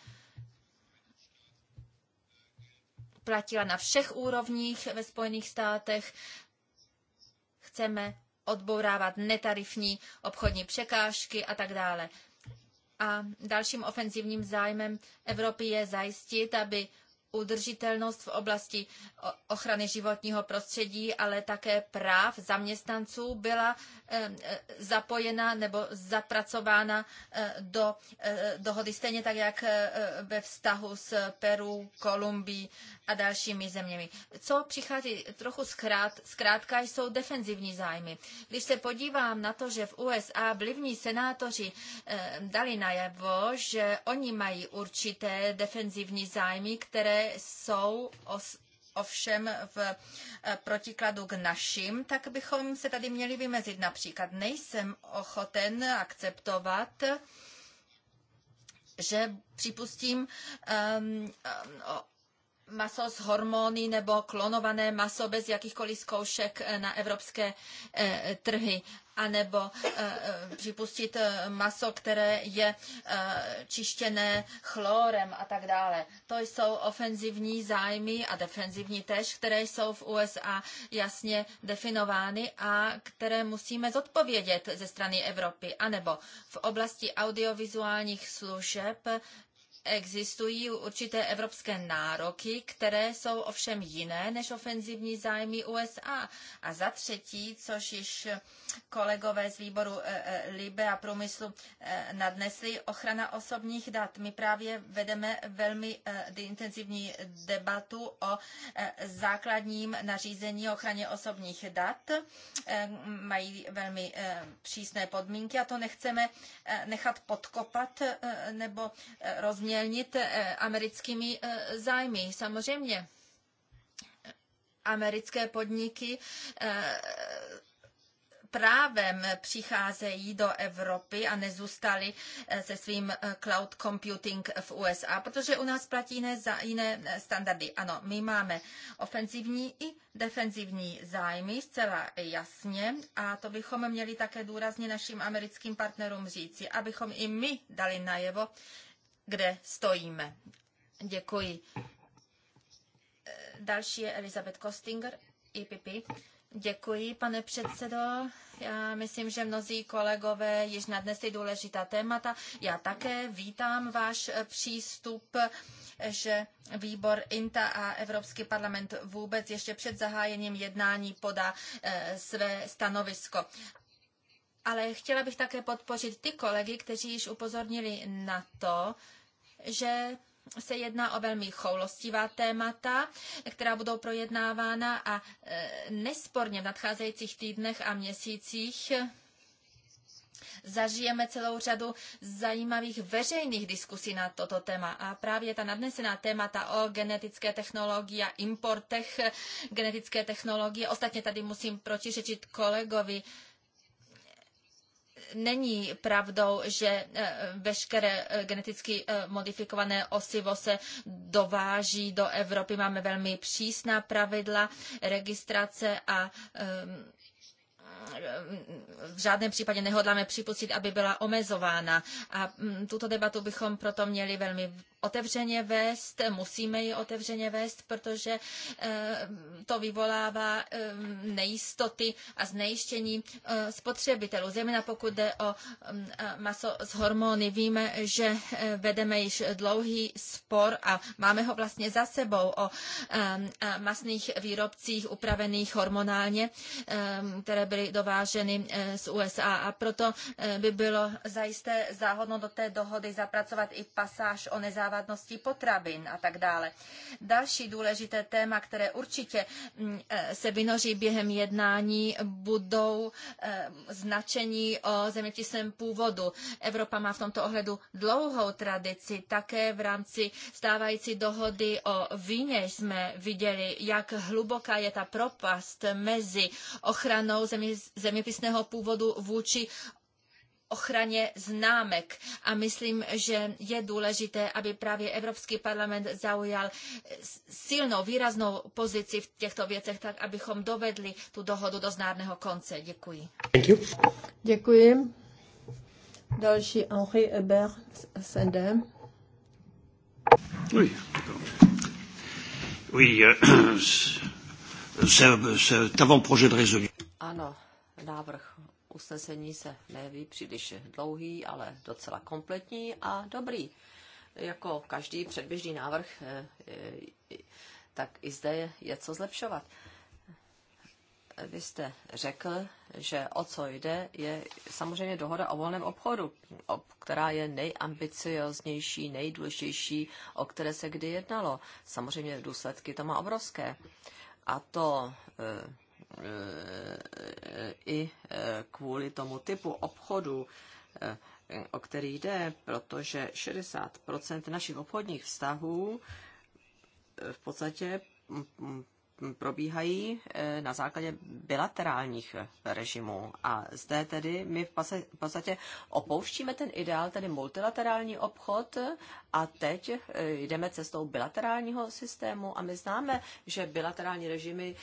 platila na všech úrovních ve Spojených státech. Chceme odbourávat netarifní obchodní překážky a tak dále. A dalším ofenzivním zájmem Evropy je zajistit, aby udržitelnost v oblasti ochrany životního prostředí, ale také práv zaměstnanců byla eh, eh, zapojena nebo zapracována eh, do dohody, stejně tak jak ve vztahu s Peru, Kolumbií a dalšími zeměmi. Co přichází trochu zkrát, zkrátka jsou defenzivní zájmy. Když se podívám na to, že v USA vlivní senátoři eh, dali najevo, že oni mají určité defenzivní zájmy, které jsou os, ovšem v eh, protikladu k našim, tak bychom se tady měli vymezit. Například nejsem ochoten akceptovat že připustím um, maso s hormóny nebo klonované maso bez jakýchkoliv zkoušek na evropské eh, trhy anebo eh, připustit eh, maso, které je čištěné chlórem a tak dále. To jsou ofenzivní zájmy a defenzivní tež, které jsou v USA jasně definovány a které musíme zodpovědět ze strany Evropy. A nebo v oblasti audiovizuálních služeb existují určité evropské nároky, které jsou ovšem jiné než ofenzivní zájmy USA. A za třetí, což již kolegové z výboru eh, eh, Libe a průmyslu eh, nadnesli, ochrana osobních dat. My právě vedeme velmi intenzivní debatu o základním nařízení o ochraně osobních dat. Mají velmi přísné podmínky a to nechceme nechat podkopat nebo rozměřit mělnit eh, americkými eh, zájmy. Samozřejmě americké podniky eh, právem přicházejí do Evropy a nezůstali se svým cloud computing v USA, protože u nás platí jiné, za, jiné standardy. Ano, my máme ofenzivní i defenzivní zájmy zcela jasně a to bychom měli také důrazně našim americkým partnerům říci, abychom i my dali najevo, kde stojíme. Děkuji. Další je Elizabeth Kostinger, IPP. Děkuji, pane předsedo. Já myslím, že mnozí kolegové již nadnesli důležitá témata. Já také vítám váš přístup, že výbor INTA a Evropský parlament vůbec ještě před zahájením jednání podá eh, své stanovisko. Ale chtěla bych také podpořit ty kolegy, kteří již upozornili na to, že se jedná o velmi choulostivá témata, která budou projednávána a e, nesporně v nadcházejících týdnech a měsících zažijeme celou řadu zajímavých veřejných diskusí na toto téma. A právě ta nadnesená témata o genetické technologii a importech genetické technologie, ostatně tady musím protiřečit kolegovi, není pravdou, že eh, veškeré eh, geneticky eh, modifikované osivo se dováží do Evropy. Máme velmi přísná pravidla registrace a ehm, v žádném případě nehodláme připustit, aby byla omezována. A mm, tuto debatu bychom proto měli velmi otevřeně vést, musíme ji otevřeně vést, protože eh, to vyvolává eh, nejistoty a znejištění eh, spotřebitelů, zejména pokud jde o mm, maso s hormony. Víme, že vedeme již dlouhý spor a máme ho vlastně za sebou o masných výrobcích upravených hormonálně, které byly dováženy eh, z USA a proto eh, by bylo zajisté záhodno do té dohody zapracovat i pasáž o nezávadnosti potravin a tak dále. Další důležité téma, které určitě mm, eh, se vynoří během jednání, budou značení o zeměpisném původu. Evropa má v tomto ohledu dlouhou tradici. Také v rámci stávající dohody o víně jsme viděli, jak hluboká je ta propast mezi ochranou země, zeměpisného původu vůči ochraně známek. A myslím, že je důležité, aby právě Evropský parlament zaujal silnou, výraznou pozici v těchto věcech, tak abychom dovedli tu dohodu do znárného konce. Děkuji. Thank you. Děkuji. Další Henri Ebert z SND. Oui, oui euh, avant-projet [COUGHS] de résolution. non návrh usnesení se neví příliš dlouhý, ale docela kompletní a dobrý. Jako každý předběžný návrh, eh, eh, tak i zde je co zlepšovat. Vy jste řekl, že o co jde, je samozřejmě dohoda o volném obchodu, která je nejambicioznější, nejdůležitější, o které se kdy jednalo. Samozřejmě důsledky to má obrovské. A to eh, i e, kvůli tomu typu obchodu, e, o který jde, protože 60 našich obchodních vztahů v podstatě probíhají eh, na základě bilaterálních eh, režimů. A zde tedy my v podstatě opouštíme ten ideál, tedy multilaterální obchod a teď eh, jdeme cestou bilaterálního systému a my známe, že bilaterální režimy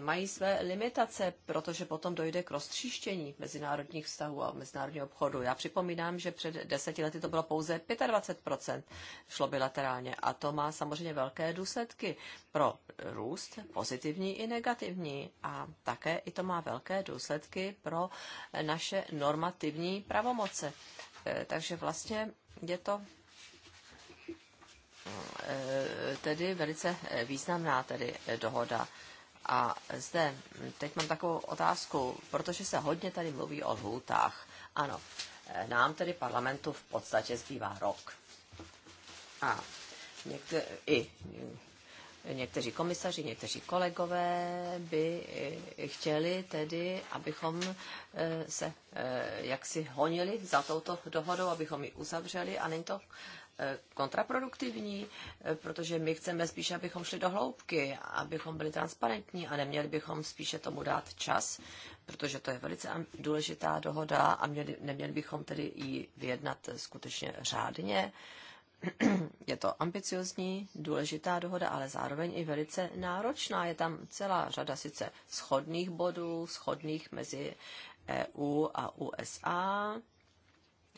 mají své limitace, protože potom dojde k roztříštění mezinárodních vztahů a mezinárodního obchodu. Já připomínám, že před deseti lety to bylo pouze 25% šlo bilaterálně a to má samozřejmě velké důsledky pro růst, pozitivní i negativní. A také i to má velké důsledky pro naše normativní pravomoce. E, takže vlastně je to e, tedy velice významná tedy dohoda. A zde teď mám takovou otázku, protože se hodně tady mluví o lhůtách. Ano, e, nám tedy parlamentu v podstatě zbývá rok. A někde, i někteří komisaři, někteří kolegové by eh, chtěli tedy, abychom eh, se eh, jaksi honili za touto dohodou, abychom ji uzavřeli a není to kontraproduktivní, protože my chceme spíše, abychom šli do hloubky, abychom byli transparentní a neměli bychom spíše tomu dát čas, protože to je velice důležitá dohoda a měli, neměli bychom tedy ji vyjednat skutečně řádně [CLEARS THROAT] je to ambiciozní, důležitá dohoda, ale zároveň i velice náročná. Je tam celá řada sice schodných bodů, schodných mezi EU a USA,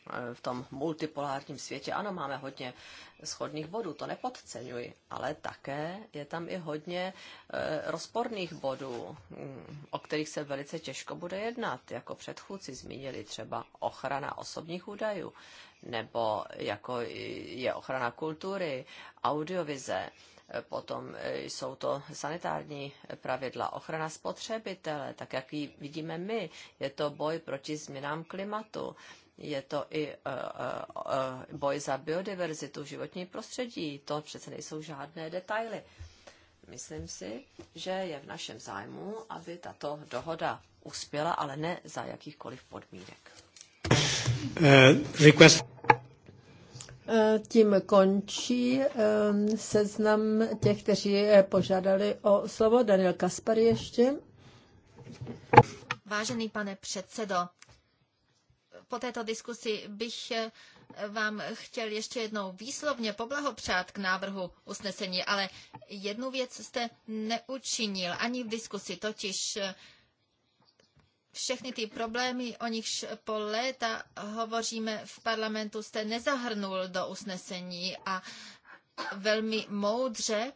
Eh, v tom multipolárním světě. Ano, máme hodně schodných bodů, to nepodceňuji, ale také je tam i hodně eh, rozporných bodů, mm, o kterých se velice těžko bude jednat. Jako předchůdci zmínili třeba ochrana osobních údajů, nebo jako je ochrana kultury, audiovize, eh, potom jsou to sanitární pravidla, ochrana spotřebitele, tak jak ji vidíme my, je to boj proti změnám klimatu, je to i e, e, e, boj za biodiverzitu, životní prostředí. To přece nejsou žádné detaily. Myslím si, že je v našem zájmu, aby tato dohoda uspěla, ale ne za jakýchkoliv podmínek. Eh, eh, tím končí eh, seznam těch, kteří požádali o slovo. Daniel Kaspar ještě. Vážený pane předsedo, po této diskusi bych eh, vám chtěl ještě jednou výslovně poblahopřát k návrhu usnesení, ale jednu věc jste neučinil ani v diskusi, totiž eh, všechny ty problémy, o nichž po léta hovoříme v parlamentu, jste nezahrnul do usnesení a velmi moudře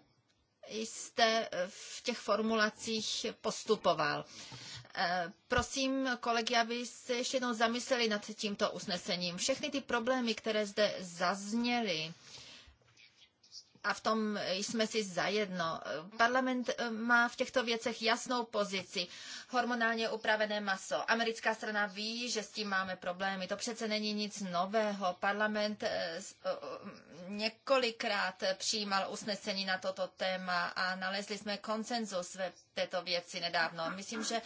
jste v těch formulacích postupoval. Eh, prosím kolegy, aby se ještě jednou zamysleli nad tímto usnesením. Všechny ty problémy, které zde zazněly, a v tom jsme si zajedno. Parlament eh, má v těchto věcech jasnou pozici. Hormonálně upravené maso. Americká strana ví, že s tím máme problémy. To přece není nic nového. Parlament eh, několikrát přijímal usnesení na toto téma a nalezli jsme konsenzus ve této věci nedávno. Myslím, že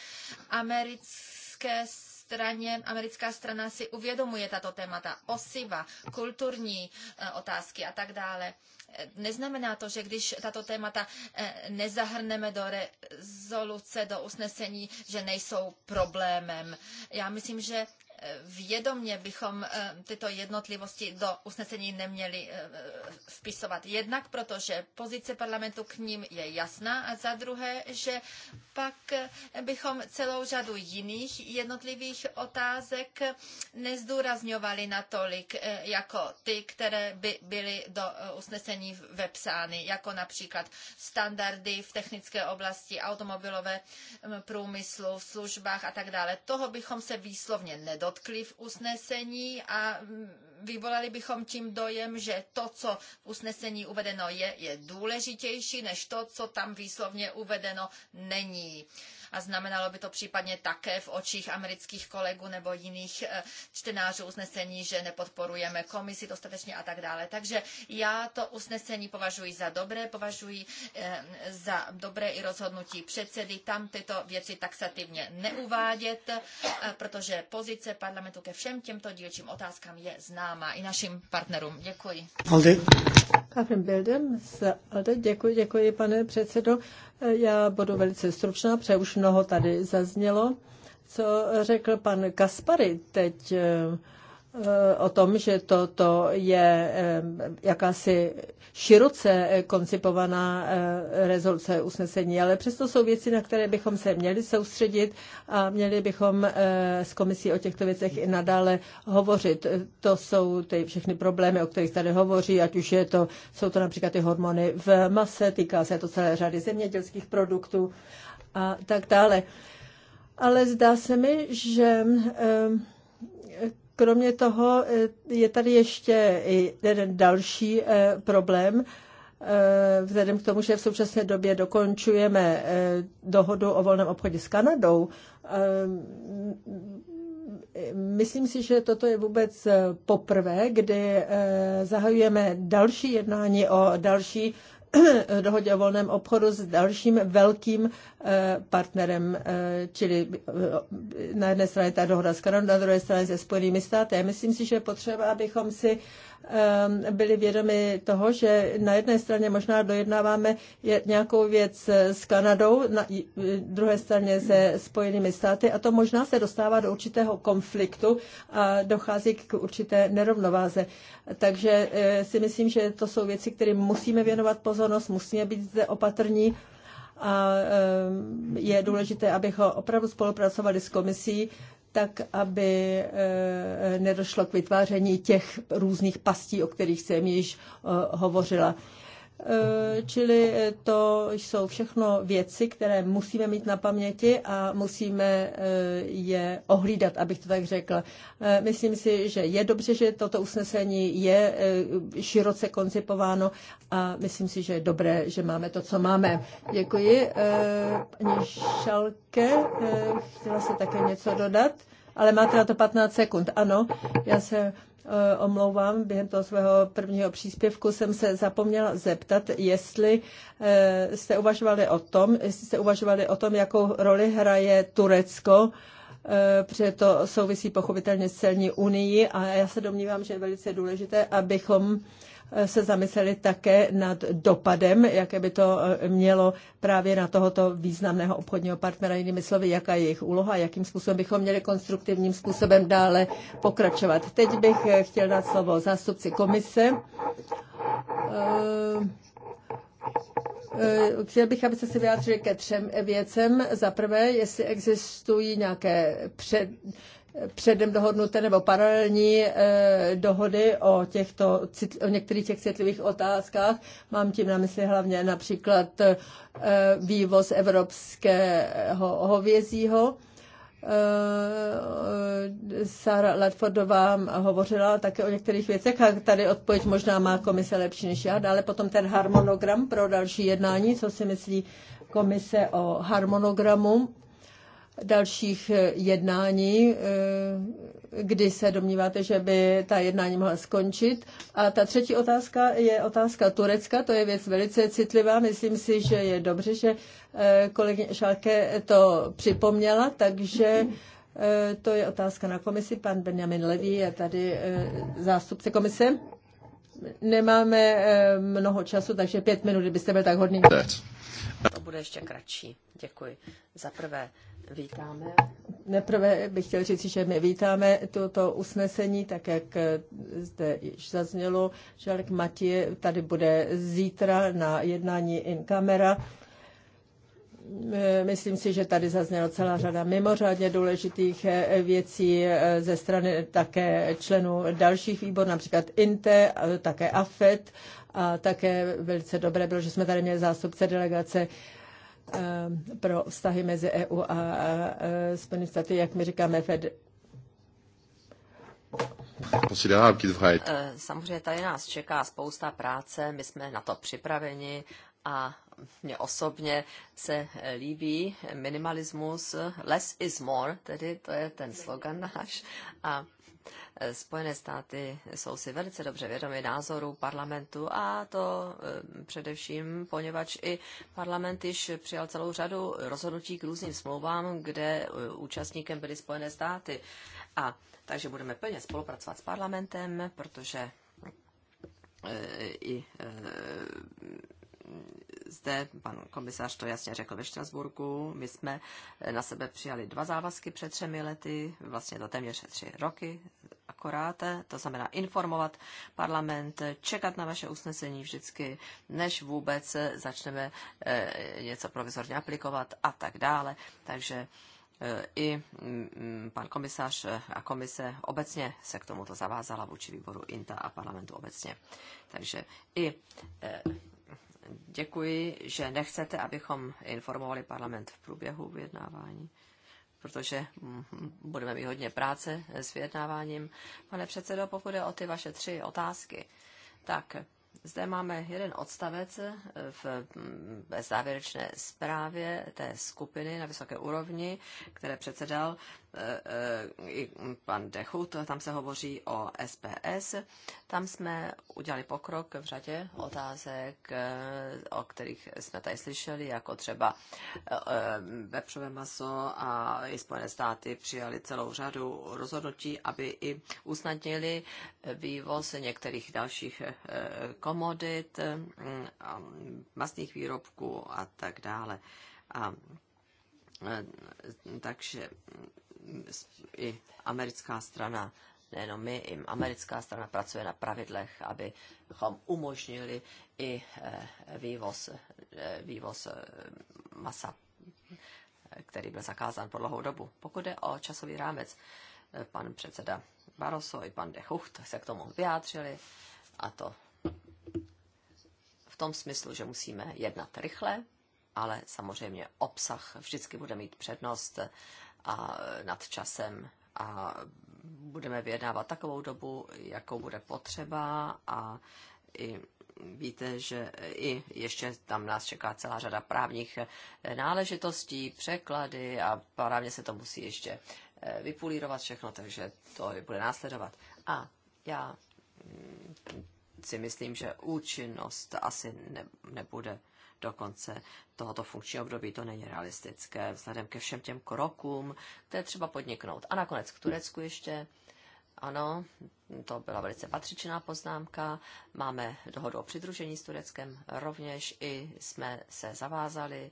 americké straně, americká strana si uvědomuje tato témata, osiva, kulturní eh, otázky a tak dále. Eh, neznamená to, že když tato témata eh, nezahrneme do rezoluce, do usnesení, že nejsou problémem. Já myslím, že vědomě bychom eh, tyto jednotlivosti do usnesení neměli vpisovat. Eh, Jednak protože pozice parlamentu k ním je jasná a za druhé, že pak eh, bychom celou řadu jiných jednotlivých otázek nezdůrazňovali natolik jako ty, které by byly do usnesení vepsány, jako například standardy v technické oblasti, automobilové mm, průmyslu, v službách a tak dále. Toho bychom se výslovně nedostali dotkli v usnesení a mm, vyvolali bychom tím dojem, že to, co v usnesení uvedeno je, je důležitější než to, co tam výslovně uvedeno není. Uh, a znamenalo by to případně také v očích amerických kolegů nebo jiných eh, čtenářů usnesení, že nepodporujeme komisi dostatečně a tak dále. Takže já to usnesení považuji za dobré, považuji eh, za dobré i rozhodnutí předsedy tam tyto věci taxativně neuvádět, eh, protože pozice parlamentu ke všem těmto dílčím otázkám je známá i našim partnerům. Děkuji. Děkuji, děkuji, pane předsedo. Já budu velice stručná, přeju mnoho tady zaznělo. Co řekl pan Kaspary teď eh, eh, o tom, že toto je eh, jakási široce koncipovaná rezoluce usnesení, ale přesto jsou věci, na které bychom se měli soustředit a měli bychom s komisí o těchto věcech i nadále hovořit. To jsou ty všechny problémy, o kterých tady hovoří, ať už je to, jsou to například ty hormony v mase, týká se to celé řady zemědělských produktů a tak dále. Ale zdá se mi, že kromě toho eh, je tady ještě jeden další eh, problém, eh, vzhledem k tomu, že v současné době dokončujeme dohodu o volném obchodě s Kanadou, myslím si, že toto je vůbec poprvé, kdy zahajujeme další jednání o další Eh, [CLEARS THROAT] dohodě o volném obchodu s dalším velkým eh, partnerem, eh, čili na jedné straně ta dohoda s Kanadou, na druhé straně se Spojenými státy. Myslím si, že je potřeba, abychom si Ehm, byli vědomi toho, že na jedné straně možná dojednáváme nějakou věc s Kanadou, na druhé straně se Spojenými státy a to možná se dostává do určitého konfliktu a dochází k určité nerovnováze. Takže eh, si myslím, že to jsou věci, kterým musíme věnovat pozornost, musíme být zde opatrní a ehm, je důležité, abychom opravdu spolupracovali s komisí tak aby eh, nedošlo k vytváření těch různých pastí, o kterých jsem již eh, hovořila. Eh, čili eh, to jsou všechno věci, které musíme mít na paměti a musíme eh, je ohlídat, abych to tak řekla. Myslím si, že je dobře, že toto usnesení je široce koncipováno a myslím si, že je dobré, že máme to, co máme. Děkuji. Pani Šalke, chtěla se také něco dodat? ale máte na to 15 sekund. Ano, já se Eh, omlouvám, během toho svého prvního příspěvku jsem se zapomněla zeptat, jestli eh, jste uvažovali o tom, jestli jste uvažovali o tom, jakou roli hraje Turecko eh, protože to souvisí pochopitelně s celní unii a já se domnívám, že je velice důležité, abychom se zamysleli také nad dopadem, jaké by to eh, mělo právě na tohoto významného obchodního partnera, jinými slovy, jaká je jejich úloha, jakým způsobem bychom měli konstruktivním způsobem dále pokračovat. Teď bych eh, chtěl dát slovo zástupci komise. Eh, chtěl bych, abyste se vyjádřili ke třem věcem. Za prvé, jestli existují nějaké před, předem dohodnuté nebo paralelní eh, dohody o, těchto, o některých těch citlivých otázkách. Mám tím na mysli hlavně například eh, vývoz evropského hovězího. Eh, Sara Ledfordová hovořila také o některých věcech a tady odpověď možná má komise lepší než já. Dále potom ten harmonogram pro další jednání, co si myslí komise o harmonogramu dalších eh, jednání, eh, kdy se domníváte, že by ta jednání mohla skončit. A ta třetí otázka je otázka Turecka. To je věc velice citlivá. Myslím si, že je dobře, že eh, kolegyně Šalke to připomněla, takže to je otázka na komisi. Pan Benjamin Levý je tady zástupce komise nemáme eh, mnoho času, takže pět minut, kdybyste byli tak hodný. To bude ještě kratší. Děkuji. Za prvé vítáme. Neprve bych chtěl říct, že my vítáme toto usnesení, tak jak eh, zde již zaznělo. Žalek Matěj tady bude zítra na jednání in camera Eh, myslím si, že tady zazněla celá řada mimořádně důležitých eh, věcí eh, ze strany také členů dalších výborů, například INTE, také AFET a také velice dobré bylo, že jsme tady měli zástupce delegace pro vztahy mezi EU a Spojenými státy, jak my říkáme, Fed. Samozřejmě tady nás čeká spousta práce, my jsme na to připraveni a mně osobně se líbí minimalismus, less is more, tedy to je ten slogan náš. A Spojené státy jsou si velice dobře vědomi názoru parlamentu a to eh, především, poněvadž i parlament již přijal celou řadu rozhodnutí k různým smlouvám, kde eh, účastníkem byly Spojené státy. A takže budeme plně spolupracovat s parlamentem, protože eh, i zde pan komisař to jasně řekl ve Štrasburku, my jsme na sebe přijali dva závazky před třemi lety, vlastně to téměř tři roky akorát, to znamená informovat parlament, čekat na vaše usnesení vždycky, než vůbec začneme eh, něco provizorně aplikovat a tak dále. Takže eh, i mm, pan komisař a komise obecně se k tomuto zavázala vůči výboru INTA a parlamentu obecně. Takže i eh, děkuji, že nechcete, abychom informovali parlament v průběhu vyjednávání, protože mm, mm, budeme mít hodně práce s vyjednáváním. Pane předsedo, pokud je o ty vaše tři otázky, tak zde máme jeden odstavec eh, v mm, závěrečné zprávě té skupiny na vysoké úrovni, které předsedal Eh, eh, i pan Dechut, tam se hovoří o SPS. Tam jsme udělali pokrok v řadě otázek, eh, o kterých jsme tady slyšeli, jako třeba vepřové maso a i Spojené státy přijali celou řadu rozhodnutí, aby i usnadnili vývoz některých dalších komodit, masných výrobků a tak dále. A takže i americká strana, nejenom my, i americká strana pracuje na pravidlech, abychom umožnili i eh, vývoz, eh, vývoz eh, masa, který byl zakázán po dlouhou dobu. Pokud jde o časový rámec, pan předseda Barroso i pan de Hucht se k tomu vyjádřili a to v tom smyslu, že musíme jednat rychle, ale samozřejmě obsah vždycky bude mít přednost a nad časem a budeme vyjednávat takovou dobu, jakou bude potřeba a i víte, že i ještě tam nás čeká celá řada právních náležitostí, překlady a právně se to musí ještě eh, vypulírovat všechno, takže to bude následovat. A já mm, si myslím, že účinnost asi ne, nebude do konce tohoto funkčního období. To není realistické vzhledem ke všem těm krokům, které třeba podniknout. A nakonec k Turecku ještě. Ano, to byla velice patřičná poznámka. Máme dohodu o přidružení s Tureckem. Rovněž i jsme se zavázali,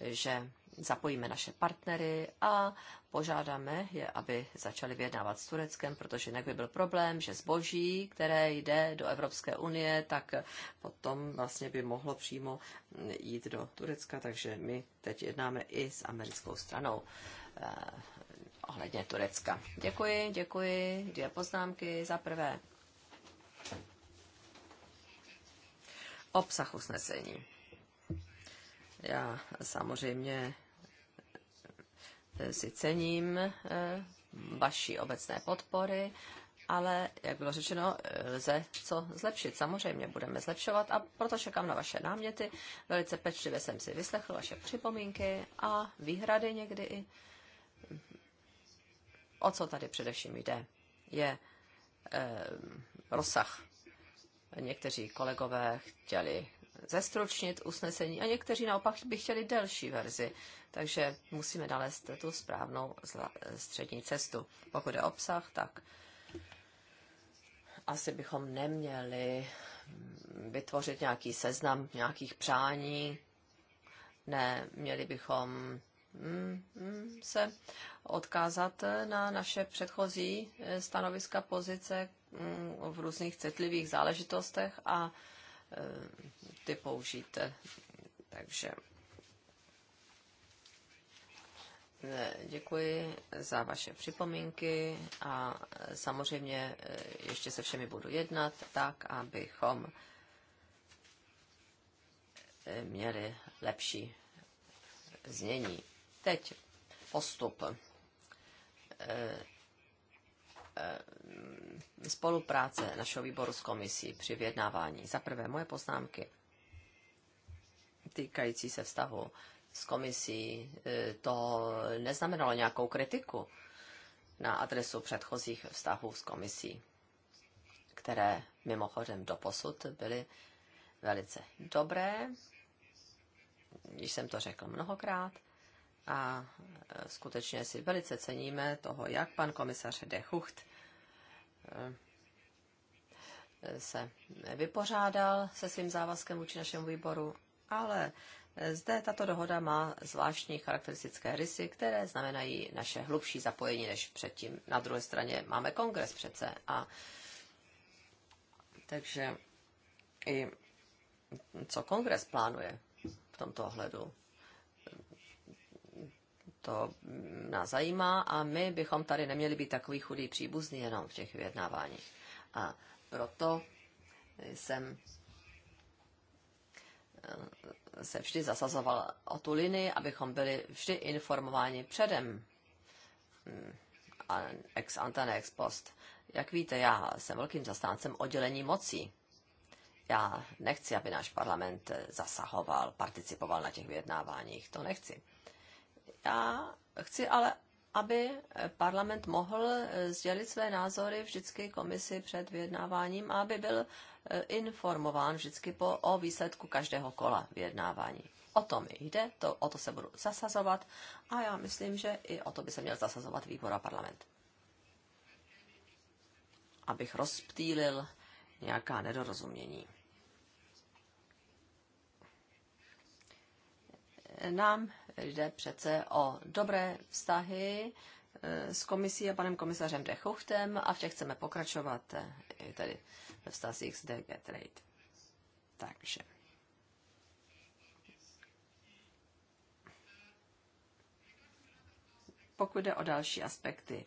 že zapojíme naše partnery a požádáme je, aby začali vyjednávat s Tureckem, protože jinak by byl problém, že zboží, které jde do Evropské unie, tak potom vlastně by mohlo přímo jít do Turecka, takže my teď jednáme i s americkou stranou eh, ohledně Turecka. Děkuji, děkuji. Dvě poznámky. Za prvé, obsah usnesení. Já samozřejmě si cením eh, vaší obecné podpory, ale, jak bylo řečeno, eh, lze co zlepšit. Samozřejmě budeme zlepšovat a proto čekám na vaše náměty. Velice pečlivě jsem si vyslechl vaše připomínky a výhrady někdy i. O co tady především jde, je eh, rozsah. Někteří kolegové chtěli zestručnit usnesení a někteří naopak by chtěli delší verzi. Takže musíme nalézt tu správnou střední cestu. Pokud je obsah, tak asi bychom neměli vytvořit nějaký seznam nějakých přání. Ne, měli bychom mm, mm, se odkázat na naše předchozí eh, stanoviska pozice mm, v různých citlivých záležitostech a ty použijte. Takže e, děkuji za vaše připomínky a samozřejmě e, ještě se všemi budu jednat tak, abychom e, měli lepší znění. Teď postup spolupráce našeho výboru s komisí při vyjednávání. Za prvé moje poznámky týkající se vztahu s komisí, e, to neznamenalo nějakou kritiku na adresu předchozích vztahů s komisí, které mimochodem doposud byly velice dobré, již jsem to řekl mnohokrát, a e, skutečně si velice ceníme toho, jak pan komisař Dechucht Eh, se vypořádal se svým závazkem vůči našemu výboru, ale zde tato dohoda má zvláštní charakteristické rysy, které znamenají naše hlubší zapojení než předtím. Na druhé straně máme kongres přece a takže i co kongres plánuje v tomto ohledu to nás zajímá a my bychom tady neměli být takový chudý příbuzný jenom v těch vyjednáváních. A proto jsem eh, se vždy zasazoval o tu linii, abychom byli vždy informováni předem mm, a ex ante, ex post. Jak víte, já jsem velkým zastáncem oddělení mocí. Já nechci, aby náš parlament zasahoval, participoval na těch vyjednáváních. To nechci. Já chci ale, aby parlament mohl eh, sdělit své názory vždycky komisi před vyjednáváním a aby byl eh, informován vždycky po, o výsledku každého kola vyjednávání. O to mi jde, to, o to se budu zasazovat a já myslím, že i o to by se měl zasazovat výbor a parlament. Abych rozptýlil nějaká nedorozumění. Nám Jde přece o dobré vztahy eh, s komisí a panem komisařem Dechuchtem a v těch chceme pokračovat eh, tedy tady ve vztazích s DG Trade. Takže. Pokud jde o další aspekty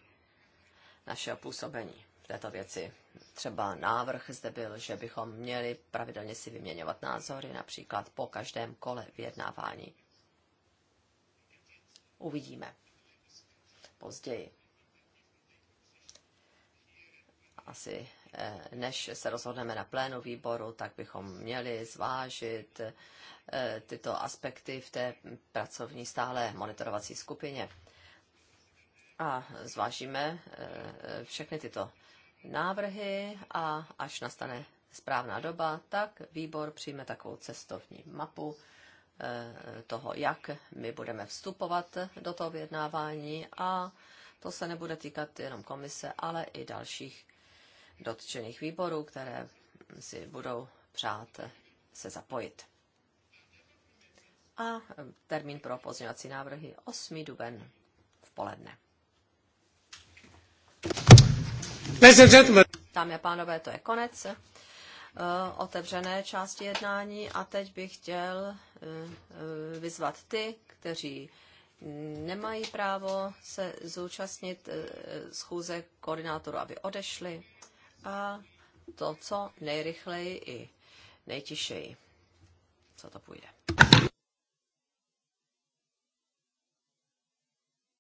našeho působení v této věci, třeba návrh zde byl, že bychom měli pravidelně si vyměňovat názory, například po každém kole vyjednávání Uvidíme později. Asi eh, než se rozhodneme na plénu výboru, tak bychom měli zvážit eh, tyto aspekty v té pracovní stále monitorovací skupině. A zvážíme eh, všechny tyto návrhy a až nastane správná doba, tak výbor přijme takovou cestovní mapu, Eh, toho, jak my budeme vstupovat do toho vyjednávání a to se nebude týkat jenom komise, ale i dalších dotčených výborů, které si budou přát se zapojit. A termín pro pozměňovací návrhy 8. duben v poledne. Dámy a pánové, to je konec. Eh, otevřené části jednání a teď bych chtěl eh, vyzvat ty, kteří nemají právo se zúčastnit eh, schůze koordinátoru, aby odešli a to, co nejrychleji i nejtišeji, co to půjde.